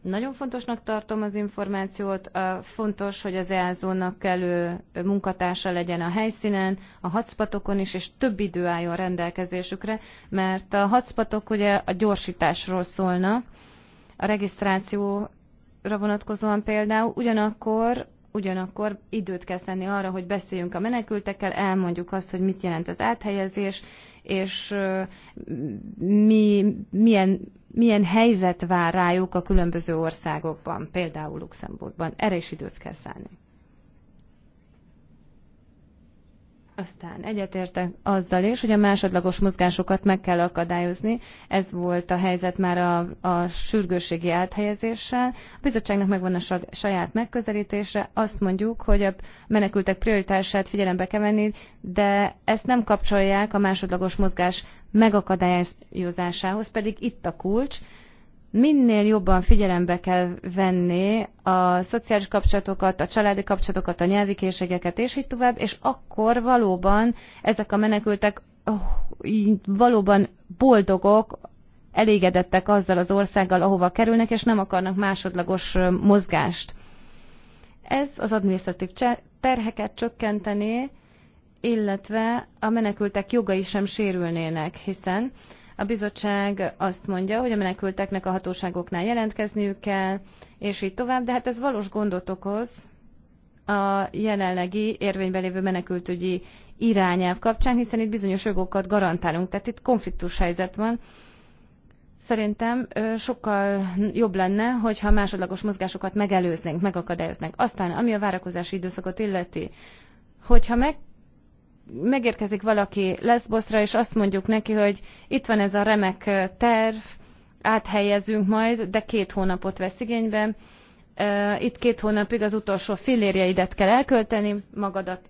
Nagyon fontosnak tartom az információt, fontos, hogy az EASO-nak kellő munkatársa legyen a helyszínen, a hotspotokon is, és több idő álljon rendelkezésükre, mert a hotspotok ugye a gyorsításról szólnak, a regisztrációra vonatkozóan például, ugyanakkor ugyanakkor időt kell szenni arra, hogy beszéljünk a menekültekkel, elmondjuk azt, hogy mit jelent az áthelyezés, és mi, milyen, milyen helyzet vár rájuk a különböző országokban, például Luxemburgban. Erre is időt kell szállni. Aztán egyetértek azzal is, hogy a másodlagos mozgásokat meg kell akadályozni. Ez volt a helyzet már a, a sürgősségi áthelyezéssel. A bizottságnak megvan a saját megközelítése. Azt mondjuk, hogy a menekültek prioritását figyelembe kell venni, de ezt nem kapcsolják a másodlagos mozgás megakadályozásához, pedig itt a kulcs minél jobban figyelembe kell venni a szociális kapcsolatokat, a családi kapcsolatokat, a nyelvi készségeket, és így tovább, és akkor valóban ezek a menekültek oh, valóban boldogok, elégedettek azzal az országgal, ahova kerülnek, és nem akarnak másodlagos mozgást. Ez az adminisztratív terheket csökkenteni, illetve a menekültek jogai sem sérülnének, hiszen a bizottság azt mondja, hogy a menekülteknek a hatóságoknál jelentkezniük kell, és így tovább, de hát ez valós gondot okoz a jelenlegi érvényben lévő menekültügyi irányelv kapcsán, hiszen itt bizonyos jogokat garantálunk, tehát itt konfliktus helyzet van. Szerintem sokkal jobb lenne, hogyha másodlagos mozgásokat megelőznénk, megakadályoznánk. Aztán, ami a várakozási időszakot illeti, hogyha meg megérkezik valaki Lesboszra, és azt mondjuk neki, hogy itt van ez a remek terv, áthelyezünk majd, de két hónapot vesz igénybe. Itt két hónapig az utolsó fillérjeidet kell elkölteni, magadat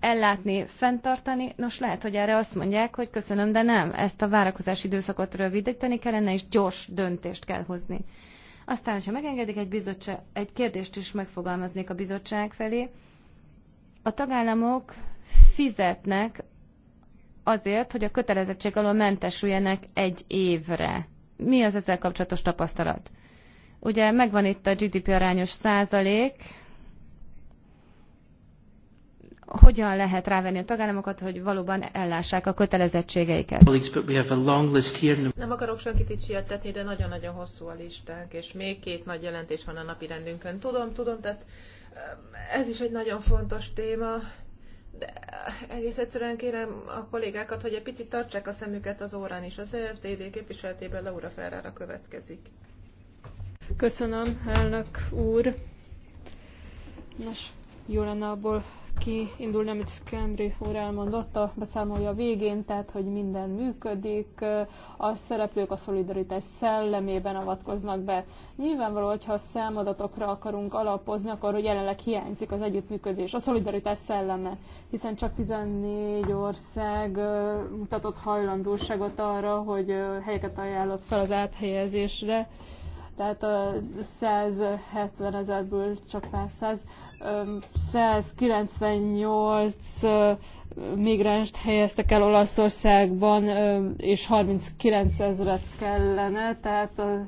ellátni, fenntartani. Nos, lehet, hogy erre azt mondják, hogy köszönöm, de nem. Ezt a várakozási időszakot rövidíteni kellene, és gyors döntést kell hozni. Aztán, ha megengedik, egy, bizottság, egy kérdést is megfogalmaznék a bizottság felé. A tagállamok fizetnek azért, hogy a kötelezettség alól mentesüljenek egy évre. Mi az ezzel kapcsolatos tapasztalat? Ugye megvan itt a GDP arányos százalék, hogyan lehet rávenni a tagállamokat, hogy valóban ellássák a kötelezettségeiket. Nem akarok senkit így sietetni, de nagyon-nagyon hosszú a listánk, és még két nagy jelentés van a napi rendünkön. Tudom, tudom, tehát ez is egy nagyon fontos téma, de egész egyszerűen kérem a kollégákat, hogy egy picit tartsák a szemüket az órán is. Az FTD képviseletében Laura Ferrara következik. Köszönöm, elnök úr. Nos, jó lenne abból kiindulni, amit Skemri úr elmondott a beszámolja végén, tehát hogy minden működik, a szereplők a szolidaritás szellemében avatkoznak be. Nyilvánvaló, hogyha a számadatokra akarunk alapozni, akkor hogy jelenleg hiányzik az együttműködés, a szolidaritás szelleme, hiszen csak 14 ország mutatott hajlandóságot arra, hogy helyeket ajánlott fel az áthelyezésre tehát a 170 ezerből csak pár száz 198 migránst helyeztek el Olaszországban, és 39 ezeret kellene, tehát a,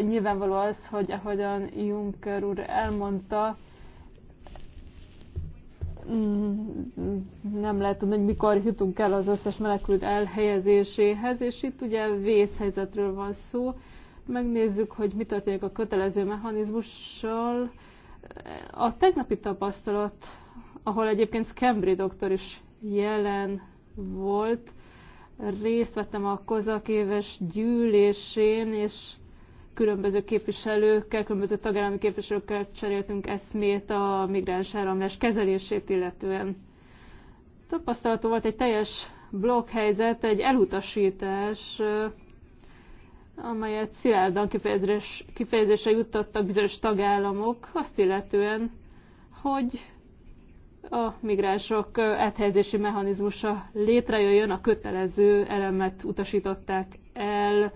nyilvánvaló az, hogy ahogyan Juncker úr elmondta, mm, nem lehet tudni, hogy mikor jutunk el az összes menekült elhelyezéséhez, és itt ugye vészhelyzetről van szó. Megnézzük, hogy mi történik a kötelező mechanizmussal, a tegnapi tapasztalat, ahol egyébként Scambry doktor is jelen volt, részt vettem a kozak éves gyűlésén, és különböző képviselőkkel, különböző tagállami képviselőkkel cseréltünk eszmét a migráns áramlás kezelését illetően. Tapasztalatom volt egy teljes blokkhelyzet, egy elutasítás amelyet szilárdan kifejezés, kifejezésre juttattak bizonyos tagállamok, azt illetően, hogy a migránsok áthelyezési mechanizmusa létrejöjjön, a kötelező elemet utasították el,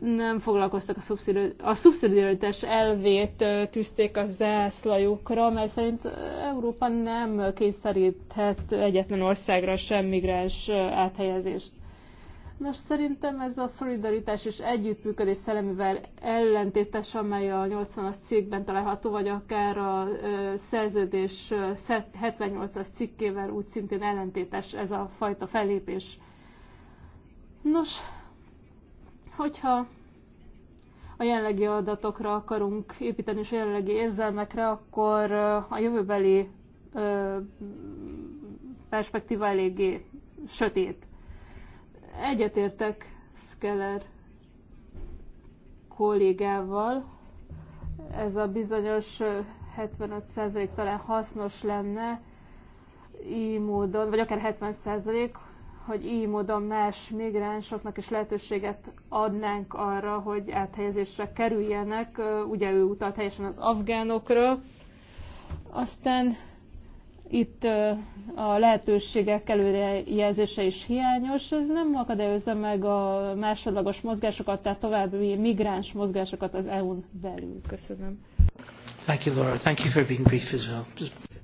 nem foglalkoztak a, a szubszidiaritás elvét tűzték a zászlajukra, mert szerint Európa nem kényszeríthet egyetlen országra sem migráns áthelyezést. Nos, szerintem ez a szolidaritás és együttműködés szellemivel ellentétes, amely a 80-as cikkben található, vagy akár a szerződés 78-as cikkével úgy szintén ellentétes ez a fajta fellépés. Nos, hogyha a jelenlegi adatokra akarunk építeni, és a jelenlegi érzelmekre, akkor a jövőbeli perspektíva eléggé sötét. Egyetértek Skeller kollégával, ez a bizonyos 75% talán hasznos lenne így módon, vagy akár 70%, hogy így módon más migránsoknak is lehetőséget adnánk arra, hogy áthelyezésre kerüljenek. Ugye ő utalt helyesen az afgánokra. Aztán itt a lehetőségek előrejelzése is hiányos, ez nem akadályozza meg a másodlagos mozgásokat, tehát további migráns mozgásokat az EU-n belül. Köszönöm. Thank you, Laura. Thank you for being brief as well.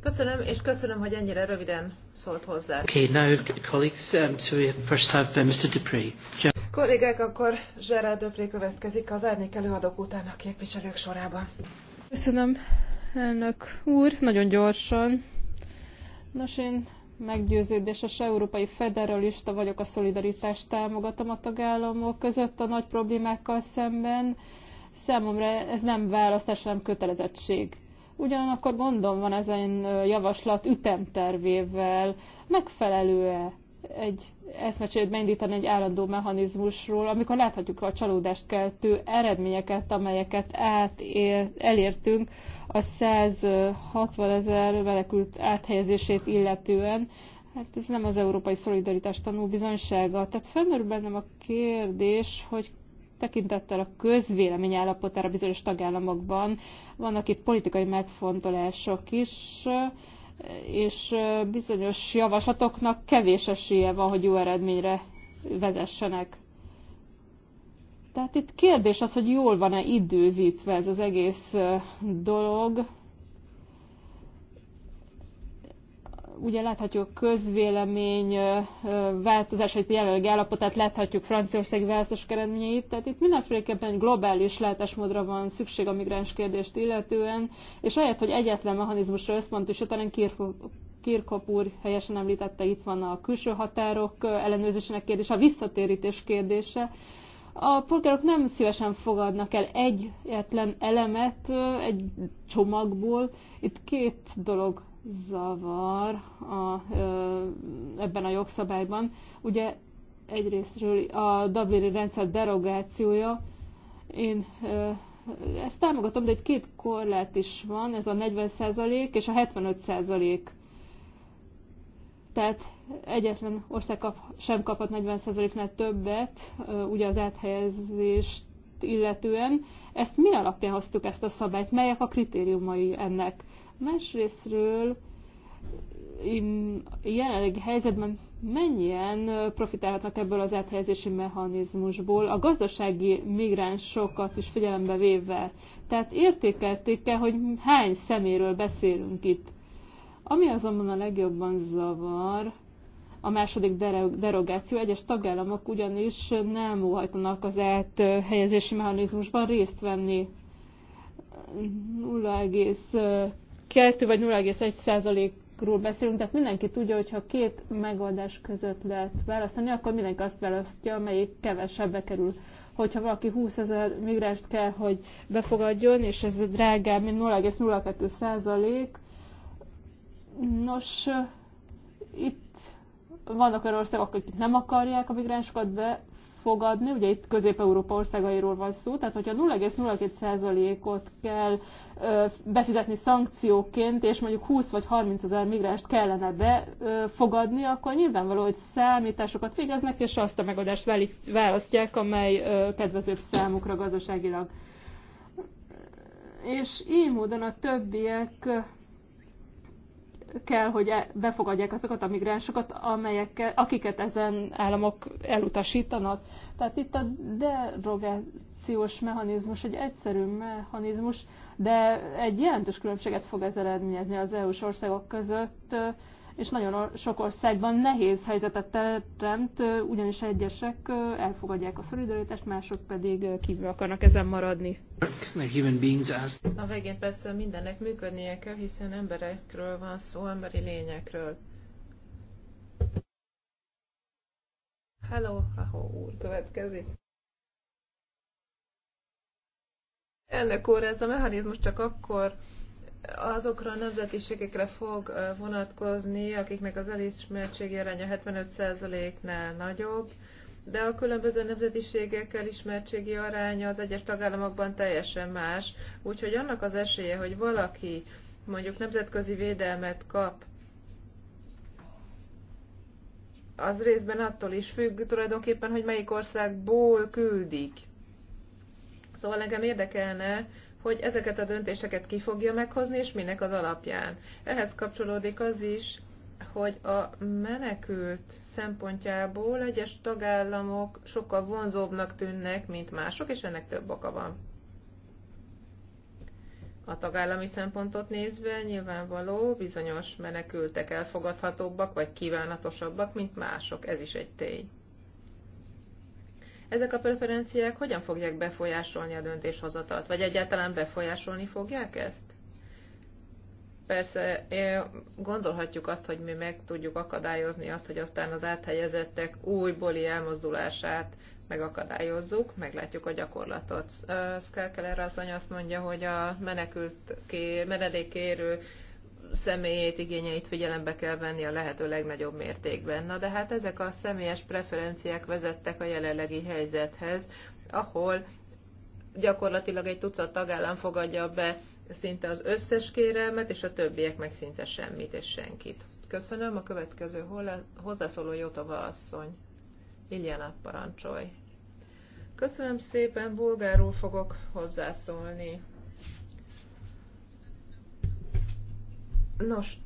Köszönöm, és köszönöm, hogy ennyire röviden szólt hozzá. Okay, now, colleagues, um, so we first have uh, Mr. Dupré. Kollégák, akkor Gerard Dupré következik az árnyék előadók után a képviselők sorában. Köszönöm, elnök úr, nagyon gyorsan. Nos, én meggyőződéses európai federalista vagyok, a szolidaritást támogatom a tagállamok között a nagy problémákkal szemben. Számomra ez nem választás, hanem kötelezettség. Ugyanakkor gondom van ezen javaslat ütemtervével. Megfelelő-e? egy eszmecserét beindítani egy állandó mechanizmusról, amikor láthatjuk a csalódást keltő eredményeket, amelyeket átér, elértünk a 160 ezer menekült áthelyezését illetően. Hát ez nem az európai szolidaritás bizonysága. Tehát felmerül bennem a kérdés, hogy tekintettel a közvélemény állapotára bizonyos tagállamokban vannak itt politikai megfontolások is, és bizonyos javaslatoknak kevés esélye van, hogy jó eredményre vezessenek. Tehát itt kérdés az, hogy jól van-e időzítve ez az egész dolog, ugye láthatjuk közvélemény változásait jelenleg állapotát, láthatjuk Franciaország választások eredményeit, tehát itt mindenféleképpen globális látásmódra van szükség a migráns kérdést illetően, és ahelyett, hogy egyetlen mechanizmusra összpontosít, talán Kirkop úr helyesen említette, itt van a külső határok ellenőrzésének kérdése, a visszatérítés kérdése, a polgárok nem szívesen fogadnak el egyetlen elemet egy csomagból. Itt két dolog zavar a, ebben a jogszabályban. Ugye egyrésztről a Dublini rendszer derogációja, én ezt támogatom, de egy két korlát is van, ez a 40% és a 75%. Tehát egyetlen ország kap, sem kaphat 40%-nál többet, ugye az áthelyezést illetően. Ezt mi alapján hoztuk ezt a szabályt? Melyek a kritériumai ennek? Másrésztről jelenlegi helyzetben mennyien profitálhatnak ebből az áthelyezési mechanizmusból, a gazdasági migránsokat is figyelembe véve. Tehát értékelték-e, hogy hány szeméről beszélünk itt. Ami azonban a legjobban zavar, a második derogáció. Egyes tagállamok ugyanis nem óhajtanak az áthelyezési mechanizmusban részt venni. 2 vagy 0,1%-ról beszélünk, tehát mindenki tudja, hogy ha két megoldás között lehet választani, akkor mindenki azt választja, amelyik kevesebbe kerül. Hogyha valaki 20 ezer migránst kell, hogy befogadjon, és ez drágább, mint 0,02%, nos, itt vannak olyan országok, akik nem akarják a migránsokat be, elfogadni, ugye itt Közép-Európa országairól van szó, tehát hogyha 0,02%-ot kell befizetni szankcióként, és mondjuk 20 vagy 30 ezer migránst kellene befogadni, akkor nyilvánvaló, hogy számításokat végeznek, és azt a megoldást választják, amely kedvezőbb számukra gazdaságilag és így módon a többiek kell, hogy e- befogadják azokat a migránsokat, amelyekkel, akiket ezen államok elutasítanak. Tehát itt a derogációs mechanizmus egy egyszerű mechanizmus, de egy jelentős különbséget fog ez eredményezni az EU-s országok között, és nagyon sok országban nehéz helyzetet teremt, ugyanis egyesek elfogadják a szolidaritást, mások pedig kívül akarnak ezen maradni. A végén persze mindennek működnie kell, hiszen emberekről van szó, emberi lényekről. Hello, Haho úr következik. Elnök úr, ez a mechanizmus csak akkor azokra a nemzetiségekre fog vonatkozni, akiknek az elismertségi aránya 75%-nál nagyobb, de a különböző nemzetiségek elismertségi aránya az egyes tagállamokban teljesen más, úgyhogy annak az esélye, hogy valaki mondjuk nemzetközi védelmet kap, az részben attól is függ tulajdonképpen, hogy melyik országból küldik. Szóval engem érdekelne, hogy ezeket a döntéseket ki fogja meghozni, és minek az alapján. Ehhez kapcsolódik az is, hogy a menekült szempontjából egyes tagállamok sokkal vonzóbbnak tűnnek, mint mások, és ennek több oka van. A tagállami szempontot nézve nyilvánvaló bizonyos menekültek elfogadhatóbbak vagy kívánatosabbak, mint mások, ez is egy tény. Ezek a preferenciák hogyan fogják befolyásolni a döntéshozatalt, vagy egyáltalán befolyásolni fogják ezt? Persze gondolhatjuk azt, hogy mi meg tudjuk akadályozni azt, hogy aztán az áthelyezettek új boli elmozdulását megakadályozzuk, meglátjuk a gyakorlatot. Skelkeler asszony azt mondja, hogy a menekült kér, személyét, igényeit figyelembe kell venni a lehető legnagyobb mértékben. Na de hát ezek a személyes preferenciák vezettek a jelenlegi helyzethez, ahol gyakorlatilag egy tucat tagállam fogadja be szinte az összes kérelmet, és a többiek meg szinte semmit és senkit. Köszönöm. A következő hozzászóló Jótova asszony. Iljana, parancsolj. Köszönöm szépen, bulgárul fogok hozzászólni. Nos,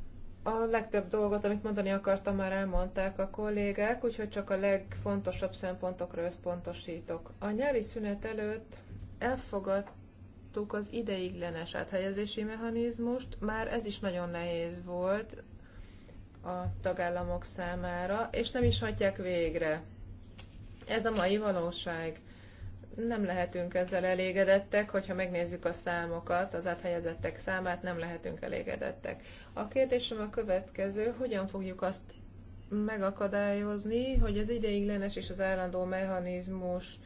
a legtöbb dolgot, amit mondani akartam, már elmondták a kollégák, úgyhogy csak a legfontosabb szempontokra összpontosítok. A nyári szünet előtt elfogadtuk az ideiglenes áthelyezési mechanizmust, már ez is nagyon nehéz volt a tagállamok számára, és nem is hagyják végre. Ez a mai valóság nem lehetünk ezzel elégedettek, hogyha megnézzük a számokat, az áthelyezettek számát, nem lehetünk elégedettek. A kérdésem a következő, hogyan fogjuk azt megakadályozni, hogy az ideiglenes és az állandó mechanizmus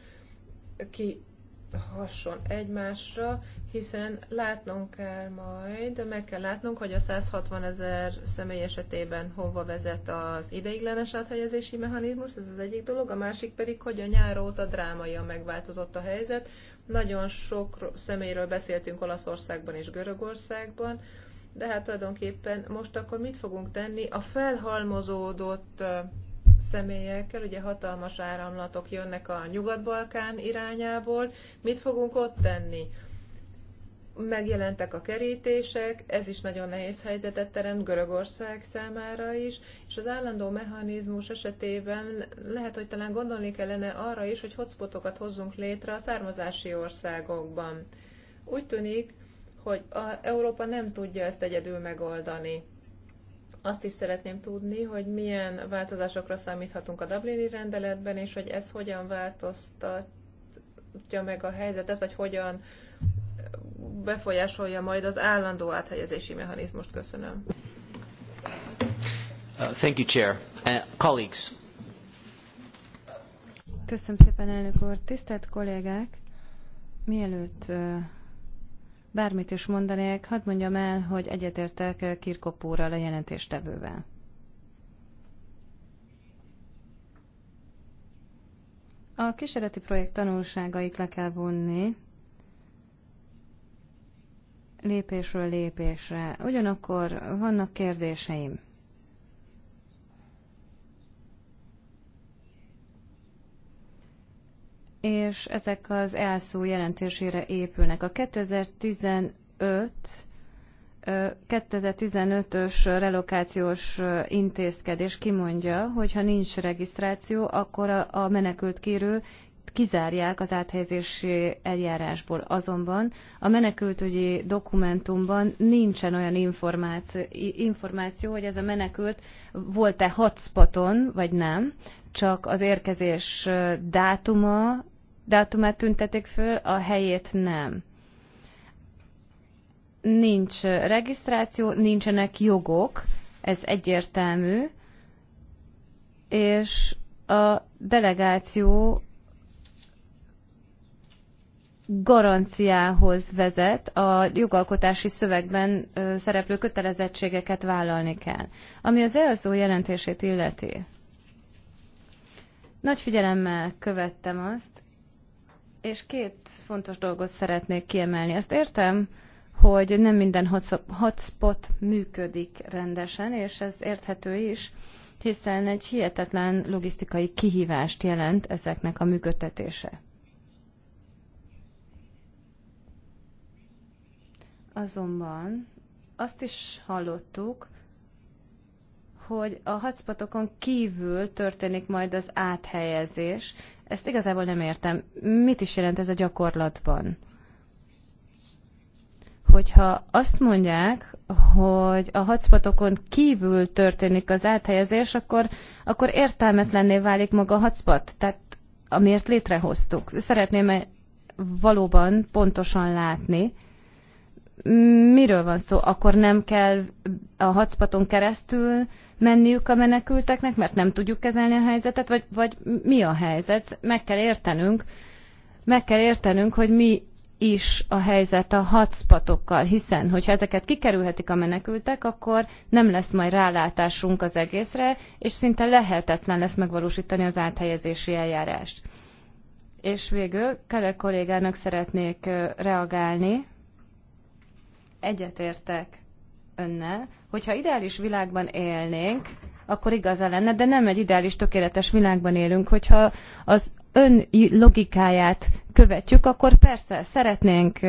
kihasson egymásra, hiszen látnunk kell majd, meg kell látnunk, hogy a 160 ezer személy esetében hova vezet az ideiglenes áthelyezési mechanizmus, ez az egyik dolog, a másik pedig, hogy a nyár óta drámaian megváltozott a helyzet. Nagyon sok személyről beszéltünk Olaszországban és Görögországban, de hát tulajdonképpen most akkor mit fogunk tenni? A felhalmozódott személyekkel, ugye hatalmas áramlatok jönnek a Nyugat-Balkán irányából, mit fogunk ott tenni? megjelentek a kerítések, ez is nagyon nehéz helyzetet teremt Görögország számára is, és az állandó mechanizmus esetében lehet, hogy talán gondolni kellene arra is, hogy hotspotokat hozzunk létre a származási országokban. Úgy tűnik, hogy a Európa nem tudja ezt egyedül megoldani. Azt is szeretném tudni, hogy milyen változásokra számíthatunk a Dublini rendeletben, és hogy ez hogyan változtatja meg a helyzetet, vagy hogyan befolyásolja majd az állandó áthelyezési mechanizmust. Köszönöm. Uh, thank you, Chair. Uh, colleagues. Köszönöm szépen, elnök úr. Tisztelt kollégák! Mielőtt uh, Bármit is mondanék, hadd mondjam el, hogy egyetértek Kirkopúrral a jelentéstevővel. A kísérleti projekt tanulságait le kell vonni lépésről lépésre. Ugyanakkor vannak kérdéseim. és ezek az elszó jelentésére épülnek. A 2015 2015-ös relokációs intézkedés kimondja, hogy ha nincs regisztráció, akkor a menekült kérő kizárják az áthelyezési eljárásból. Azonban a menekültügyi dokumentumban nincsen olyan információ, információ hogy ez a menekült volt-e hotspoton, vagy nem, csak az érkezés dátuma dátumát tüntetik föl, a helyét nem. Nincs regisztráció, nincsenek jogok, ez egyértelmű, és a delegáció garanciához vezet, a jogalkotási szövegben szereplő kötelezettségeket vállalni kell. Ami az elszó jelentését illeti, nagy figyelemmel követtem azt, és két fontos dolgot szeretnék kiemelni. Ezt értem, hogy nem minden hotspot működik rendesen, és ez érthető is, hiszen egy hihetetlen logisztikai kihívást jelent ezeknek a működtetése. Azonban azt is hallottuk, hogy a hotspotokon kívül történik majd az áthelyezés, ezt igazából nem értem. Mit is jelent ez a gyakorlatban? Hogyha azt mondják, hogy a hotspotokon kívül történik az áthelyezés, akkor, akkor értelmetlenné válik maga a hotspot, tehát amiért létrehoztuk. Szeretném -e valóban pontosan látni, miről van szó? Akkor nem kell a hatspaton keresztül menniük a menekülteknek, mert nem tudjuk kezelni a helyzetet, vagy, vagy mi a helyzet? Meg kell értenünk, meg kell értenünk, hogy mi is a helyzet a hatspatokkal, hiszen hogyha ezeket kikerülhetik a menekültek, akkor nem lesz majd rálátásunk az egészre, és szinte lehetetlen lesz megvalósítani az áthelyezési eljárást. És végül Keller kollégának szeretnék reagálni, egyetértek önnel, hogyha ideális világban élnénk, akkor igaza lenne, de nem egy ideális, tökéletes világban élünk. Hogyha az ön logikáját követjük, akkor persze szeretnénk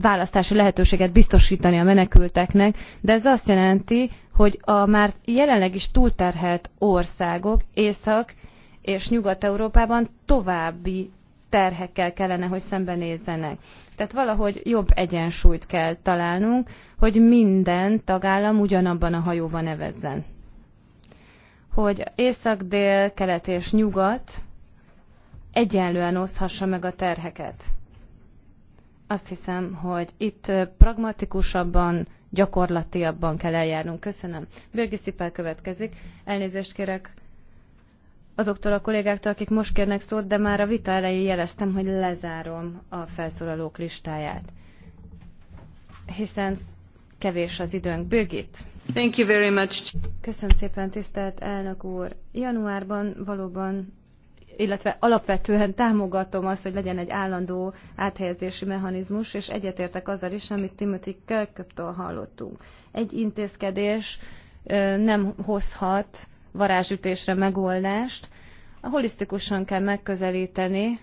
választási lehetőséget biztosítani a menekülteknek, de ez azt jelenti, hogy a már jelenleg is túlterhelt országok, Észak és Nyugat-Európában további terhekkel kellene, hogy szembenézzenek. Tehát valahogy jobb egyensúlyt kell találnunk, hogy minden tagállam ugyanabban a hajóban nevezzen. Hogy észak, dél, kelet és nyugat egyenlően oszhassa meg a terheket. Azt hiszem, hogy itt pragmatikusabban, gyakorlatiabban kell eljárnunk. Köszönöm. Birgi Szipel következik. Elnézést kérek azoktól a kollégáktól, akik most kérnek szót, de már a vita elején jeleztem, hogy lezárom a felszólalók listáját. Hiszen kevés az időnk. Birgit. Thank you very much. Köszönöm szépen, tisztelt elnök úr. Januárban valóban illetve alapvetően támogatom azt, hogy legyen egy állandó áthelyezési mechanizmus, és egyetértek azzal is, amit Timothy Kölköptől hallottunk. Egy intézkedés nem hozhat varázsütésre megoldást. A holisztikusan kell megközelíteni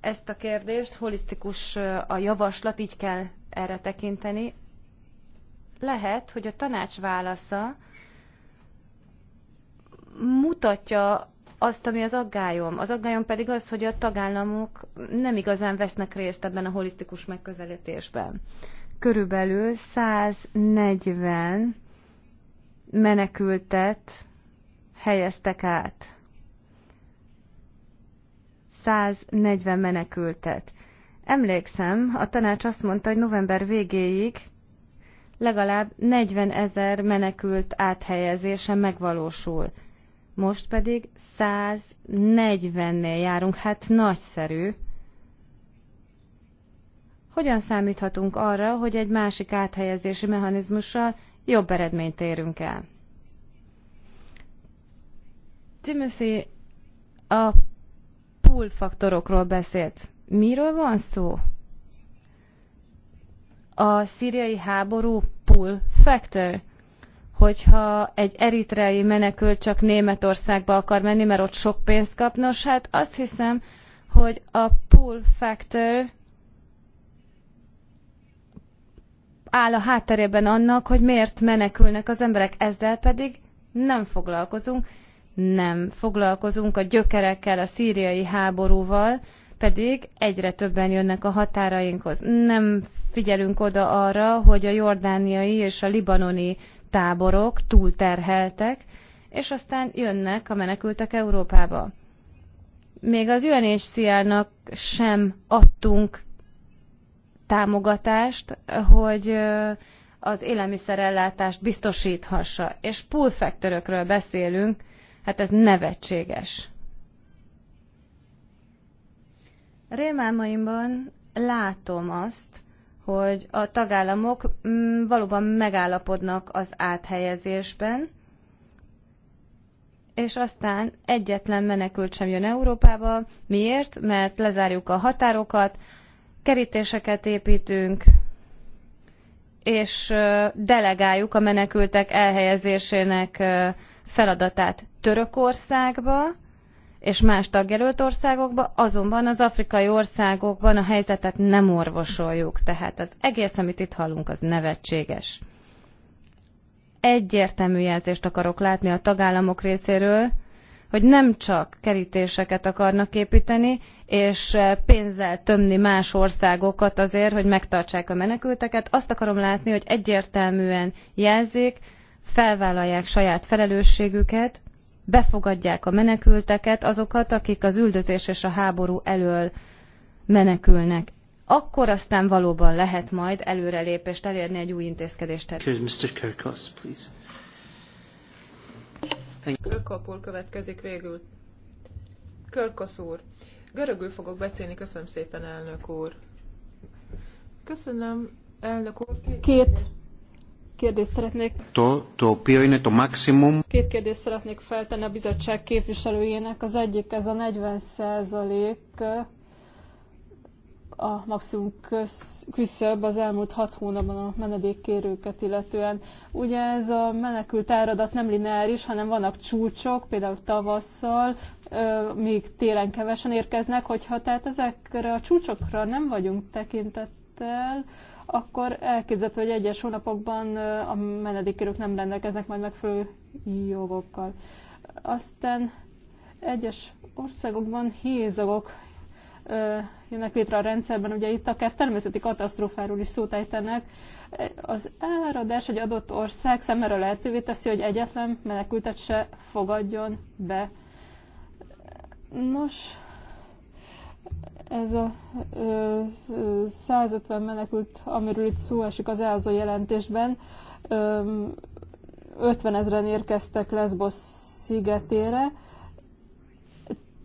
ezt a kérdést, holisztikus a javaslat, így kell erre tekinteni. Lehet, hogy a tanács válasza mutatja azt, ami az aggályom. Az aggályom pedig az, hogy a tagállamok nem igazán vesznek részt ebben a holisztikus megközelítésben. Körülbelül 140 menekültet helyeztek át. 140 menekültet. Emlékszem, a tanács azt mondta, hogy november végéig legalább 40 ezer menekült áthelyezése megvalósul. Most pedig 140-nél járunk, hát nagyszerű. Hogyan számíthatunk arra, hogy egy másik áthelyezési mechanizmussal jobb eredményt érünk el? Timothy a pull faktorokról beszélt. Miről van szó? A szíriai háború pull factor hogyha egy eritreai menekült csak Németországba akar menni, mert ott sok pénzt kap. Nos, hát azt hiszem, hogy a pull factor áll a hátterében annak, hogy miért menekülnek az emberek. Ezzel pedig nem foglalkozunk, nem foglalkozunk a gyökerekkel, a szíriai háborúval, pedig egyre többen jönnek a határainkhoz. Nem figyelünk oda arra, hogy a jordániai és a libanoni táborok túlterheltek, és aztán jönnek a menekültek Európába. Még az UNHCR-nak sem adtunk támogatást, hogy az élelmiszerellátást biztosíthassa. És pull beszélünk, Hát ez nevetséges. Rémálmaimban látom azt, hogy a tagállamok mm, valóban megállapodnak az áthelyezésben, és aztán egyetlen menekült sem jön Európába. Miért? Mert lezárjuk a határokat, kerítéseket építünk, és delegáljuk a menekültek elhelyezésének feladatát Törökországba és más tagjelölt országokba, azonban az afrikai országokban a helyzetet nem orvosoljuk. Tehát az egész, amit itt hallunk, az nevetséges. Egyértelmű jelzést akarok látni a tagállamok részéről, hogy nem csak kerítéseket akarnak építeni, és pénzzel tömni más országokat azért, hogy megtartsák a menekülteket. Azt akarom látni, hogy egyértelműen jelzik, felvállalják saját felelősségüket, befogadják a menekülteket, azokat, akik az üldözés és a háború elől menekülnek. Akkor aztán valóban lehet majd előrelépést elérni egy új intézkedést. Mr. Kirkos, please. Kirkopul következik végül. Körkosz úr. Görögül fogok beszélni, köszönöm szépen, elnök úr. Köszönöm, elnök úr. Két kérdést szeretnék... To, to pio είναι maximum. Két kérdést szeretnék feltenni a bizottság képviselőjének. Az egyik, ez a 40 százalék a maximum küszöbb az elmúlt hat hónapban a menedékkérőket illetően. Ugye ez a menekült áradat nem lineáris, hanem vannak csúcsok, például tavasszal, még télen kevesen érkeznek, hogyha tehát ezekre a csúcsokra nem vagyunk tekintettel, akkor elképzelhető, hogy egyes hónapokban a menedékkérők nem rendelkeznek majd megfelelő jogokkal. Aztán egyes országokban hézagok jönnek létre a rendszerben, ugye itt akár természeti katasztrófáról is szót ejtenek. Az áradás egy adott ország szemére lehetővé teszi, hogy egyetlen menekültet se fogadjon be. Nos, ez a 150 menekült, amiről itt szó esik az elzó jelentésben, 50 ezeren érkeztek Lesbos szigetére,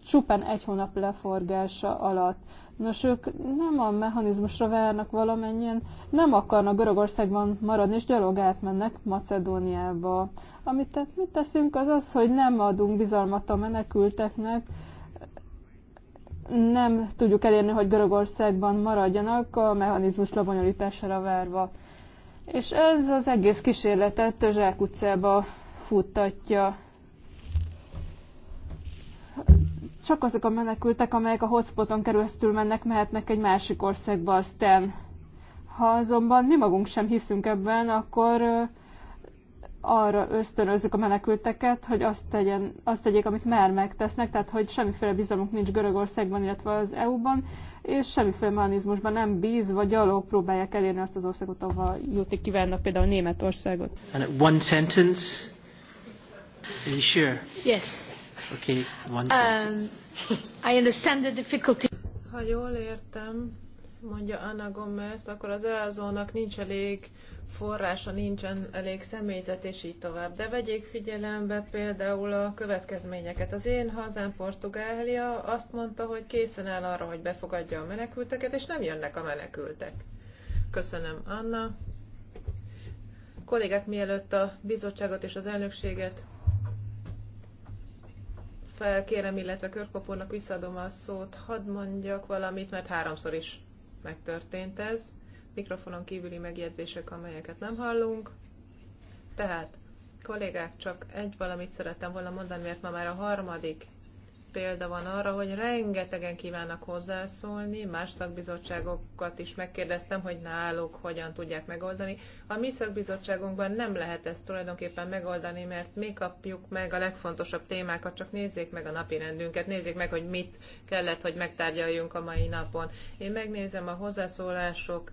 csupán egy hónap leforgása alatt. Nos, ők nem a mechanizmusra várnak valamennyien, nem akarnak Görögországban maradni, és gyalog átmennek Macedóniába. Amit tehát mit teszünk, az az, hogy nem adunk bizalmat a menekülteknek, nem tudjuk elérni, hogy Görögországban maradjanak a mechanizmus lebonyolítására várva. És ez az egész kísérletet utcába futtatja. Csak azok a menekültek, amelyek a hotspoton keresztül mennek, mehetnek egy másik országba aztán. Ha azonban mi magunk sem hiszünk ebben, akkor arra ösztönözzük a menekülteket, hogy azt, tegyen, azt tegyék, amit már megtesznek, tehát hogy semmiféle bizalmuk nincs Görögországban, illetve az EU-ban, és semmiféle mechanizmusban nem bíz, vagy gyalog próbálják elérni azt az országot, ahova jutni kívánnak, például Németországot. And one sentence? Are you sure? Yes. Okay, one um, sentence. Um, I understand the difficulty. Ha jól értem, mondja Anna Gomez, akkor az elzónak nincs elég forrása, nincsen elég személyzet, és így tovább. De vegyék figyelembe például a következményeket. Az én hazám Portugália azt mondta, hogy készen áll arra, hogy befogadja a menekülteket, és nem jönnek a menekültek. Köszönöm, Anna. Kollégák, mielőtt a bizottságot és az elnökséget felkérem, illetve Körkopónak visszaadom a szót, hadd mondjak valamit, mert háromszor is megtörtént ez mikrofonon kívüli megjegyzések, amelyeket nem hallunk. Tehát, kollégák, csak egy valamit szerettem volna mondani, mert ma már a harmadik példa van arra, hogy rengetegen kívánnak hozzászólni, más szakbizottságokat is megkérdeztem, hogy náluk hogyan tudják megoldani. A mi szakbizottságunkban nem lehet ezt tulajdonképpen megoldani, mert mi kapjuk meg a legfontosabb témákat, csak nézzék meg a napi rendünket, nézzék meg, hogy mit kellett, hogy megtárgyaljunk a mai napon. Én megnézem a hozzászólások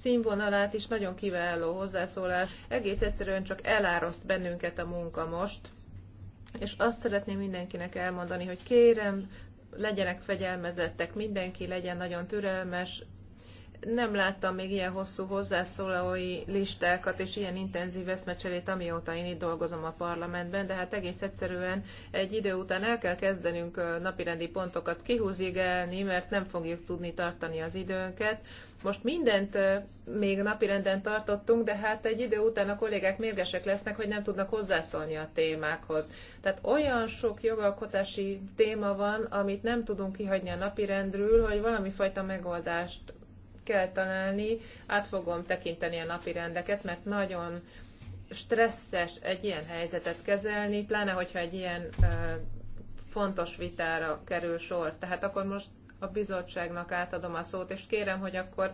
színvonalát is, nagyon kiváló hozzászólás. Egész egyszerűen csak eláraszt bennünket a munka most, és azt szeretném mindenkinek elmondani, hogy kérem, legyenek fegyelmezettek, mindenki legyen nagyon türelmes, nem láttam még ilyen hosszú hozzászólói listákat és ilyen intenzív eszmecserét, amióta én itt dolgozom a parlamentben, de hát egész egyszerűen egy idő után el kell kezdenünk napirendi pontokat kihúzigelni, mert nem fogjuk tudni tartani az időnket. Most mindent még napirenden tartottunk, de hát egy idő után a kollégák mérgesek lesznek, hogy nem tudnak hozzászólni a témákhoz. Tehát olyan sok jogalkotási téma van, amit nem tudunk kihagyni a napirendről, hogy valami fajta megoldást kell találni. Át fogom tekinteni a napirendeket, mert nagyon stresszes egy ilyen helyzetet kezelni, pláne hogyha egy ilyen fontos vitára kerül sor. Tehát akkor most a bizottságnak átadom a szót, és kérem, hogy akkor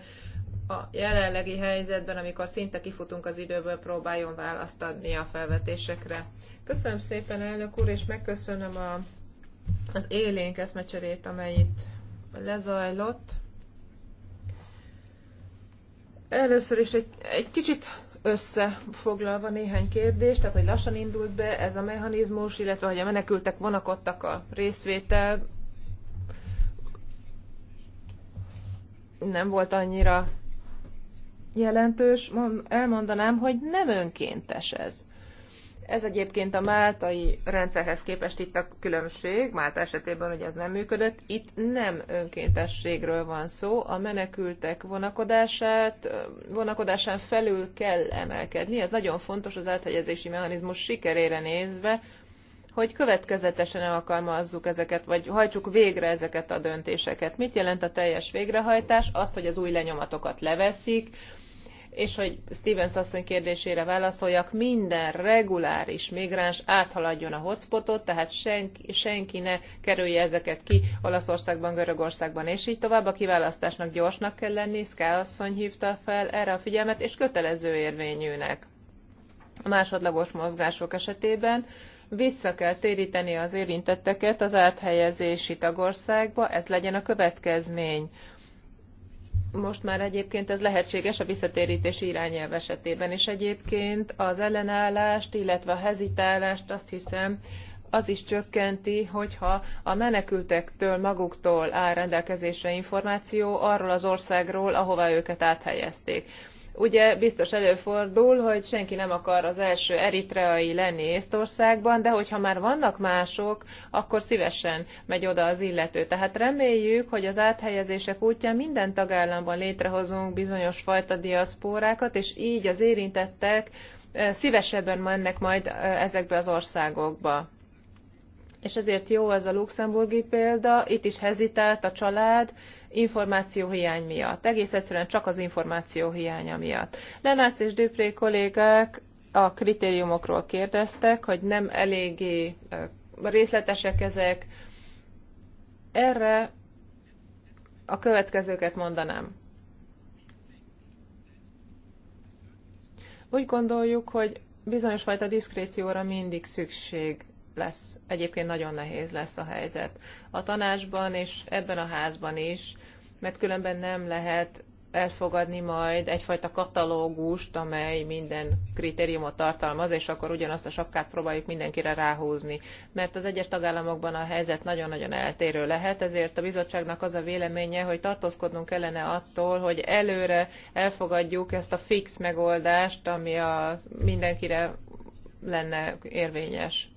a jelenlegi helyzetben, amikor szinte kifutunk az időből, próbáljon választ adni a felvetésekre. Köszönöm szépen, elnök úr, és megköszönöm a, az élénk eszmecserét, amely itt lezajlott. Először is egy, egy kicsit összefoglalva néhány kérdést, tehát hogy lassan indult be ez a mechanizmus, illetve hogy a menekültek vonakodtak a részvétel nem volt annyira jelentős, elmondanám, hogy nem önkéntes ez. Ez egyébként a máltai rendszerhez képest itt a különbség, Málta esetében ugye ez nem működött, itt nem önkéntességről van szó, a menekültek vonakodását, vonakodásán felül kell emelkedni, ez nagyon fontos az áthelyezési mechanizmus sikerére nézve, hogy következetesen alkalmazzuk ezeket, vagy hajtsuk végre ezeket a döntéseket. Mit jelent a teljes végrehajtás? Azt, hogy az új lenyomatokat leveszik, és hogy Stevens asszony kérdésére válaszoljak, minden reguláris migráns áthaladjon a hotspotot, tehát senki, senki ne kerülje ezeket ki Olaszországban, Görögországban, és így tovább. A kiválasztásnak gyorsnak kell lenni, Szká asszony hívta fel erre a figyelmet, és kötelező érvényűnek. A másodlagos mozgások esetében vissza kell téríteni az érintetteket az áthelyezési tagországba, ez legyen a következmény. Most már egyébként ez lehetséges a visszatérítési irányelv esetében, és egyébként az ellenállást, illetve a hezitálást azt hiszem az is csökkenti, hogyha a menekültektől maguktól áll rendelkezésre információ arról az országról, ahová őket áthelyezték Ugye biztos előfordul, hogy senki nem akar az első eritreai lenni Észtországban, de hogyha már vannak mások, akkor szívesen megy oda az illető. Tehát reméljük, hogy az áthelyezések útján minden tagállamban létrehozunk bizonyos fajta diaszpórákat, és így az érintettek szívesebben mennek majd ezekbe az országokba. És ezért jó ez a luxemburgi példa, itt is hezitált a család, információhiány miatt, egész egyszerűen csak az információ miatt. Lenász és Dupré kollégák a kritériumokról kérdeztek, hogy nem eléggé részletesek ezek. Erre a következőket mondanám. Úgy gondoljuk, hogy bizonyos fajta diszkrécióra mindig szükség lesz. Egyébként nagyon nehéz lesz a helyzet. A tanácsban és ebben a házban is, mert különben nem lehet elfogadni majd egyfajta katalógust, amely minden kritériumot tartalmaz, és akkor ugyanazt a sapkát próbáljuk mindenkire ráhúzni. Mert az egyes tagállamokban a helyzet nagyon-nagyon eltérő lehet, ezért a bizottságnak az a véleménye, hogy tartózkodnunk kellene attól, hogy előre elfogadjuk ezt a fix megoldást, ami a mindenkire lenne érvényes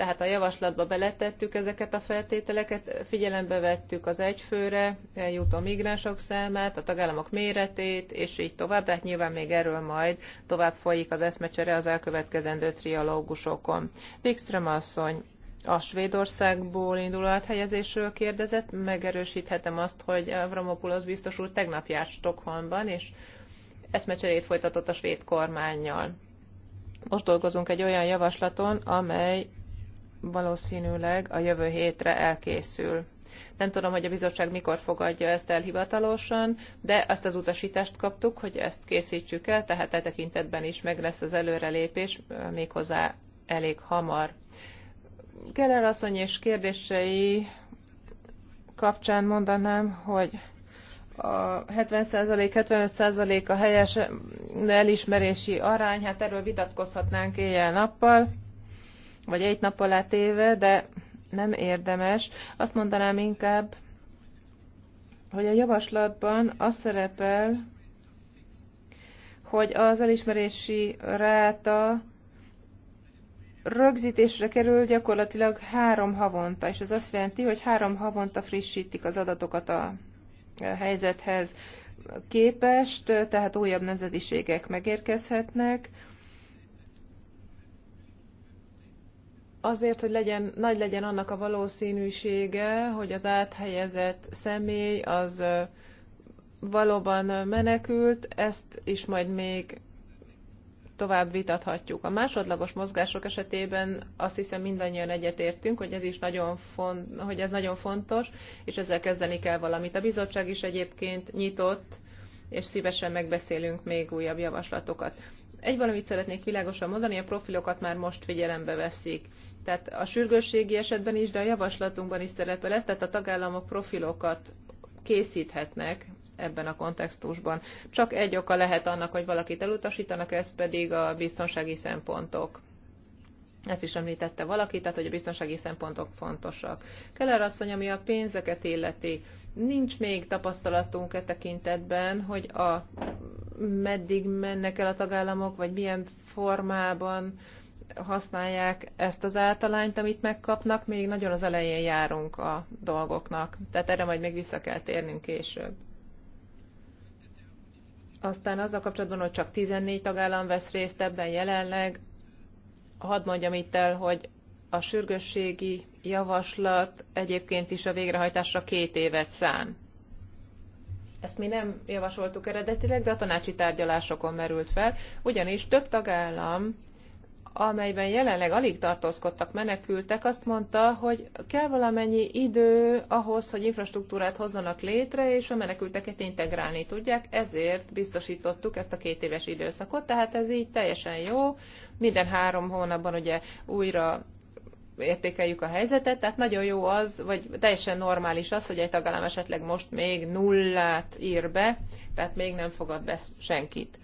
tehát a javaslatba beletettük ezeket a feltételeket, figyelembe vettük az egyfőre jutó migránsok számát, a tagállamok méretét, és így tovább, hát nyilván még erről majd tovább folyik az eszmecsere az elkövetkezendő trialógusokon. Wikström asszony, a Svédországból induló áthelyezésről kérdezett, megerősíthetem azt, hogy Avramopoulos biztos úr tegnap járt Stockholmban, és eszmecserét folytatott a svéd kormányjal. Most dolgozunk egy olyan javaslaton, amely valószínűleg a jövő hétre elkészül. Nem tudom, hogy a bizottság mikor fogadja ezt el hivatalosan, de azt az utasítást kaptuk, hogy ezt készítsük el, tehát e tekintetben is meg lesz az előrelépés, méghozzá elég hamar. Keller asszony és kérdései kapcsán mondanám, hogy a 70%-75% a helyes elismerési arány, hát erről vitatkozhatnánk éjjel-nappal vagy egy nap alá téve, de nem érdemes. Azt mondanám inkább, hogy a javaslatban az szerepel, hogy az elismerési ráta rögzítésre kerül gyakorlatilag három havonta, és ez azt jelenti, hogy három havonta frissítik az adatokat a helyzethez képest, tehát újabb nemzetiségek megérkezhetnek, azért, hogy legyen, nagy legyen annak a valószínűsége, hogy az áthelyezett személy az valóban menekült, ezt is majd még tovább vitathatjuk. A másodlagos mozgások esetében azt hiszem mindannyian egyetértünk, hogy ez is nagyon, font, hogy ez nagyon fontos, és ezzel kezdeni kell valamit. A bizottság is egyébként nyitott, és szívesen megbeszélünk még újabb javaslatokat egy valamit szeretnék világosan mondani, a profilokat már most figyelembe veszik. Tehát a sürgősségi esetben is, de a javaslatunkban is szerepel ez, tehát a tagállamok profilokat készíthetnek ebben a kontextusban. Csak egy oka lehet annak, hogy valakit elutasítanak, ez pedig a biztonsági szempontok. Ezt is említette valaki, tehát hogy a biztonsági szempontok fontosak. Keller asszony, ami a pénzeket illeti, Nincs még tapasztalatunk e tekintetben, hogy a, meddig mennek el a tagállamok, vagy milyen formában használják ezt az általányt, amit megkapnak, még nagyon az elején járunk a dolgoknak. Tehát erre majd még vissza kell térnünk később. Aztán azzal kapcsolatban, hogy csak 14 tagállam vesz részt ebben jelenleg, hadd mondjam itt el, hogy a sürgősségi javaslat egyébként is a végrehajtásra két évet szán. Ezt mi nem javasoltuk eredetileg, de a tanácsi tárgyalásokon merült fel, ugyanis több tagállam, amelyben jelenleg alig tartózkodtak menekültek, azt mondta, hogy kell valamennyi idő ahhoz, hogy infrastruktúrát hozzanak létre, és a menekülteket integrálni tudják, ezért biztosítottuk ezt a két éves időszakot, tehát ez így teljesen jó. Minden három hónapban ugye újra értékeljük a helyzetet, tehát nagyon jó az, vagy teljesen normális az, hogy egy tagállam esetleg most még nullát ír be, tehát még nem fogad be senkit.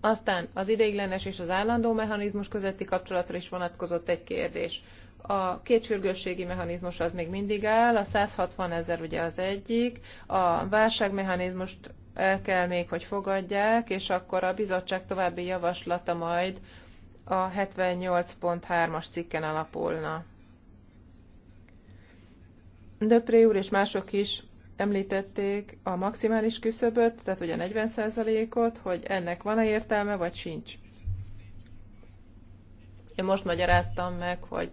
Aztán az ideiglenes és az állandó mechanizmus közötti kapcsolatra is vonatkozott egy kérdés. A két sürgősségi mechanizmus az még mindig áll, a 160 ezer ugye az egyik, a válságmechanizmust el kell még, hogy fogadják, és akkor a bizottság további javaslata majd a 78.3-as cikken alapulna. Döpré úr és mások is említették a maximális küszöböt, tehát ugye 40%-ot, hogy ennek van-e értelme, vagy sincs. Én most magyaráztam meg, hogy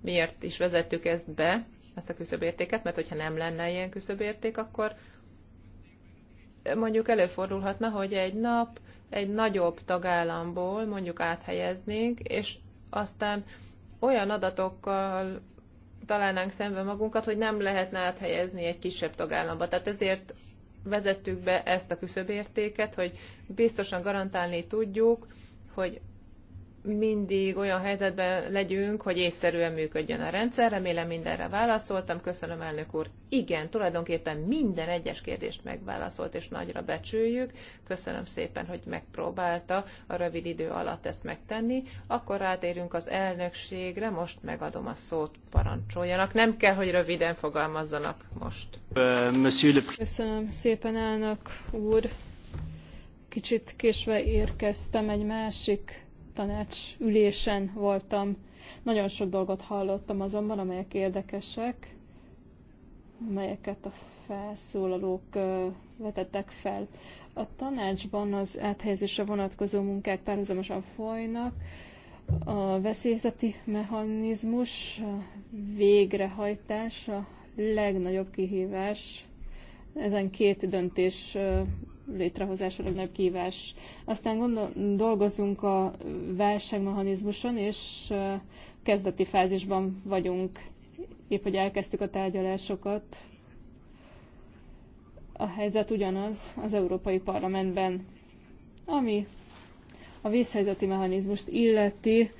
miért is vezettük ezt be, ezt a küszöbértéket, mert hogyha nem lenne ilyen küszöbérték, akkor mondjuk előfordulhatna, hogy egy nap egy nagyobb tagállamból mondjuk áthelyeznénk, és aztán olyan adatokkal találnánk szembe magunkat, hogy nem lehetne áthelyezni egy kisebb tagállamba. Tehát ezért vezettük be ezt a küszöbértéket, hogy biztosan garantálni tudjuk, hogy mindig olyan helyzetben legyünk, hogy észszerűen működjön a rendszer. Remélem mindenre válaszoltam. Köszönöm, elnök úr. Igen, tulajdonképpen minden egyes kérdést megválaszolt, és nagyra becsüljük. Köszönöm szépen, hogy megpróbálta a rövid idő alatt ezt megtenni. Akkor rátérünk az elnökségre. Most megadom a szót, parancsoljanak. Nem kell, hogy röviden fogalmazzanak most. Köszönöm szépen, elnök úr. Kicsit késve érkeztem egy másik tanács ülésen voltam. Nagyon sok dolgot hallottam azonban, amelyek érdekesek, amelyeket a felszólalók vetettek fel. A tanácsban az áthelyezésre vonatkozó munkák párhuzamosan folynak, a veszélyzeti mechanizmus, a végrehajtás a legnagyobb kihívás ezen két döntés létrehozása a legnagyobb kívás. Aztán gondol, dolgozunk a válságmechanizmuson, és kezdeti fázisban vagyunk. Épp, hogy elkezdtük a tárgyalásokat, a helyzet ugyanaz az Európai Parlamentben, ami a vészhelyzeti mechanizmust illeti,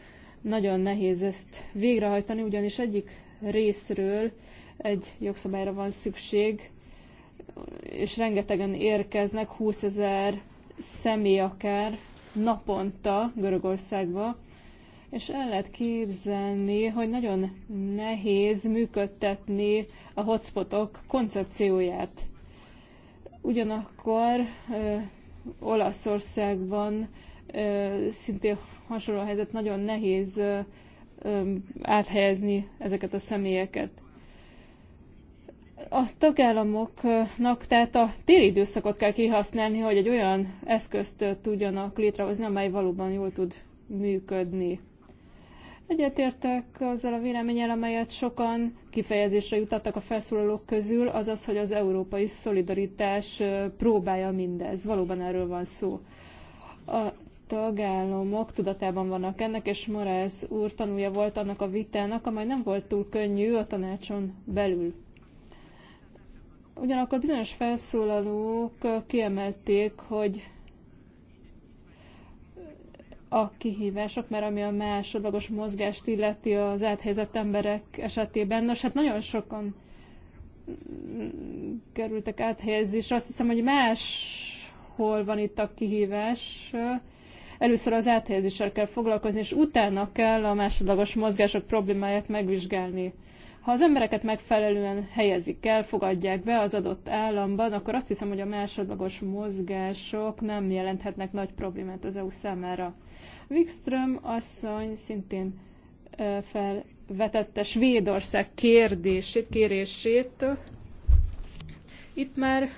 nagyon nehéz ezt végrehajtani, ugyanis egyik részről egy jogszabályra van szükség, és rengetegen érkeznek, 20 ezer személy akár naponta Görögországba, és el lehet képzelni, hogy nagyon nehéz működtetni a hotspotok koncepcióját. Ugyanakkor ö, Olaszországban ö, szintén hasonló helyzet, nagyon nehéz ö, ö, áthelyezni ezeket a személyeket a tagállamoknak tehát a téli időszakot kell kihasználni, hogy egy olyan eszközt tudjanak létrehozni, amely valóban jól tud működni. Egyetértek azzal a véleményel, amelyet sokan kifejezésre jutattak a felszólalók közül, azaz, hogy az európai szolidaritás próbálja mindez. Valóban erről van szó. A tagállamok tudatában vannak ennek, és Moráz úr tanulja volt annak a vitának, amely nem volt túl könnyű a tanácson belül Ugyanakkor bizonyos felszólalók kiemelték, hogy a kihívások, mert ami a másodlagos mozgást illeti az áthelyzett emberek esetében. Nos, hát nagyon sokan kerültek áthelyezésre. Azt hiszem, hogy máshol van itt a kihívás. Először az áthelyezéssel kell foglalkozni, és utána kell a másodlagos mozgások problémáját megvizsgálni. Ha az embereket megfelelően helyezik el, fogadják be az adott államban, akkor azt hiszem, hogy a másodlagos mozgások nem jelenthetnek nagy problémát az EU számára. Wikström asszony szintén felvetette Svédország kérdését, kérését. Itt már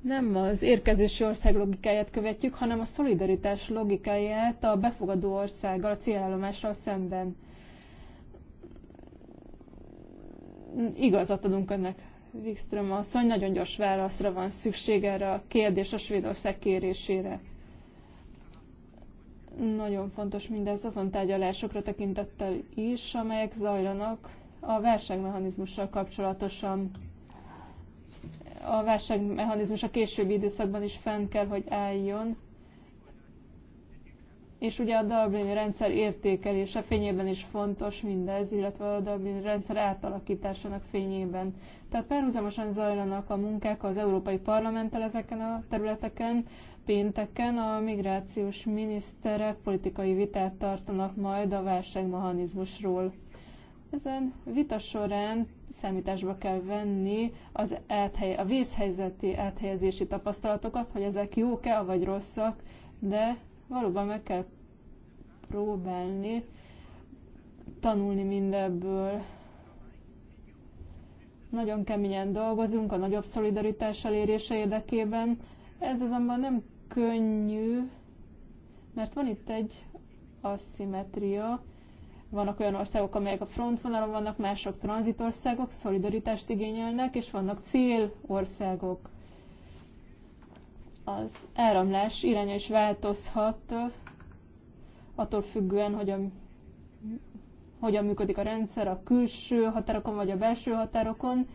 nem az érkezési ország logikáját követjük, hanem a szolidaritás logikáját a befogadó országgal, a célállomással szemben. igazat adunk önnek, Wikström asszony. Nagyon gyors válaszra van szükség erre a kérdés a Svédország kérésére. Nagyon fontos mindez azon tárgyalásokra tekintettel is, amelyek zajlanak a válságmechanizmussal kapcsolatosan. A válságmechanizmus a későbbi időszakban is fenn kell, hogy álljon, és ugye a Dublini rendszer értékelése fényében is fontos mindez, illetve a Dublini rendszer átalakításának fényében. Tehát párhuzamosan zajlanak a munkák az Európai Parlamenttel ezeken a területeken, pénteken a migrációs miniszterek politikai vitát tartanak majd a válságmechanizmusról. Ezen vita során számításba kell venni az áthely, a vészhelyzeti áthelyezési tapasztalatokat, hogy ezek jók-e vagy rosszak, de Valóban meg kell próbálni tanulni mindebből. Nagyon keményen dolgozunk a nagyobb szolidaritás elérése érdekében. Ez azonban nem könnyű, mert van itt egy aszimetria. Vannak olyan országok, amelyek a frontvonalon vannak, mások tranzitországok, szolidaritást igényelnek, és vannak célországok az áramlás iránya is változhat, attól függően, hogy a, hogyan működik a rendszer a külső határokon vagy a belső határokon,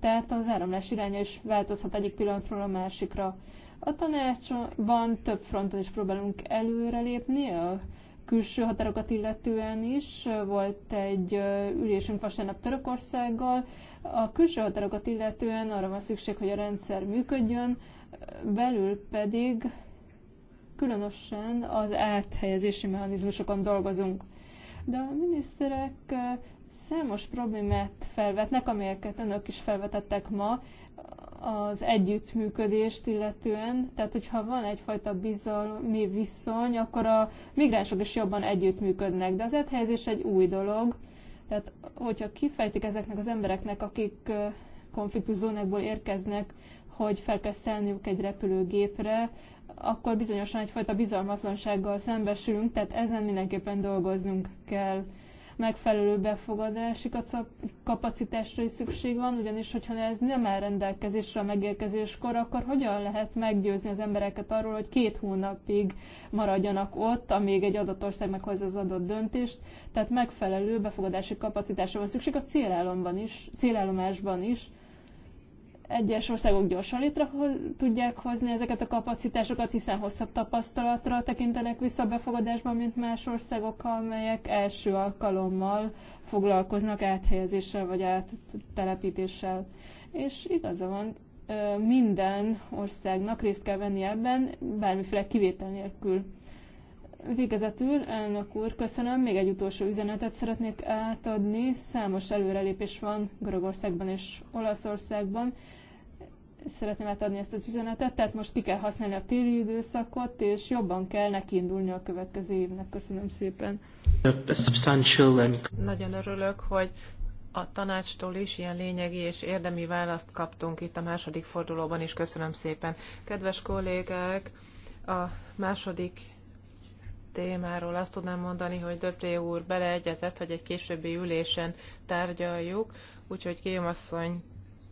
tehát az áramlás iránya is változhat egyik pillanatról a másikra. A tanácsban több fronton is próbálunk előrelépni, a külső határokat illetően is. Volt egy ülésünk vasárnap Törökországgal. A külső határokat illetően arra van szükség, hogy a rendszer működjön, belül pedig különösen az áthelyezési mechanizmusokon dolgozunk. De a miniszterek számos problémát felvetnek, amelyeket önök is felvetettek ma az együttműködést illetően. Tehát, hogyha van egyfajta bizalmi viszony, akkor a migránsok is jobban együttműködnek. De az áthelyezés egy új dolog. Tehát, hogyha kifejtik ezeknek az embereknek, akik konfliktuszónákból érkeznek, hogy fel kell szállniuk egy repülőgépre, akkor bizonyosan egyfajta bizalmatlansággal szembesülünk, tehát ezen mindenképpen dolgoznunk kell. Megfelelő befogadási kapacitásra is szükség van, ugyanis hogyha ez nem áll rendelkezésre a megérkezéskor, akkor hogyan lehet meggyőzni az embereket arról, hogy két hónapig maradjanak ott, amíg egy adott ország meghozza az adott döntést. Tehát megfelelő befogadási kapacitásra van szükség a célállomban is, célállomásban is, egyes országok gyorsan létre tudják hozni ezeket a kapacitásokat, hiszen hosszabb tapasztalatra tekintenek vissza a befogadásban, mint más országok, amelyek első alkalommal foglalkoznak áthelyezéssel vagy áttelepítéssel. És igaza van, minden országnak részt kell venni ebben, bármiféle kivétel nélkül. Végezetül, elnök úr, köszönöm. Még egy utolsó üzenetet szeretnék átadni. Számos előrelépés van Görögországban és Olaszországban szeretném átadni ezt az üzenetet, tehát most ki kell használni a téli időszakot, és jobban kell nekiindulni a következő évnek. Köszönöm szépen. Nagyon örülök, hogy a tanácstól is ilyen lényegi és érdemi választ kaptunk itt a második fordulóban is. Köszönöm szépen. Kedves kollégák, a második témáról azt tudnám mondani, hogy Döpré úr beleegyezett, hogy egy későbbi ülésen tárgyaljuk, úgyhogy kémasszony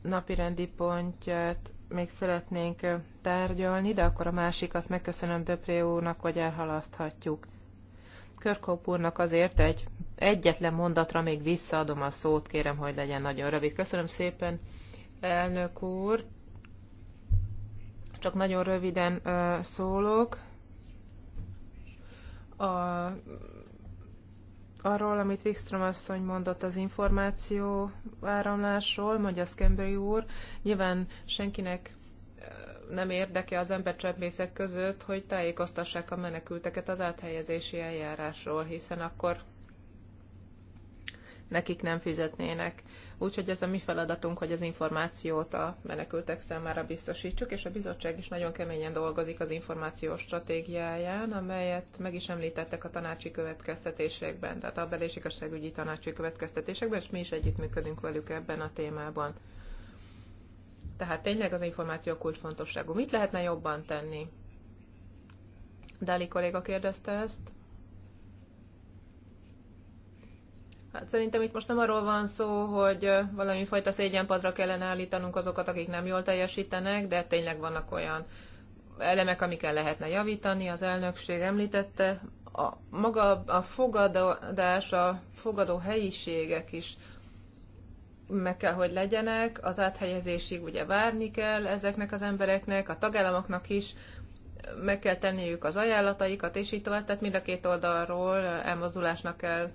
napirendi pontját még szeretnénk tárgyalni, de akkor a másikat megköszönöm Döpré úrnak, hogy elhalaszthatjuk. Körkóp úrnak azért egy egyetlen mondatra még visszaadom a szót, kérem, hogy legyen nagyon rövid. Köszönöm szépen, elnök úr. Csak nagyon röviden uh, szólok. A arról, amit Wikström asszony mondott az információ áramlásról, mondja Szkemberi úr. Nyilván senkinek nem érdeke az embercsempészek között, hogy tájékoztassák a menekülteket az áthelyezési eljárásról, hiszen akkor nekik nem fizetnének. Úgyhogy ez a mi feladatunk, hogy az információt a menekültek számára biztosítsuk, és a bizottság is nagyon keményen dolgozik az információs stratégiáján, amelyet meg is említettek a tanácsi következtetésekben, tehát a bel- tanácsi következtetésekben, és mi is együttműködünk velük ebben a témában. Tehát tényleg az információ kulcsfontosságú. Mit lehetne jobban tenni? Dali kolléga kérdezte ezt. Hát szerintem itt most nem arról van szó, hogy valami fajta szégyenpadra kellene állítanunk azokat, akik nem jól teljesítenek, de tényleg vannak olyan elemek, amikkel lehetne javítani. Az elnökség említette, a maga a fogadás, a fogadó helyiségek is meg kell, hogy legyenek, az áthelyezésig ugye várni kell ezeknek az embereknek, a tagállamoknak is meg kell tenniük az ajánlataikat, és így tovább, tehát mind a két oldalról elmozdulásnak kell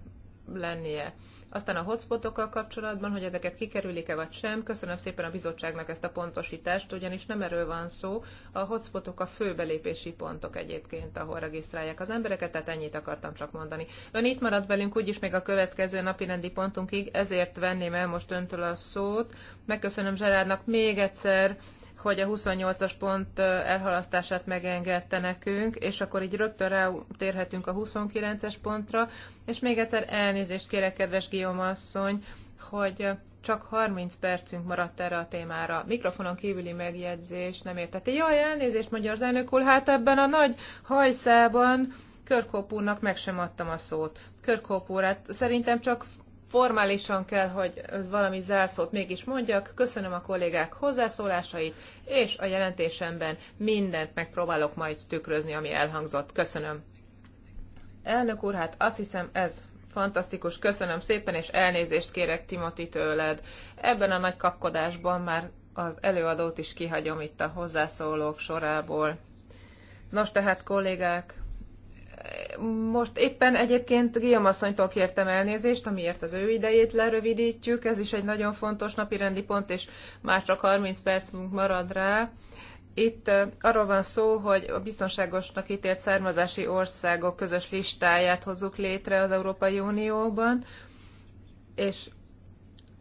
lennie. Aztán a hotspotokkal kapcsolatban, hogy ezeket kikerülik-e vagy sem, köszönöm szépen a bizottságnak ezt a pontosítást, ugyanis nem erről van szó, a hotspotok a fő belépési pontok egyébként, ahol regisztrálják az embereket, tehát ennyit akartam csak mondani. Ön itt maradt velünk úgyis még a következő napi rendi pontunkig, ezért venném el most öntől a szót. Megköszönöm Zserádnak még egyszer hogy a 28-as pont elhalasztását megengedte nekünk, és akkor így rögtön térhetünk a 29-es pontra, és még egyszer elnézést kérek, kedves Guillaume asszony, hogy csak 30 percünk maradt erre a témára. Mikrofonon kívüli megjegyzés nem értette. Jaj, elnézést, magyar az elnök úr, hát ebben a nagy hajszában Körkóp úrnak meg sem adtam a szót. Körkóp úr, hát szerintem csak formálisan kell, hogy ez valami zárszót mégis mondjak. Köszönöm a kollégák hozzászólásait, és a jelentésemben mindent megpróbálok majd tükrözni, ami elhangzott. Köszönöm. Elnök úr, hát azt hiszem ez fantasztikus, köszönöm szépen, és elnézést kérek Timothy tőled. Ebben a nagy kapkodásban már az előadót is kihagyom itt a hozzászólók sorából. Nos tehát kollégák, most éppen egyébként Guillaume asszonytól kértem elnézést, amiért az ő idejét lerövidítjük. Ez is egy nagyon fontos napi rendi pont, és már csak 30 percünk marad rá. Itt arról van szó, hogy a biztonságosnak ítélt származási országok közös listáját hozzuk létre az Európai Unióban, és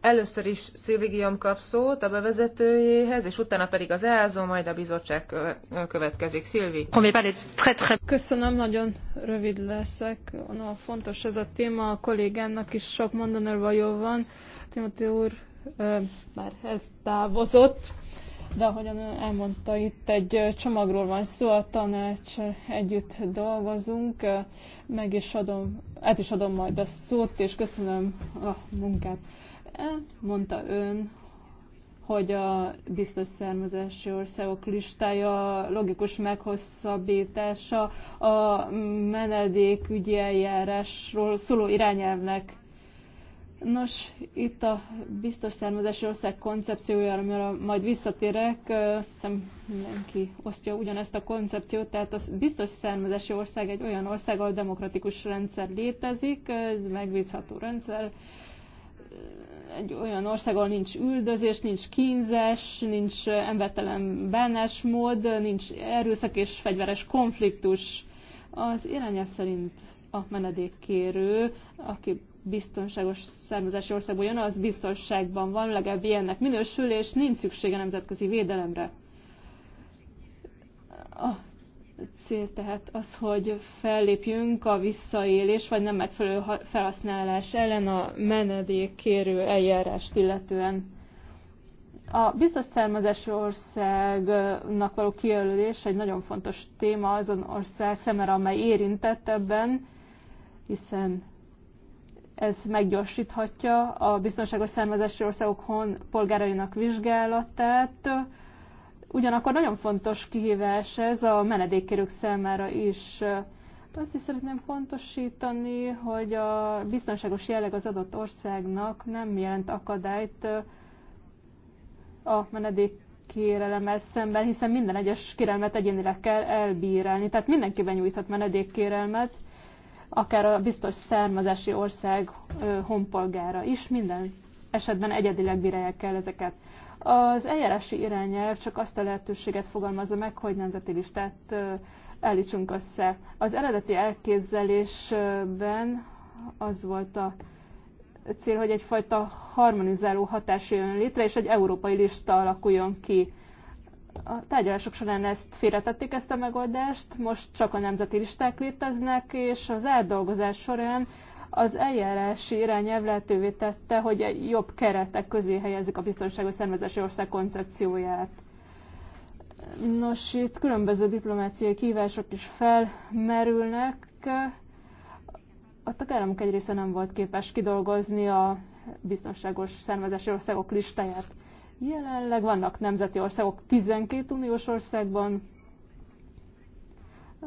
Először is Szilvi kap szót a bevezetőjéhez, és utána pedig az EASO, majd a bizottság következik. Szilvi. Köszönöm, nagyon rövid leszek. No, fontos ez a téma, a kollégámnak is sok jó van. Timothy úr már eltávozott, de ahogyan elmondta, itt egy csomagról van szó, a tanács együtt dolgozunk, meg is adom, át is adom majd a szót, és köszönöm a munkát. E, mondta ön, hogy a biztos származási országok listája logikus meghosszabbítása a menedékügyi eljárásról szóló irányelvnek. Nos, itt a biztos származási ország amire majd visszatérek, azt hiszem mindenki osztja ugyanezt a koncepciót, tehát a biztos származási ország egy olyan ország, ahol demokratikus rendszer létezik, megbízható rendszer, egy olyan ahol nincs üldözés, nincs kínzás, nincs embertelen bánásmód, nincs erőszak és fegyveres konfliktus. Az irányel szerint a menedékkérő, aki biztonságos származási országból jön, az biztonságban van, legalább ilyennek minősül, és nincs szüksége nemzetközi védelemre. A cél tehát az, hogy fellépjünk a visszaélés, vagy nem megfelelő felhasználás ellen a menedék kérő eljárást illetően. A biztos származási országnak való kijelölés egy nagyon fontos téma azon ország szemére, amely érintett ebben, hiszen ez meggyorsíthatja a biztonságos származási országok hon polgárainak vizsgálatát, Ugyanakkor nagyon fontos kihívás ez a menedékkérők számára is. Hát azt is szeretném pontosítani, hogy a biztonságos jelleg az adott országnak nem jelent akadályt a menedékkérelemmel szemben, hiszen minden egyes kérelmet egyénileg kell elbírálni. Tehát mindenki benyújthat menedékkérelmet, akár a biztos származási ország honpolgára is, minden esetben egyedileg bírálják el ezeket. Az eljárási irányelv csak azt a lehetőséget fogalmazza meg, hogy nemzeti listát állítsunk össze. Az eredeti elképzelésben az volt a cél, hogy egyfajta harmonizáló hatás jön létre, és egy európai lista alakuljon ki. A tárgyalások során ezt félretették ezt a megoldást, most csak a nemzeti listák léteznek, és az átdolgozás során az eljárási irányelv lehetővé tette, hogy jobb keretek közé helyezzük a biztonságos szervezési ország koncepcióját. Nos, itt különböző diplomáciai kívások is felmerülnek. A tagállamok egy része nem volt képes kidolgozni a biztonságos szervezési országok listáját. Jelenleg vannak nemzeti országok 12 uniós országban.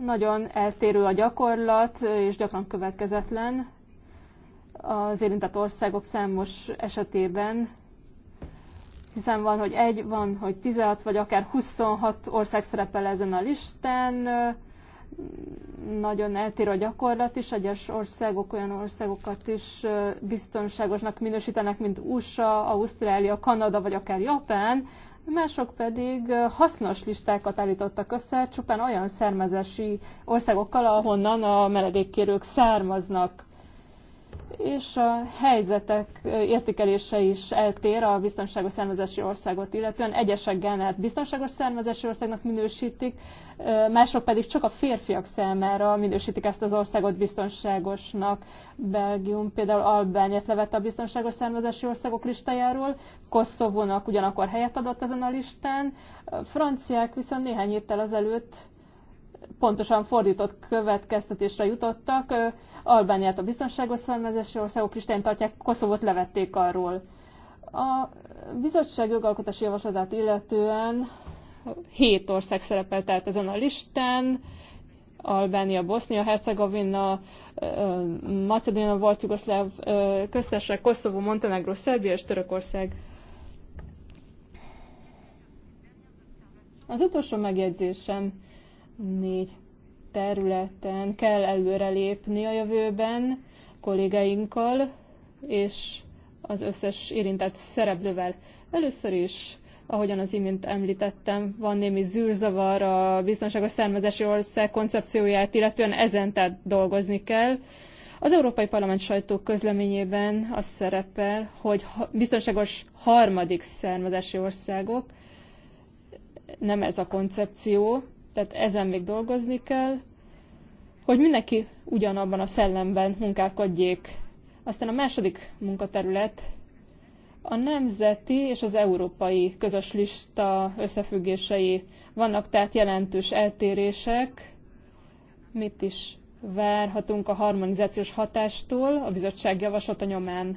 Nagyon eltérő a gyakorlat, és gyakran következetlen az érintett országok számos esetében, hiszen van, hogy egy, van, hogy 16, vagy akár 26 ország szerepel ezen a listán, nagyon eltér a gyakorlat is, egyes országok olyan országokat is biztonságosnak minősítenek, mint USA, Ausztrália, Kanada vagy akár Japán, mások pedig hasznos listákat állítottak össze, csupán olyan származási országokkal, ahonnan a meredékkérők származnak és a helyzetek értékelése is eltér a biztonságos származási országot illetően. Egyesek Gánát biztonságos származási országnak minősítik, mások pedig csak a férfiak számára minősítik ezt az országot biztonságosnak. Belgium például Albániát levette a biztonságos származási országok listájáról, Koszovónak ugyanakkor helyet adott ezen a listán, a franciák viszont néhány héttel azelőtt pontosan fordított következtetésre jutottak. Albániát a biztonságos szervezési országok listán tartják, Koszovot levették arról. A bizottság jogalkotási javaslatát illetően hét ország szerepel tehát ezen a listán, Albánia, Bosznia, Hercegovina, Macedónia, volt Jugoszláv köztársaság, Koszovó, Montenegro, Szerbia és Törökország. Az utolsó megjegyzésem négy területen kell előrelépni a jövőben kollégáinkkal és az összes érintett szereplővel. Először is, ahogyan az imént említettem, van némi zűrzavar a biztonságos származási ország koncepcióját, illetően ezen tehát dolgozni kell. Az Európai Parlament sajtó közleményében az szerepel, hogy biztonságos harmadik származási országok, nem ez a koncepció, tehát ezen még dolgozni kell, hogy mindenki ugyanabban a szellemben munkálkodjék. Aztán a második munkaterület a nemzeti és az európai közös lista összefüggései. Vannak tehát jelentős eltérések, mit is várhatunk a harmonizációs hatástól a bizottság javaslata nyomán.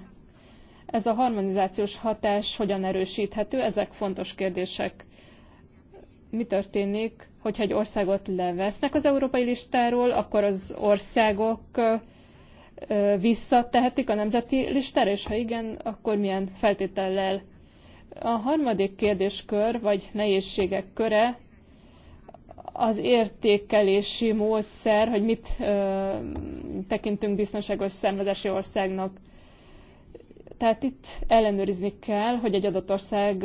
Ez a harmonizációs hatás hogyan erősíthető? Ezek fontos kérdések. Mi történik hogyha egy országot levesznek az európai listáról, akkor az országok visszatehetik a nemzeti listára, és ha igen, akkor milyen feltétellel. A harmadik kérdéskör, vagy nehézségek köre az értékelési módszer, hogy mit ö, tekintünk biztonságos származási országnak. Tehát itt ellenőrizni kell, hogy egy adott ország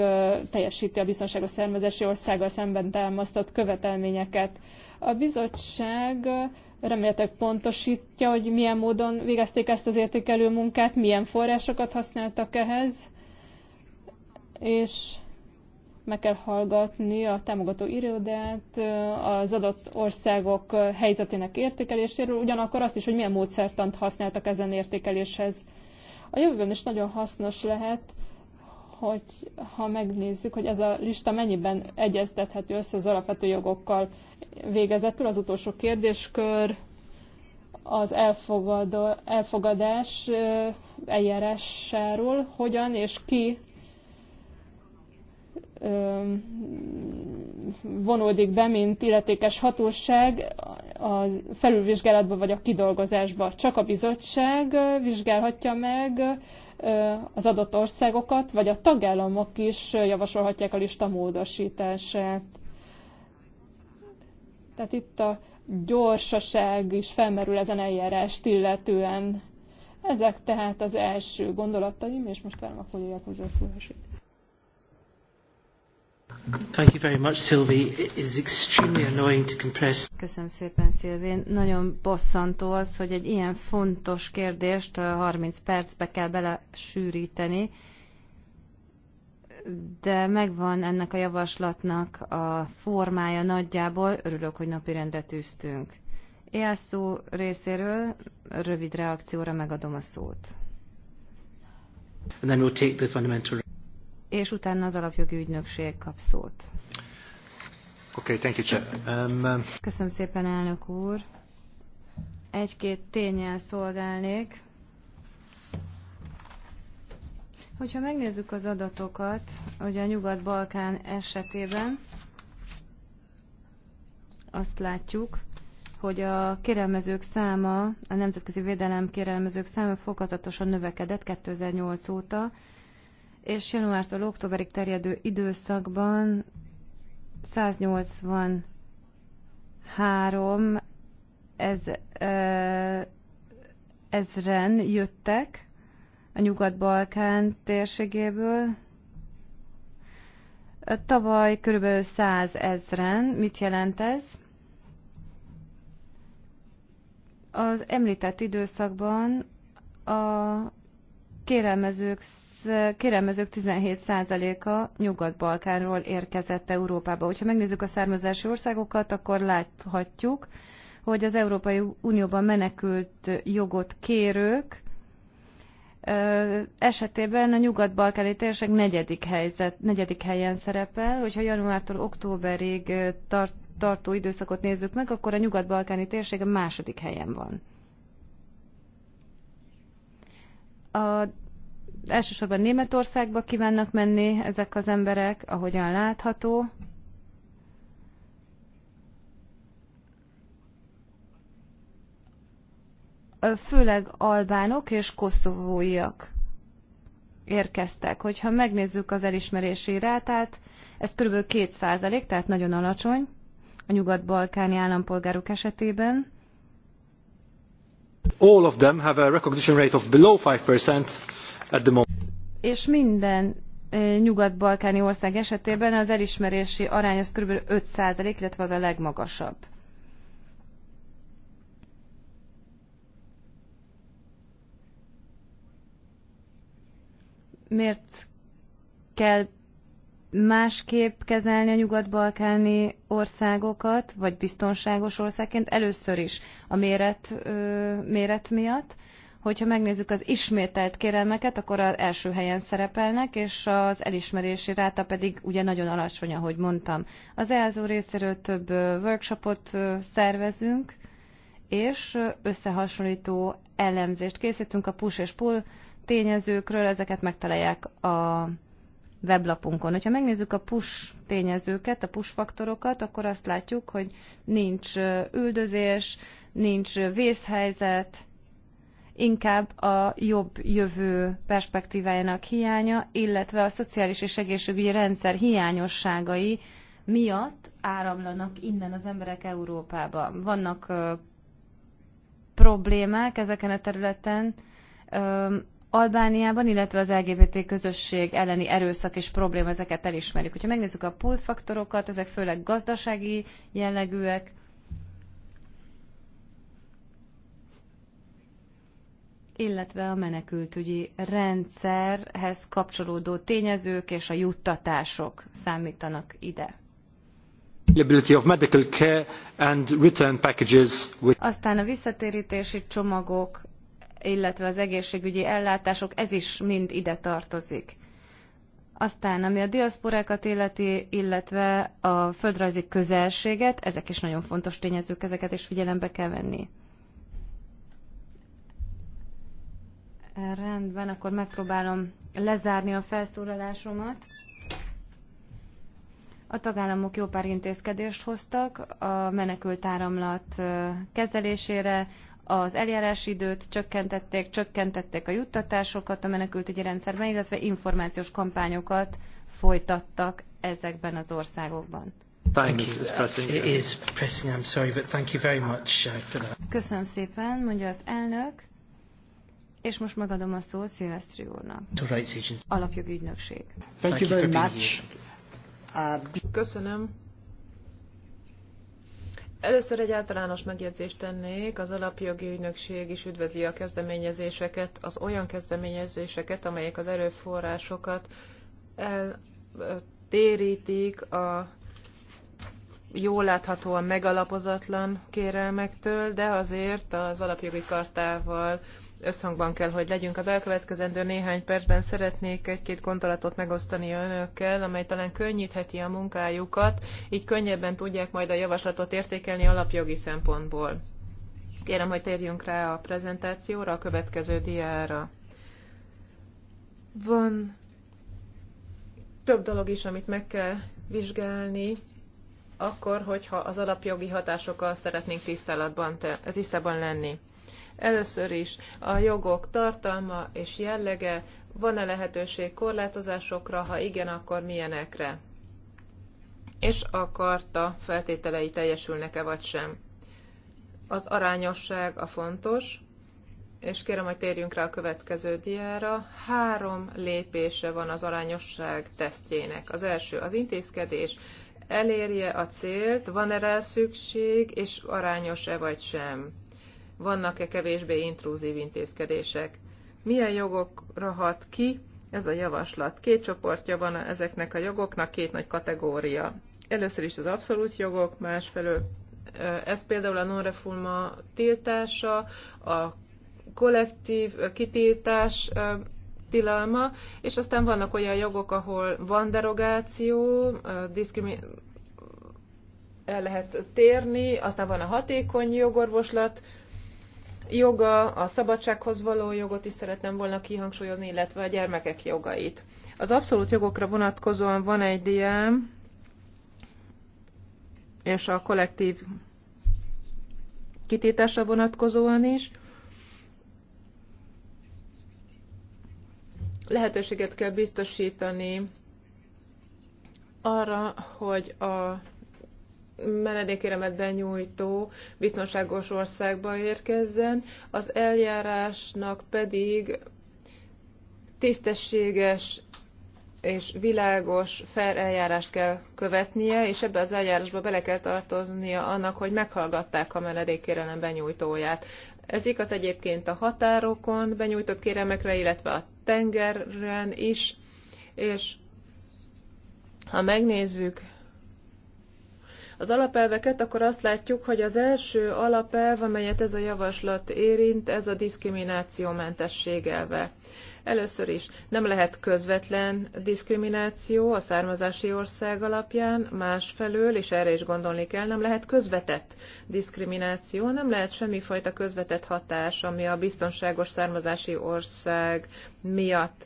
teljesíti a biztonságos származási országgal szemben támasztott követelményeket. A bizottság reméltek pontosítja, hogy milyen módon végezték ezt az értékelő munkát, milyen forrásokat használtak ehhez, és meg kell hallgatni a támogató irodát az adott országok helyzetének értékeléséről, ugyanakkor azt is, hogy milyen módszertant használtak ezen értékeléshez a jövőben is nagyon hasznos lehet, hogy ha megnézzük, hogy ez a lista mennyiben egyeztethető össze az alapvető jogokkal végezetül, az utolsó kérdéskör, az elfogadó, elfogadás eljárásáról, hogyan és ki vonódik be, mint illetékes hatóság a felülvizsgálatba vagy a kidolgozásba. Csak a bizottság vizsgálhatja meg az adott országokat, vagy a tagállamok is javasolhatják a lista módosítását. Tehát itt a gyorsaság is felmerül ezen eljárást illetően. Ezek tehát az első gondolataim, és most várom a kollégák hozzászólásait. Thank you very much, Sylvie. It is extremely annoying to compress. Köszönöm szépen, Szilvi. Nagyon bosszantó az, hogy egy ilyen fontos kérdést 30 percbe kell belesűríteni, de megvan ennek a javaslatnak a formája nagyjából. Örülök, hogy rendre tűztünk. Éjszó részéről rövid reakcióra megadom a szót. And then we'll take the fundamental és utána az alapjogi ügynökség kap szót. Okay, thank you, um, Köszönöm szépen, elnök úr. Egy-két tényel szolgálnék. Hogyha megnézzük az adatokat, ugye a Nyugat-Balkán esetében azt látjuk, hogy a kérelmezők száma, a nemzetközi védelem kérelmezők száma fokozatosan növekedett 2008 óta, és januártól októberig terjedő időszakban 183 ez, ezren jöttek a Nyugat-Balkán térségéből. Tavaly körülbelül 100 ezren. Mit jelent ez? Az említett időszakban a kérelmezők kérelmezők 17%-a Nyugat-Balkánról érkezett Európába. Hogyha megnézzük a származási országokat, akkor láthatjuk, hogy az Európai Unióban menekült jogot kérők esetében a nyugat-balkáni térség negyedik, helyzet, negyedik helyen szerepel, hogyha januártól októberig tart, tartó időszakot nézzük meg, akkor a nyugat-balkáni térség a második helyen van. A elsősorban Németországba kívánnak menni ezek az emberek, ahogyan látható. Főleg albánok és koszovóiak érkeztek. Hogyha megnézzük az elismerési rátát, ez kb. 2 tehát nagyon alacsony a nyugat-balkáni állampolgárok esetében. All of them have a recognition rate of below 5%. És minden nyugat-balkáni ország esetében az elismerési arány az kb. 5%, illetve az a legmagasabb. Miért kell másképp kezelni a nyugat-balkáni országokat, vagy biztonságos országként? Először is a méret, ö, méret miatt, Hogyha megnézzük az ismételt kérelmeket, akkor az első helyen szerepelnek, és az elismerési ráta pedig ugye nagyon alacsony, ahogy mondtam. Az EASO részéről több workshopot szervezünk, és összehasonlító elemzést készítünk a push és pull tényezőkről, ezeket megtalálják a weblapunkon. Hogyha megnézzük a push tényezőket, a push faktorokat, akkor azt látjuk, hogy nincs üldözés, nincs vészhelyzet, inkább a jobb jövő perspektívájának hiánya, illetve a szociális és egészségügyi rendszer hiányosságai miatt áramlanak innen az emberek Európába. Vannak ö, problémák ezeken a területen. Ö, Albániában, illetve az LGBT közösség elleni erőszak és probléma, ezeket elismerjük. Ha megnézzük a pull faktorokat, ezek főleg gazdasági jellegűek, illetve a menekültügyi rendszerhez kapcsolódó tényezők és a juttatások számítanak ide. Aztán a visszatérítési csomagok, illetve az egészségügyi ellátások, ez is mind ide tartozik. Aztán, ami a diaszporákat illeti, illetve a földrajzi közelséget, ezek is nagyon fontos tényezők, ezeket is figyelembe kell venni. Rendben, akkor megpróbálom lezárni a felszólalásomat. A tagállamok jó pár intézkedést hoztak a menekült áramlat kezelésére, az eljárási időt csökkentették, csökkentették a juttatásokat a menekültügyi rendszerben, illetve információs kampányokat folytattak ezekben az országokban. Uh, Köszönöm szépen, mondja az elnök. És most megadom a szót Szilvesztri úrnak. Alapjogi ügynökség. Thank you very much. Köszönöm. Először egy általános megjegyzést tennék, az alapjogi ügynökség is üdvözli a kezdeményezéseket, az olyan kezdeményezéseket, amelyek az erőforrásokat eltérítik a jól láthatóan megalapozatlan kérelmektől, de azért az alapjogi kartával összhangban kell, hogy legyünk. Az elkövetkezendő néhány percben szeretnék egy-két gondolatot megosztani önökkel, amely talán könnyítheti a munkájukat, így könnyebben tudják majd a javaslatot értékelni alapjogi szempontból. Kérem, hogy térjünk rá a prezentációra, a következő diára. Van több dolog is, amit meg kell vizsgálni, akkor, hogyha az alapjogi hatásokkal szeretnénk tisztában lenni. Először is a jogok tartalma és jellege, van-e lehetőség korlátozásokra, ha igen, akkor milyenekre? És a karta feltételei teljesülnek-e vagy sem? Az arányosság a fontos, és kérem, hogy térjünk rá a következő diára. Három lépése van az arányosság tesztjének. Az első az intézkedés, elérje a célt, van erre szükség, és arányos-e vagy sem vannak-e kevésbé intrúzív intézkedések. Milyen jogokra hat ki ez a javaslat? Két csoportja van ezeknek a jogoknak, két nagy kategória. Először is az abszolút jogok, másfelől ez például a non-reforma tiltása, a kollektív kitiltás tilalma, és aztán vannak olyan jogok, ahol van derogáció, el lehet térni, aztán van a hatékony jogorvoslat joga, a szabadsághoz való jogot is szeretném volna kihangsúlyozni, illetve a gyermekek jogait. Az abszolút jogokra vonatkozóan van egy diám, és a kollektív kitétásra vonatkozóan is. Lehetőséget kell biztosítani arra, hogy a menedékéremet benyújtó biztonságos országba érkezzen, az eljárásnak pedig tisztességes és világos, fair eljárást kell követnie, és ebbe az eljárásba bele kell tartoznia annak, hogy meghallgatták a menedékkérelem benyújtóját. Ez igaz egyébként a határokon benyújtott kérelmekre, illetve a tengeren is, és ha megnézzük az alapelveket, akkor azt látjuk, hogy az első alapelv, amelyet ez a javaslat érint, ez a diszkriminációmentesség elve. Először is nem lehet közvetlen diszkrimináció a származási ország alapján, másfelől, és erre is gondolni kell, nem lehet közvetett diszkrimináció, nem lehet semmifajta közvetett hatás, ami a biztonságos származási ország miatt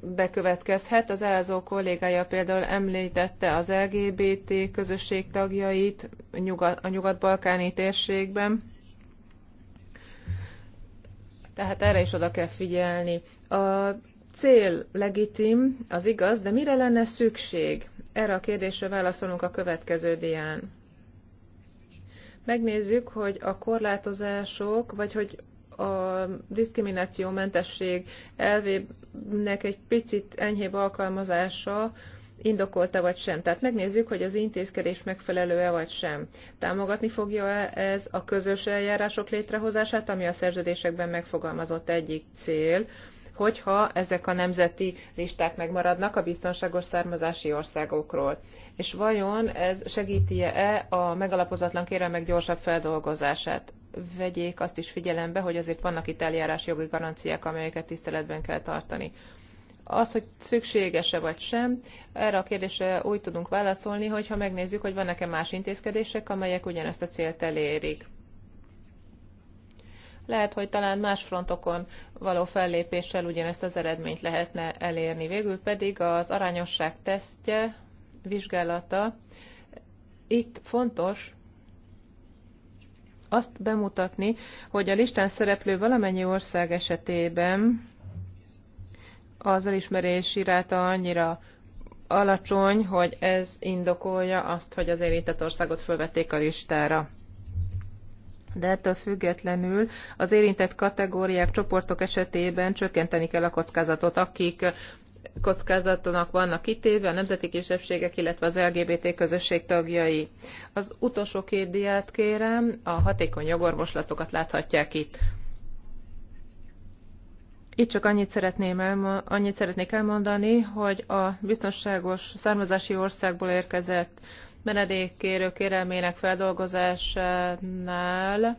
bekövetkezhet. Az ELZO kollégája például említette az LGBT közösség tagjait a nyugat-balkáni térségben. Tehát erre is oda kell figyelni. A cél legitim, az igaz, de mire lenne szükség? Erre a kérdésre válaszolunk a következő dián. Megnézzük, hogy a korlátozások, vagy hogy a diszkriminációmentesség elvének egy picit enyhébb alkalmazása indokolta vagy sem. Tehát megnézzük, hogy az intézkedés megfelelő-e vagy sem. Támogatni fogja -e ez a közös eljárások létrehozását, ami a szerződésekben megfogalmazott egyik cél, hogyha ezek a nemzeti listák megmaradnak a biztonságos származási országokról. És vajon ez segíti-e a megalapozatlan kérelmek gyorsabb feldolgozását? Vegyék azt is figyelembe, hogy azért vannak itt eljárás jogi garanciák, amelyeket tiszteletben kell tartani. Az, hogy szükséges-e vagy sem, erre a kérdésre úgy tudunk válaszolni, hogyha megnézzük, hogy vannak-e más intézkedések, amelyek ugyanezt a célt elérik. Lehet, hogy talán más frontokon való fellépéssel ugyanezt az eredményt lehetne elérni. Végül pedig az arányosság tesztje, vizsgálata. Itt fontos azt bemutatni, hogy a listán szereplő valamennyi ország esetében az elismerési ráta annyira alacsony, hogy ez indokolja azt, hogy az érintett országot fölvették a listára de ettől függetlenül az érintett kategóriák, csoportok esetében csökkenteni kell a kockázatot, akik kockázatonak vannak kitéve a nemzeti kisebbségek, illetve az LGBT közösség tagjai. Az utolsó két diát kérem, a hatékony jogorvoslatokat láthatják itt. Itt csak annyit, szeretném elma, annyit szeretnék elmondani, hogy a biztonságos származási országból érkezett menedékkérő kérelmének feldolgozásánál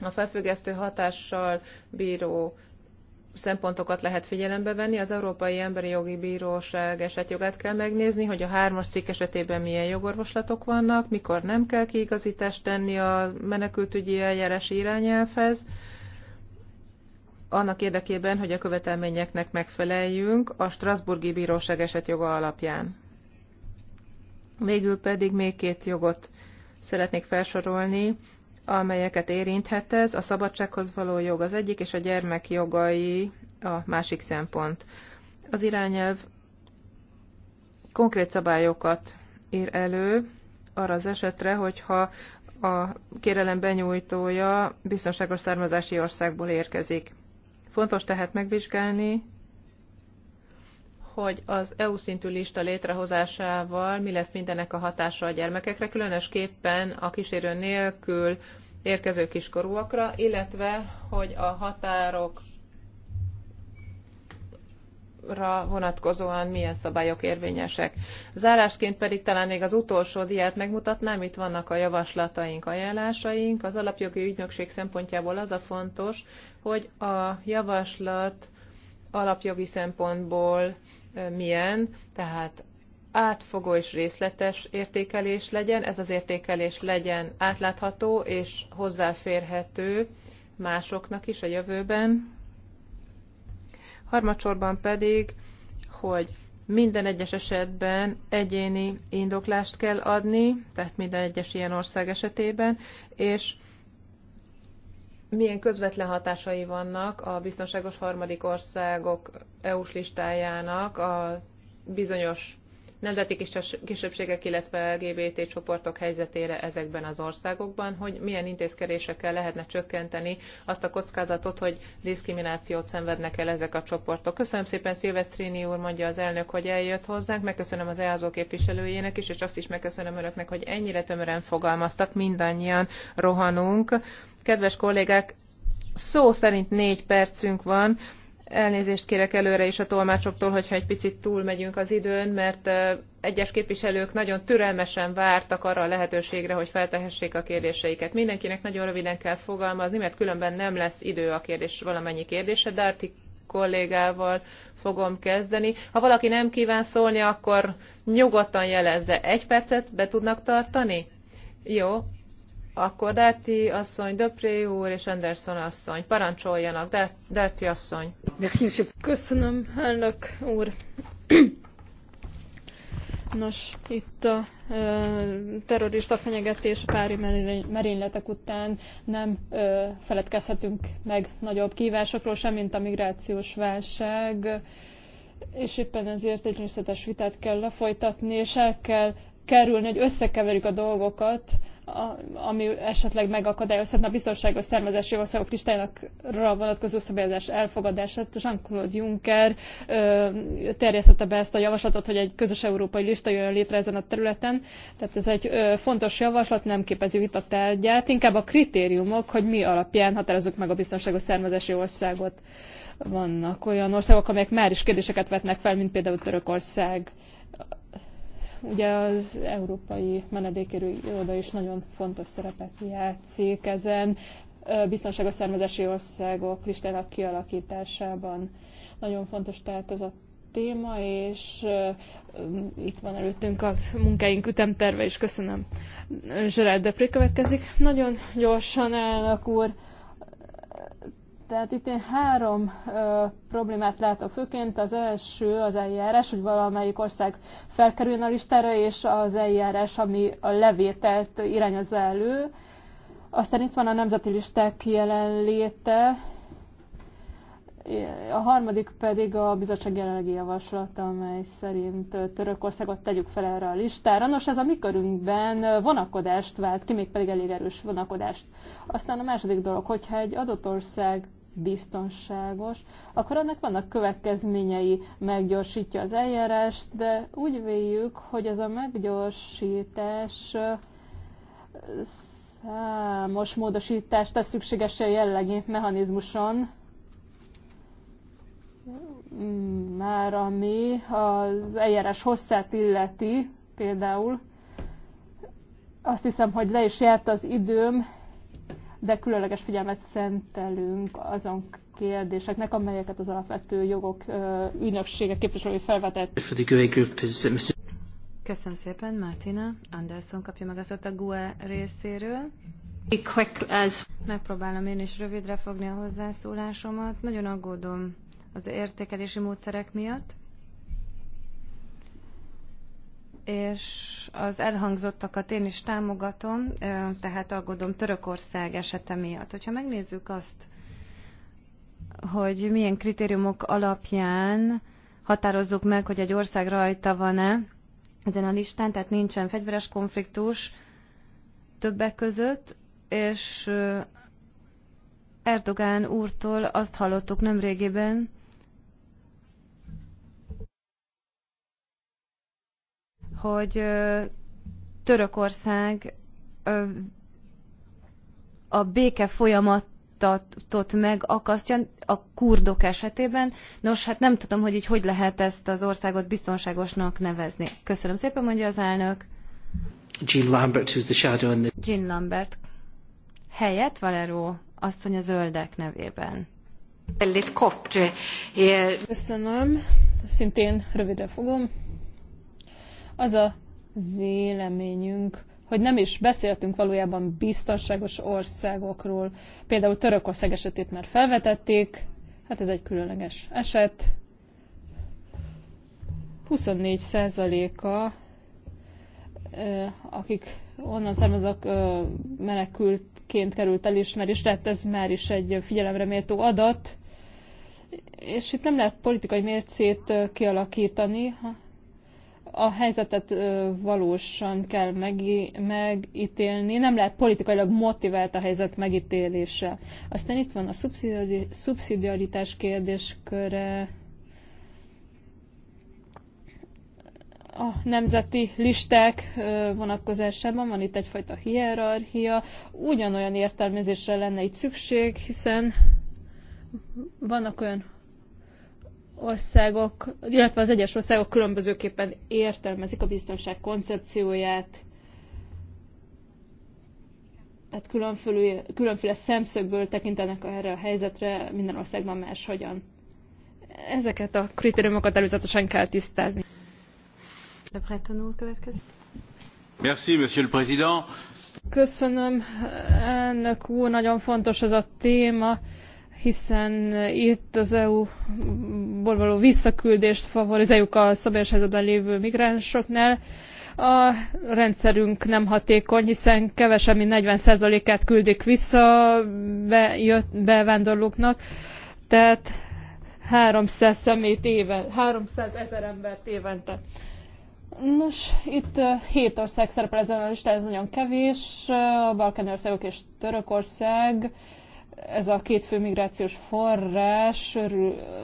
a felfüggesztő hatással bíró szempontokat lehet figyelembe venni. Az Európai Emberi Jogi Bíróság esetjogát kell megnézni, hogy a hármas cikk esetében milyen jogorvoslatok vannak, mikor nem kell kiigazítást tenni a menekültügyi eljárás irányelvhez, annak érdekében, hogy a követelményeknek megfeleljünk a Strasburgi Bíróság esetjoga alapján. Végül pedig még két jogot szeretnék felsorolni, amelyeket érinthet ez. A szabadsághoz való jog az egyik, és a gyermek jogai a másik szempont. Az irányelv konkrét szabályokat ír elő arra az esetre, hogyha a kérelem benyújtója biztonságos származási országból érkezik. Fontos tehát megvizsgálni, hogy az EU szintű lista létrehozásával mi lesz mindenek a hatása a gyermekekre, különösképpen a kísérő nélkül érkező kiskorúakra, illetve hogy a határok vonatkozóan milyen szabályok érvényesek. Zárásként pedig talán még az utolsó diát megmutatnám, itt vannak a javaslataink, ajánlásaink. Az alapjogi ügynökség szempontjából az a fontos, hogy a javaslat alapjogi szempontból milyen, tehát átfogó és részletes értékelés legyen, ez az értékelés legyen átlátható és hozzáférhető másoknak is a jövőben. Harmadsorban pedig, hogy minden egyes esetben egyéni indoklást kell adni, tehát minden egyes ilyen ország esetében, és milyen közvetlen hatásai vannak a biztonságos harmadik országok EU-s listájának a bizonyos nemzeti kisebbségek, illetve LGBT csoportok helyzetére ezekben az országokban, hogy milyen intézkedésekkel lehetne csökkenteni azt a kockázatot, hogy diszkriminációt szenvednek el ezek a csoportok. Köszönöm szépen Szilvesztrini úr, mondja az elnök, hogy eljött hozzánk, megköszönöm az EASO képviselőjének is, és azt is megköszönöm önöknek, hogy ennyire tömören fogalmaztak, mindannyian rohanunk. Kedves kollégák, szó szerint négy percünk van. Elnézést kérek előre is a tolmácsoktól, hogyha egy picit túlmegyünk az időn, mert egyes képviselők nagyon türelmesen vártak arra a lehetőségre, hogy feltehessék a kérdéseiket. Mindenkinek nagyon röviden kell fogalmazni, mert különben nem lesz idő a kérdés valamennyi kérdése. Darti kollégával fogom kezdeni. Ha valaki nem kíván szólni, akkor nyugodtan jelezze. Egy percet be tudnak tartani? Jó, akkor Dáti asszony, Döpré úr és Anderson asszony, parancsoljanak, Dáti asszony. Köszönöm, elnök úr. Nos, itt a e, terrorista fenyegetés pári merényletek után nem e, feledkezhetünk meg nagyobb kívásokról sem, mint a migrációs válság, és éppen ezért egy részletes vitát kell lefolytatni, és el kell kerülni, hogy összekeverjük a dolgokat, ami esetleg megakadályozhatna a biztonságos származási országok listájára vonatkozó szabályozás elfogadását. Jean-Claude Juncker terjesztette be ezt a javaslatot, hogy egy közös európai lista jöjjön létre ezen a területen. Tehát ez egy fontos javaslat, nem képezi vita tárgyát, inkább a kritériumok, hogy mi alapján határozzuk meg a biztonságos származási országot. Vannak olyan országok, amelyek már is kérdéseket vetnek fel, mint például Törökország Ugye az európai menedékérő iroda is nagyon fontos szerepet játszik ezen biztonságos származási országok listának kialakításában. Nagyon fontos tehát ez a téma, és itt van előttünk a munkáink ütemterve, és köszönöm. Zsereld Depré következik. Nagyon gyorsan, elnök úr, tehát itt én három ö, problémát látok főként. Az első az eljárás, hogy valamelyik ország felkerüljön a listára, és az eljárás, ami a levételt irányozza elő. Aztán itt van a nemzeti listák jelenléte, a harmadik pedig a bizottság jelenlegi javaslata, amely szerint Törökországot tegyük fel erre a listára. Nos, ez a mi körünkben vonakodást vált ki, még pedig elég erős vonakodást. Aztán a második dolog, hogyha egy adott ország biztonságos, akkor annak vannak következményei, meggyorsítja az eljárást, de úgy véljük, hogy ez a meggyorsítás számos módosítást tesz szükséges a jellegi mechanizmuson, már ami az eljárás hosszát illeti például, azt hiszem, hogy le is járt az időm, de különleges figyelmet szentelünk azon kérdéseknek, amelyeket az alapvető jogok ügynöksége képviselői felvetett. Köszönöm szépen, Martina. Anderson kapja meg az a GUE részéről. Megpróbálom én is rövidre fogni a hozzászólásomat. Nagyon aggódom az értékelési módszerek miatt és az elhangzottakat én is támogatom, tehát aggódom Törökország esete miatt. Hogyha megnézzük azt, hogy milyen kritériumok alapján határozzuk meg, hogy egy ország rajta van-e ezen a listán, tehát nincsen fegyveres konfliktus többek között, és Erdogán úrtól azt hallottuk nemrégében, hogy Törökország a béke folyamatot megakasztja a kurdok esetében. Nos, hát nem tudom, hogy így hogy lehet ezt az országot biztonságosnak nevezni. Köszönöm szépen, mondja az elnök. Jean Lambert, who's the shadow in the... Jean Lambert. Helyett Valero asszony a zöldek nevében. Eh- Köszönöm. Szintén rövidre fogom az a véleményünk, hogy nem is beszéltünk valójában biztonságos országokról. Például Törökország esetét már felvetették, hát ez egy különleges eset. 24%-a, akik onnan származok menekültként került elismerésre, hát ez már is egy figyelemre méltó adat. És itt nem lehet politikai mércét kialakítani, a helyzetet valósan kell megítélni, nem lehet politikailag motivált a helyzet megítélése. Aztán itt van a szubszidiaritás kérdésköre, a nemzeti listák vonatkozásában van itt egyfajta hierarchia, ugyanolyan értelmezésre lenne itt szükség, hiszen vannak olyan országok, illetve az egyes országok különbözőképpen értelmezik a biztonság koncepcióját, tehát különféle, különféle szemszögből tekintenek erre a helyzetre, minden országban máshogyan. Ezeket a kritériumokat előzetesen kell tisztázni. Le Breton úr következik. Merci, monsieur le président. Köszönöm, elnök úr, nagyon fontos ez a téma hiszen eh, itt az EU-ból való visszaküldést favorizáljuk a szabályos helyzetben lévő migránsoknál. A rendszerünk nem hatékony, hiszen kevesebb, mint 40%-át küldik vissza bejött, bevándorlóknak, tehát 300 szemét éven, 300 ezer embert évente. Nos, itt eh, hét ország szerepel ezen a listán, ez nagyon kevés, eh, a Balkán országok és Törökország, ez a két fő migrációs forrás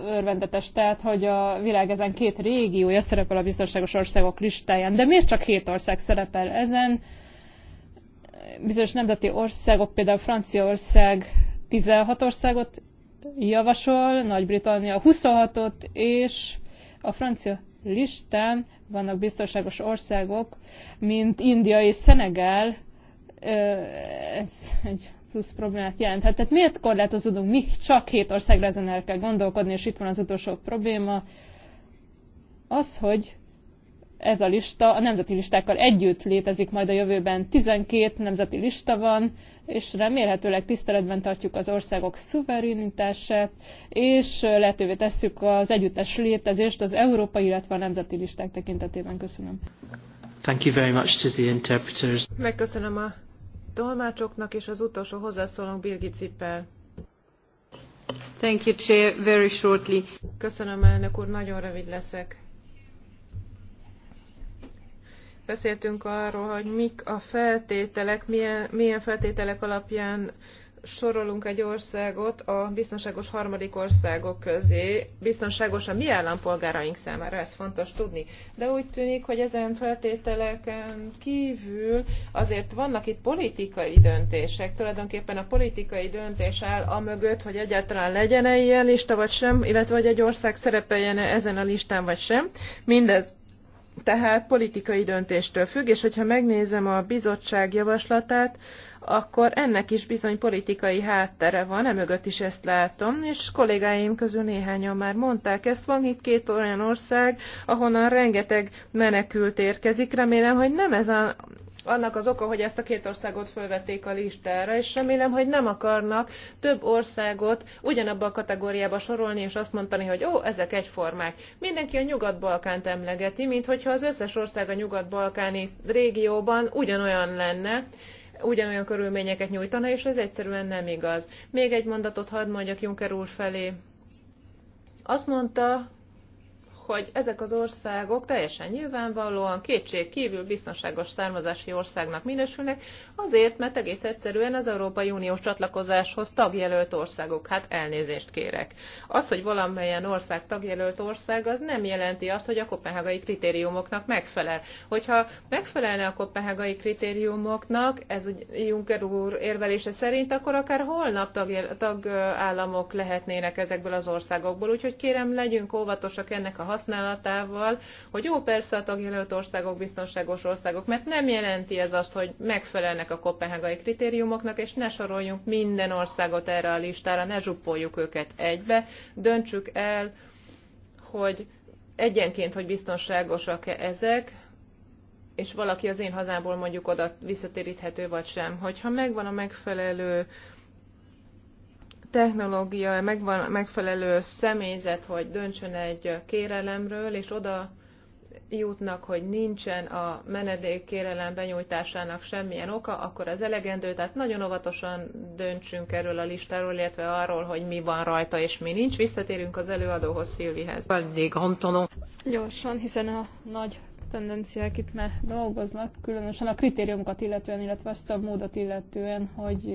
örvendetes, tehát hogy a világ ezen két régiója szerepel a biztonságos országok listáján. De miért csak hét ország szerepel ezen? Bizonyos nemzeti országok, például Franciaország 16 országot javasol, Nagy-Britannia 26-ot, és a francia listán vannak biztonságos országok, mint India és Szenegál. Ez egy plusz problémát Hát, Tehát miért korlátozódunk mi? Csak hét országra ezen el kell gondolkodni, és itt van az utolsó probléma. Az, hogy ez a lista a nemzeti listákkal együtt létezik majd a jövőben. 12 nemzeti lista van, és remélhetőleg tiszteletben tartjuk az országok szuverenitását, és lehetővé tesszük az együttes létezést az európai, illetve a nemzeti listák tekintetében. Köszönöm. Thank you very much to the interpreters. Megköszönöm a tolmácsoknak, és az utolsó hozzászólónk Birgit Zippel. Thank you, Chair. Very shortly. Köszönöm, elnök úr, nagyon rövid leszek. Beszéltünk arról, hogy mik a feltételek, milyen, milyen feltételek alapján sorolunk egy országot a biztonságos harmadik országok közé, biztonságos a mi állampolgáraink számára, ez fontos tudni. De úgy tűnik, hogy ezen feltételeken kívül azért vannak itt politikai döntések. Tulajdonképpen a politikai döntés áll a mögött, hogy egyáltalán legyen-e ilyen lista vagy sem, illetve hogy egy ország szerepeljen -e ezen a listán vagy sem. Mindez tehát politikai döntéstől függ, és hogyha megnézem a bizottság javaslatát, akkor ennek is bizony politikai háttere van, emögött is ezt látom, és kollégáim közül néhányan már mondták ezt. Van itt két olyan ország, ahonnan rengeteg menekült érkezik. Remélem, hogy nem ez a, annak az oka, hogy ezt a két országot fölvették a listára, és remélem, hogy nem akarnak több országot ugyanabba a kategóriába sorolni, és azt mondani, hogy ó, ezek egyformák. Mindenki a Nyugat-Balkánt emlegeti, minthogyha az összes ország a Nyugat-Balkáni régióban ugyanolyan lenne, ugyanolyan körülményeket nyújtana, és ez egyszerűen nem igaz. Még egy mondatot hadd mondjak Juncker úr felé. Azt mondta, hogy ezek az országok teljesen nyilvánvalóan kétség kívül biztonságos származási országnak minősülnek, azért, mert egész egyszerűen az Európai Uniós csatlakozáshoz tagjelölt országok. Hát elnézést kérek. Az, hogy valamelyen ország tagjelölt ország, az nem jelenti azt, hogy a kopenhágai kritériumoknak megfelel. Hogyha megfelelne a kopenhágai kritériumoknak, ez Juncker úr érvelése szerint, akkor akár holnap tagállamok tag lehetnének ezekből az országokból. Úgyhogy kérem, legyünk óvatosak ennek a használatával, hogy jó, persze a tagjelölt országok biztonságos országok, mert nem jelenti ez azt, hogy megfelelnek a kopenhágai kritériumoknak, és ne soroljunk minden országot erre a listára, ne zsupoljuk őket egybe, döntsük el, hogy egyenként, hogy biztonságosak-e ezek, és valaki az én hazámból mondjuk oda visszatéríthető vagy sem. Hogyha megvan a megfelelő technológia, megvan megfelelő személyzet, hogy döntsön egy kérelemről, és oda jutnak, hogy nincsen a kérelem benyújtásának semmilyen oka, akkor az elegendő, tehát nagyon óvatosan döntsünk erről a listáról, illetve arról, hogy mi van rajta és mi nincs. Visszatérünk az előadóhoz, Szilvihez. Gyorsan, hiszen a nagy tendenciák itt már dolgoznak, különösen a kritériumokat illetően, illetve azt a módot illetően, hogy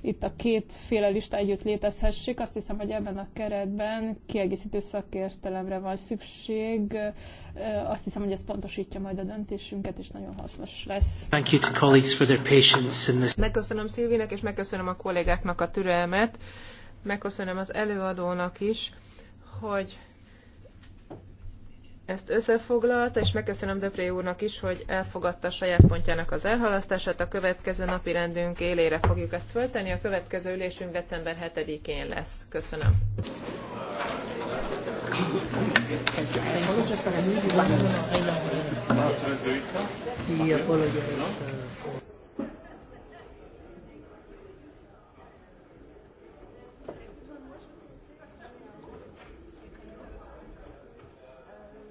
itt a két féle lista együtt létezhessék. Azt hiszem, hogy ebben a keretben kiegészítő szakértelemre van szükség. Azt hiszem, hogy ez pontosítja majd a döntésünket, és nagyon hasznos lesz. Thank you to colleagues for their patience in this. Megköszönöm Szilvinek, és megköszönöm a kollégáknak a türelmet. Megköszönöm az előadónak is, hogy ezt összefoglalta, és megköszönöm Döpré úrnak is, hogy elfogadta a saját pontjának az elhalasztását. A következő napi rendünk élére fogjuk ezt föltenni. A következő ülésünk december 7-én lesz. Köszönöm. Köszönöm.